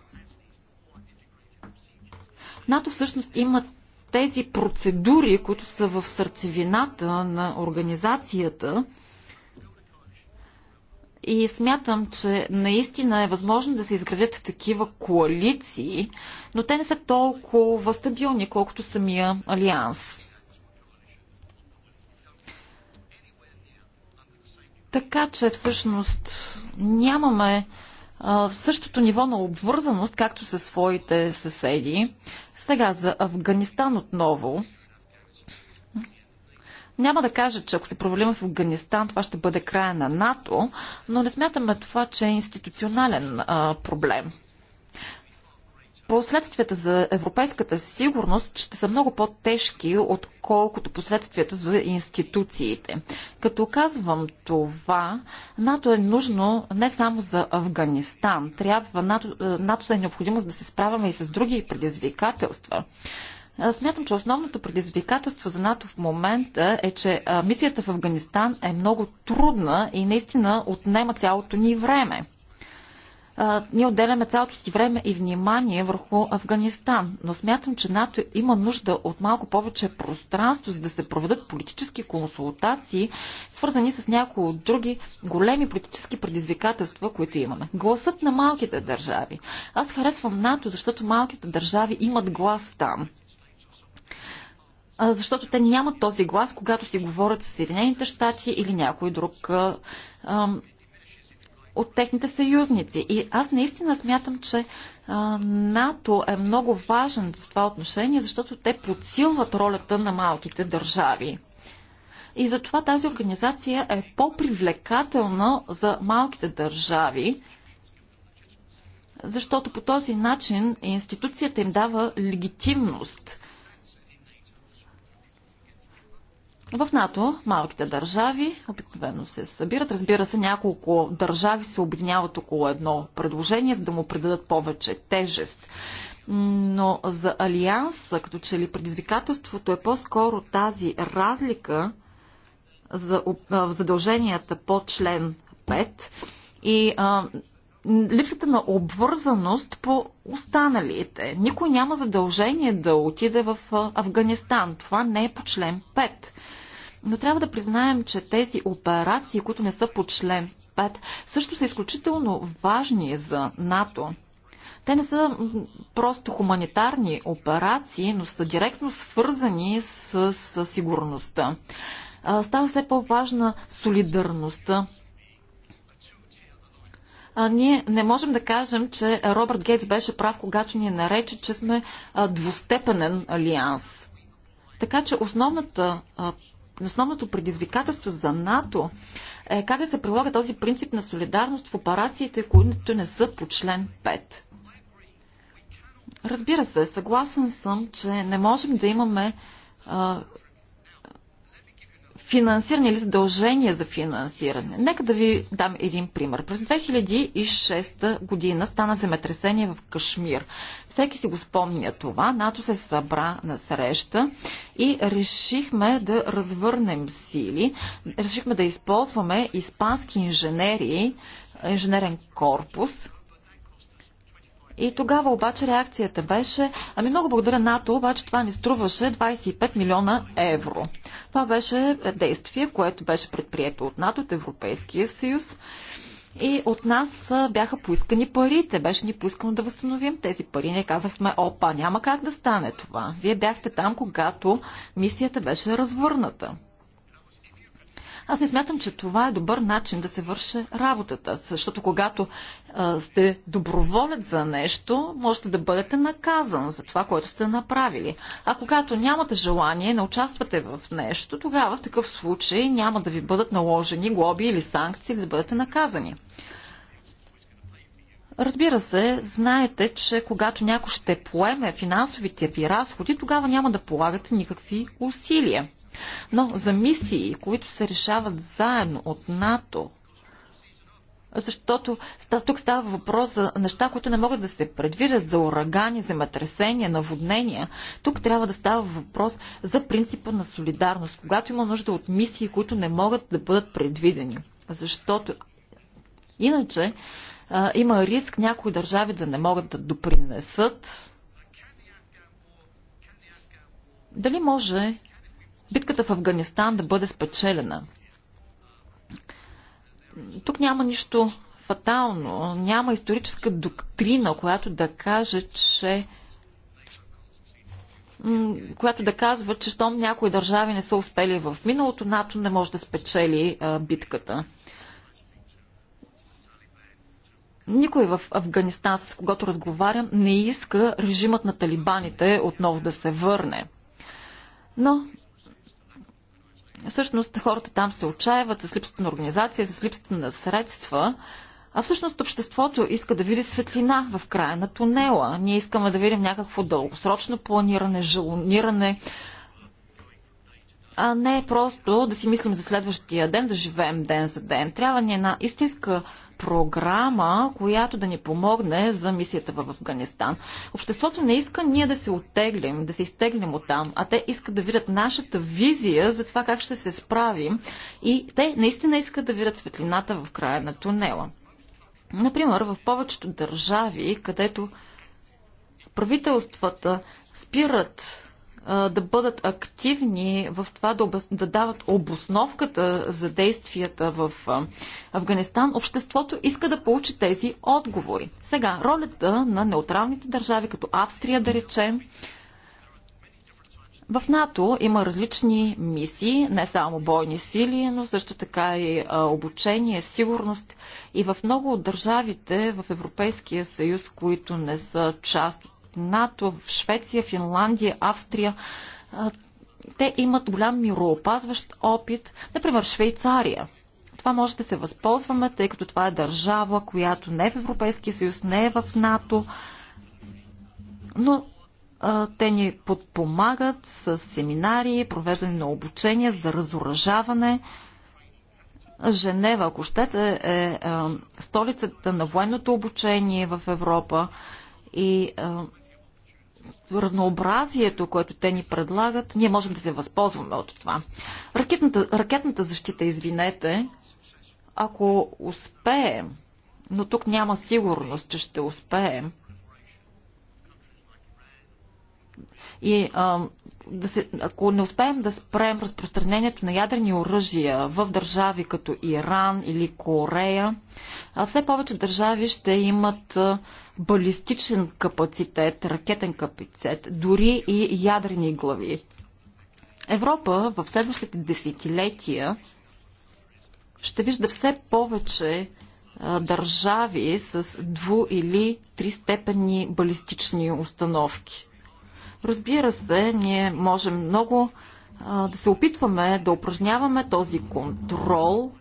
НАТО всъщност има тези процедури, които са в сърцевината на организацията – и смятам, че наистина е възможно да се изградят такива коалиции, но те не са толкова стабилни, колкото самия Алианс. Така че всъщност нямаме в същото ниво на обвързаност, както със своите съседи. Сега за Афганистан отново. Няма да кажа, че ако се провалим в Афганистан, това ще бъде края на НАТО, но не смятаме това, че е институционален а, проблем. Последствията за европейската сигурност ще са много по-тежки, отколкото последствията за институциите. Като казвам това, НАТО е нужно не само за Афганистан. Трябва НАТО, е, НАТО е необходимо да се справяме и с други предизвикателства. Смятам, че основното предизвикателство за НАТО в момента е, че мисията в Афганистан е много трудна и наистина отнема цялото ни време. Ние отделяме цялото си време и внимание върху Афганистан, но смятам, че НАТО има нужда от малко повече пространство, за да се проведат политически консултации, свързани с някои от други големи политически предизвикателства, които имаме. Гласът на малките държави. Аз харесвам НАТО, защото малките държави имат глас там защото те нямат този глас, когато си говорят с Съединените щати или някой друг а, от техните съюзници. И аз наистина смятам, че а, НАТО е много важен в това отношение, защото те подсилват ролята на малките държави. И затова тази организация е по-привлекателна за малките държави, защото по този начин институцията им дава легитимност В НАТО малките държави обикновено се събират. Разбира се, няколко държави се объединяват около едно предложение, за да му придадат повече тежест. Но за Алианса, като че ли предизвикателството е по-скоро тази разлика за задълженията по член 5 и липсата на обвързаност по останалите. Никой няма задължение да отиде в Афганистан. Това не е по член 5. Но трябва да признаем, че тези операции, които не са по член 5, също са изключително важни за НАТО. Те не са просто хуманитарни операции, но са директно свързани с, с сигурността. Става все по-важна солидарността а, ние не можем да кажем, че Робърт Гейтс беше прав, когато ни нарече, че сме двустепенен алианс. Така че основната основното предизвикателство за НАТО е как да се прилага този принцип на солидарност в операциите, които не са по член 5. Разбира се, съгласен съм, че не можем да имаме финансиране или задължения за финансиране. Нека да ви дам един пример. През 2006 година стана земетресение в Кашмир. Всеки си го спомня това. НАТО се събра на среща и решихме да развърнем сили. Решихме да използваме испански инженери, инженерен корпус, и тогава обаче реакцията беше, ами много благодаря НАТО, обаче това ни струваше 25 милиона евро. Това беше действие, което беше предприето от НАТО, от Европейския съюз. И от нас бяха поискани парите. Беше ни поискано да възстановим тези пари. Ние казахме, опа, няма как да стане това. Вие бяхте там, когато мисията беше развърната. Аз не смятам, че това е добър начин да се върши работата, защото когато а, сте доброволец за нещо, можете да бъдете наказан за това, което сте направили. А когато нямате желание, не участвате в нещо, тогава в такъв случай няма да ви бъдат наложени глоби или санкции или да бъдете наказани. Разбира се, знаете, че когато някой ще поеме финансовите ви разходи, тогава няма да полагате никакви усилия. Но за мисии, които се решават заедно от НАТО, защото тук става въпрос за неща, които не могат да се предвидят, за урагани, земетресения, наводнения. Тук трябва да става въпрос за принципа на солидарност, когато има нужда от мисии, които не могат да бъдат предвидени. Защото иначе а, има риск някои държави да не могат да допринесат. Дали може битката в Афганистан да бъде спечелена. Тук няма нищо фатално, няма историческа доктрина, която да каже, че която да казва, че щом някои държави не са успели в миналото, НАТО не може да спечели а, битката. Никой в Афганистан, с когато разговарям, не иска режимът на талибаните отново да се върне. Но Всъщност хората там се отчаяват с липсата на организация, с липсата на средства, а всъщност обществото иска да види светлина в края на тунела. Ние искаме да видим някакво дългосрочно планиране, желониране, а не просто да си мислим за следващия ден, да живеем ден за ден. Трябва ни една истинска програма, която да ни помогне за мисията в Афганистан. Обществото не иска ние да се оттеглим, да се изтеглим от там, а те искат да видят нашата визия за това как ще се справим и те наистина искат да видят светлината в края на тунела. Например, в повечето държави, където правителствата спират да бъдат активни в това да, обос... да дават обосновката за действията в Афганистан, обществото иска да получи тези отговори. Сега, ролята на неутралните държави, като Австрия, да речем, в НАТО има различни мисии, не само бойни сили, но също така и обучение, сигурност. И в много от държавите в Европейския съюз, които не са част от НАТО, в Швеция, Финландия, Австрия. Те имат голям мироопазващ опит, например Швейцария. Това може да се възползваме, тъй като това е държава, която не е в Европейския съюз, не е в НАТО, но а, те ни подпомагат с семинари, провеждане на обучение за разоръжаване. Женева, ако щете, е, е столицата на военното обучение в Европа и разнообразието, което те ни предлагат, ние можем да се възползваме от това. Ракетната, ракетната защита, извинете, ако успеем, но тук няма сигурност, че ще успеем. И а, да се, ако не успеем да спрем разпространението на ядрени оръжия в държави като Иран или Корея, все повече държави ще имат балистичен капацитет, ракетен капацитет, дори и ядрени глави. Европа в следващите десетилетия ще вижда все повече държави с дву или три степени балистични установки. Разбира се, ние можем много а, да се опитваме да упражняваме този контрол,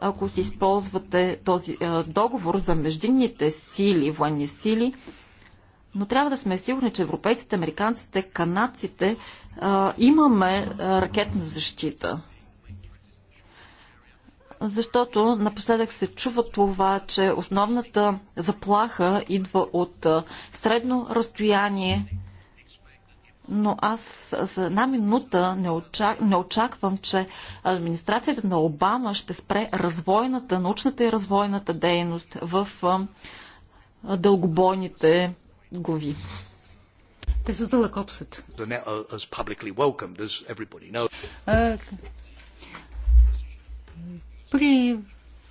ако си използвате този а, договор за междинните сили, военни сили, но трябва да сме сигурни, че европейците, американците, канадците а, имаме а, ракетна защита. Защото напоследък се чува това, че основната заплаха идва от а, средно разстояние но аз за една минута не, очак, не очаквам, че администрацията на Обама ще спре развойната, научната и развойната дейност в дългобойните глави. Те са дълъг При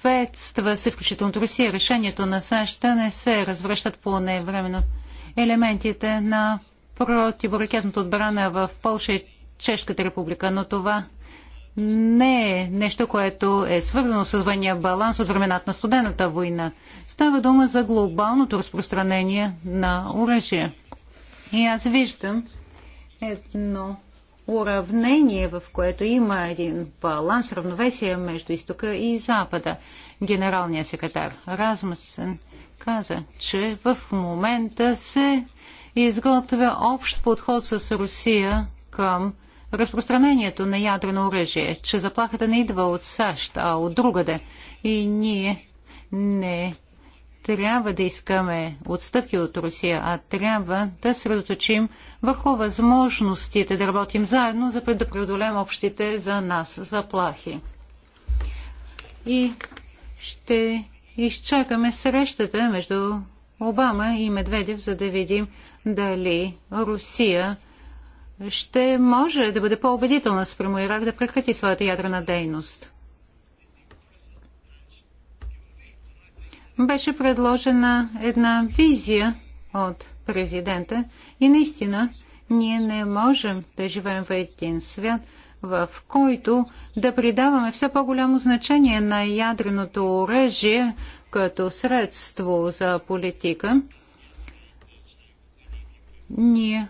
Приветства се включително Русия решението на САЩ не се развръщат по невременно елементите на противоракетната отбрана в Польша и Чешката република, но това не е нещо, което е свързано с военния баланс от времената на студената война. Става дума за глобалното разпространение на оръжие. И аз виждам едно уравнение, в което има един баланс, равновесие между изтока и запада. Генералният секретар Размусен каза, че в момента се изготвя общ подход с Русия към разпространението на ядрено оръжие, че заплахата не идва от САЩ, а от другаде. И ние не трябва да искаме отстъпки от Русия, а трябва да средоточим върху възможностите да работим заедно, за да преодолем общите за нас заплахи. И ще изчакаме срещата между Обама и Медведев, за да видим дали Русия ще може да бъде по-убедителна спрямо Ирак да прекрати своята ядрена дейност. Беше предложена една визия от президента и наистина ние не можем да живеем в един свят, в който да придаваме все по-голямо значение на ядреното оръжие като средство за политика. Ние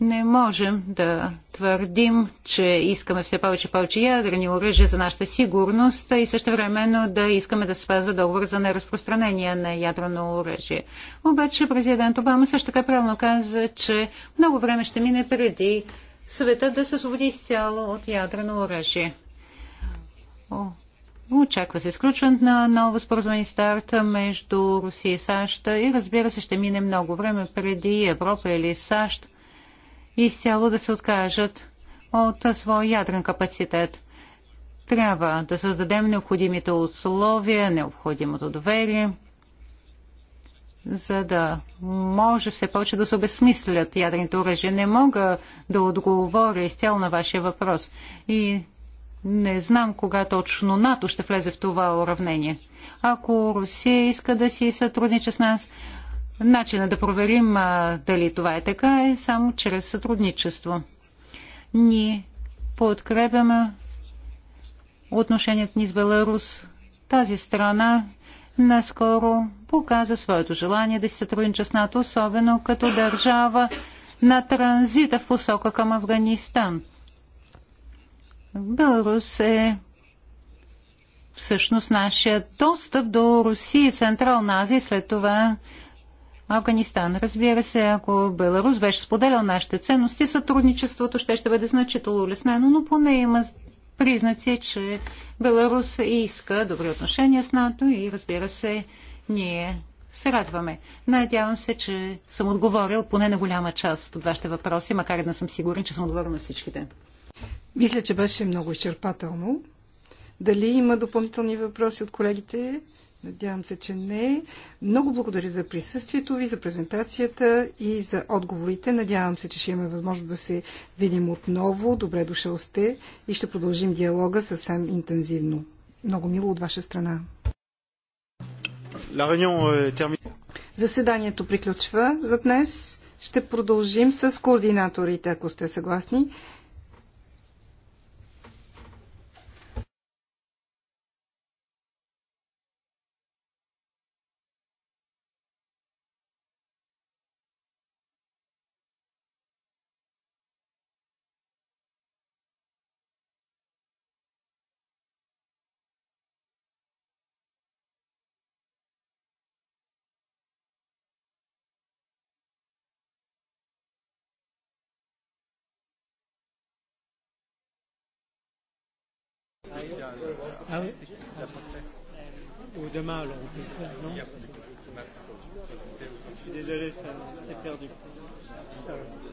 не можем да твърдим, че искаме все повече и повече ядрени оръжия за нашата сигурност и също времено да искаме да спазва договор за неразпространение на ядрено оръжие. Обаче президент Обама също така правилно каза, че много време ще мине преди света да се освободи изцяло от ядрено оръжие. Очаква се изключването на ново споразумение старта между Русия и САЩ и разбира се ще мине много време преди Европа или САЩ изцяло да се откажат от своя ядрен капацитет. Трябва да създадем необходимите условия, необходимото доверие, за да може все повече да се обесмислят ядрените оръжия. Не мога да отговоря изцяло на вашия въпрос. И не знам кога точно НАТО ще влезе в това уравнение. Ако Русия иска да си сътрудничи с нас, начинът да проверим а, дали това е така е само чрез сътрудничество. Ние подкрепяме отношението ни с Беларус. Тази страна наскоро показа своето желание да си сътрудничи с НАТО, особено като държава на транзита в посока към Афганистан. Беларус е всъщност нашия достъп до Русия и Централна Азия, след това Афганистан. Разбира се, ако Беларус беше споделял нашите ценности, сътрудничеството ще, ще бъде значително улеснено, но поне има признаци, че Беларус иска добри отношения с НАТО и разбира се, ние се радваме. Надявам се, че съм отговорил поне на голяма част от вашите въпроси, макар и да съм сигурен, че съм отговорил на всичките. Мисля, че беше много изчерпателно. Дали има допълнителни въпроси от колегите? Надявам се, че не. Много благодаря за присъствието ви, за презентацията и за отговорите. Надявам се, че ще имаме възможност да се видим отново. Добре дошъл сте и ще продължим диалога съвсем интензивно. Много мило от ваша страна. Euh, Заседанието приключва за днес. Ще продължим с координаторите, ако сте съгласни. Ah oui Ou demain, alors on peut le faire, non Je suis désolé, c'est perdu. Ça va.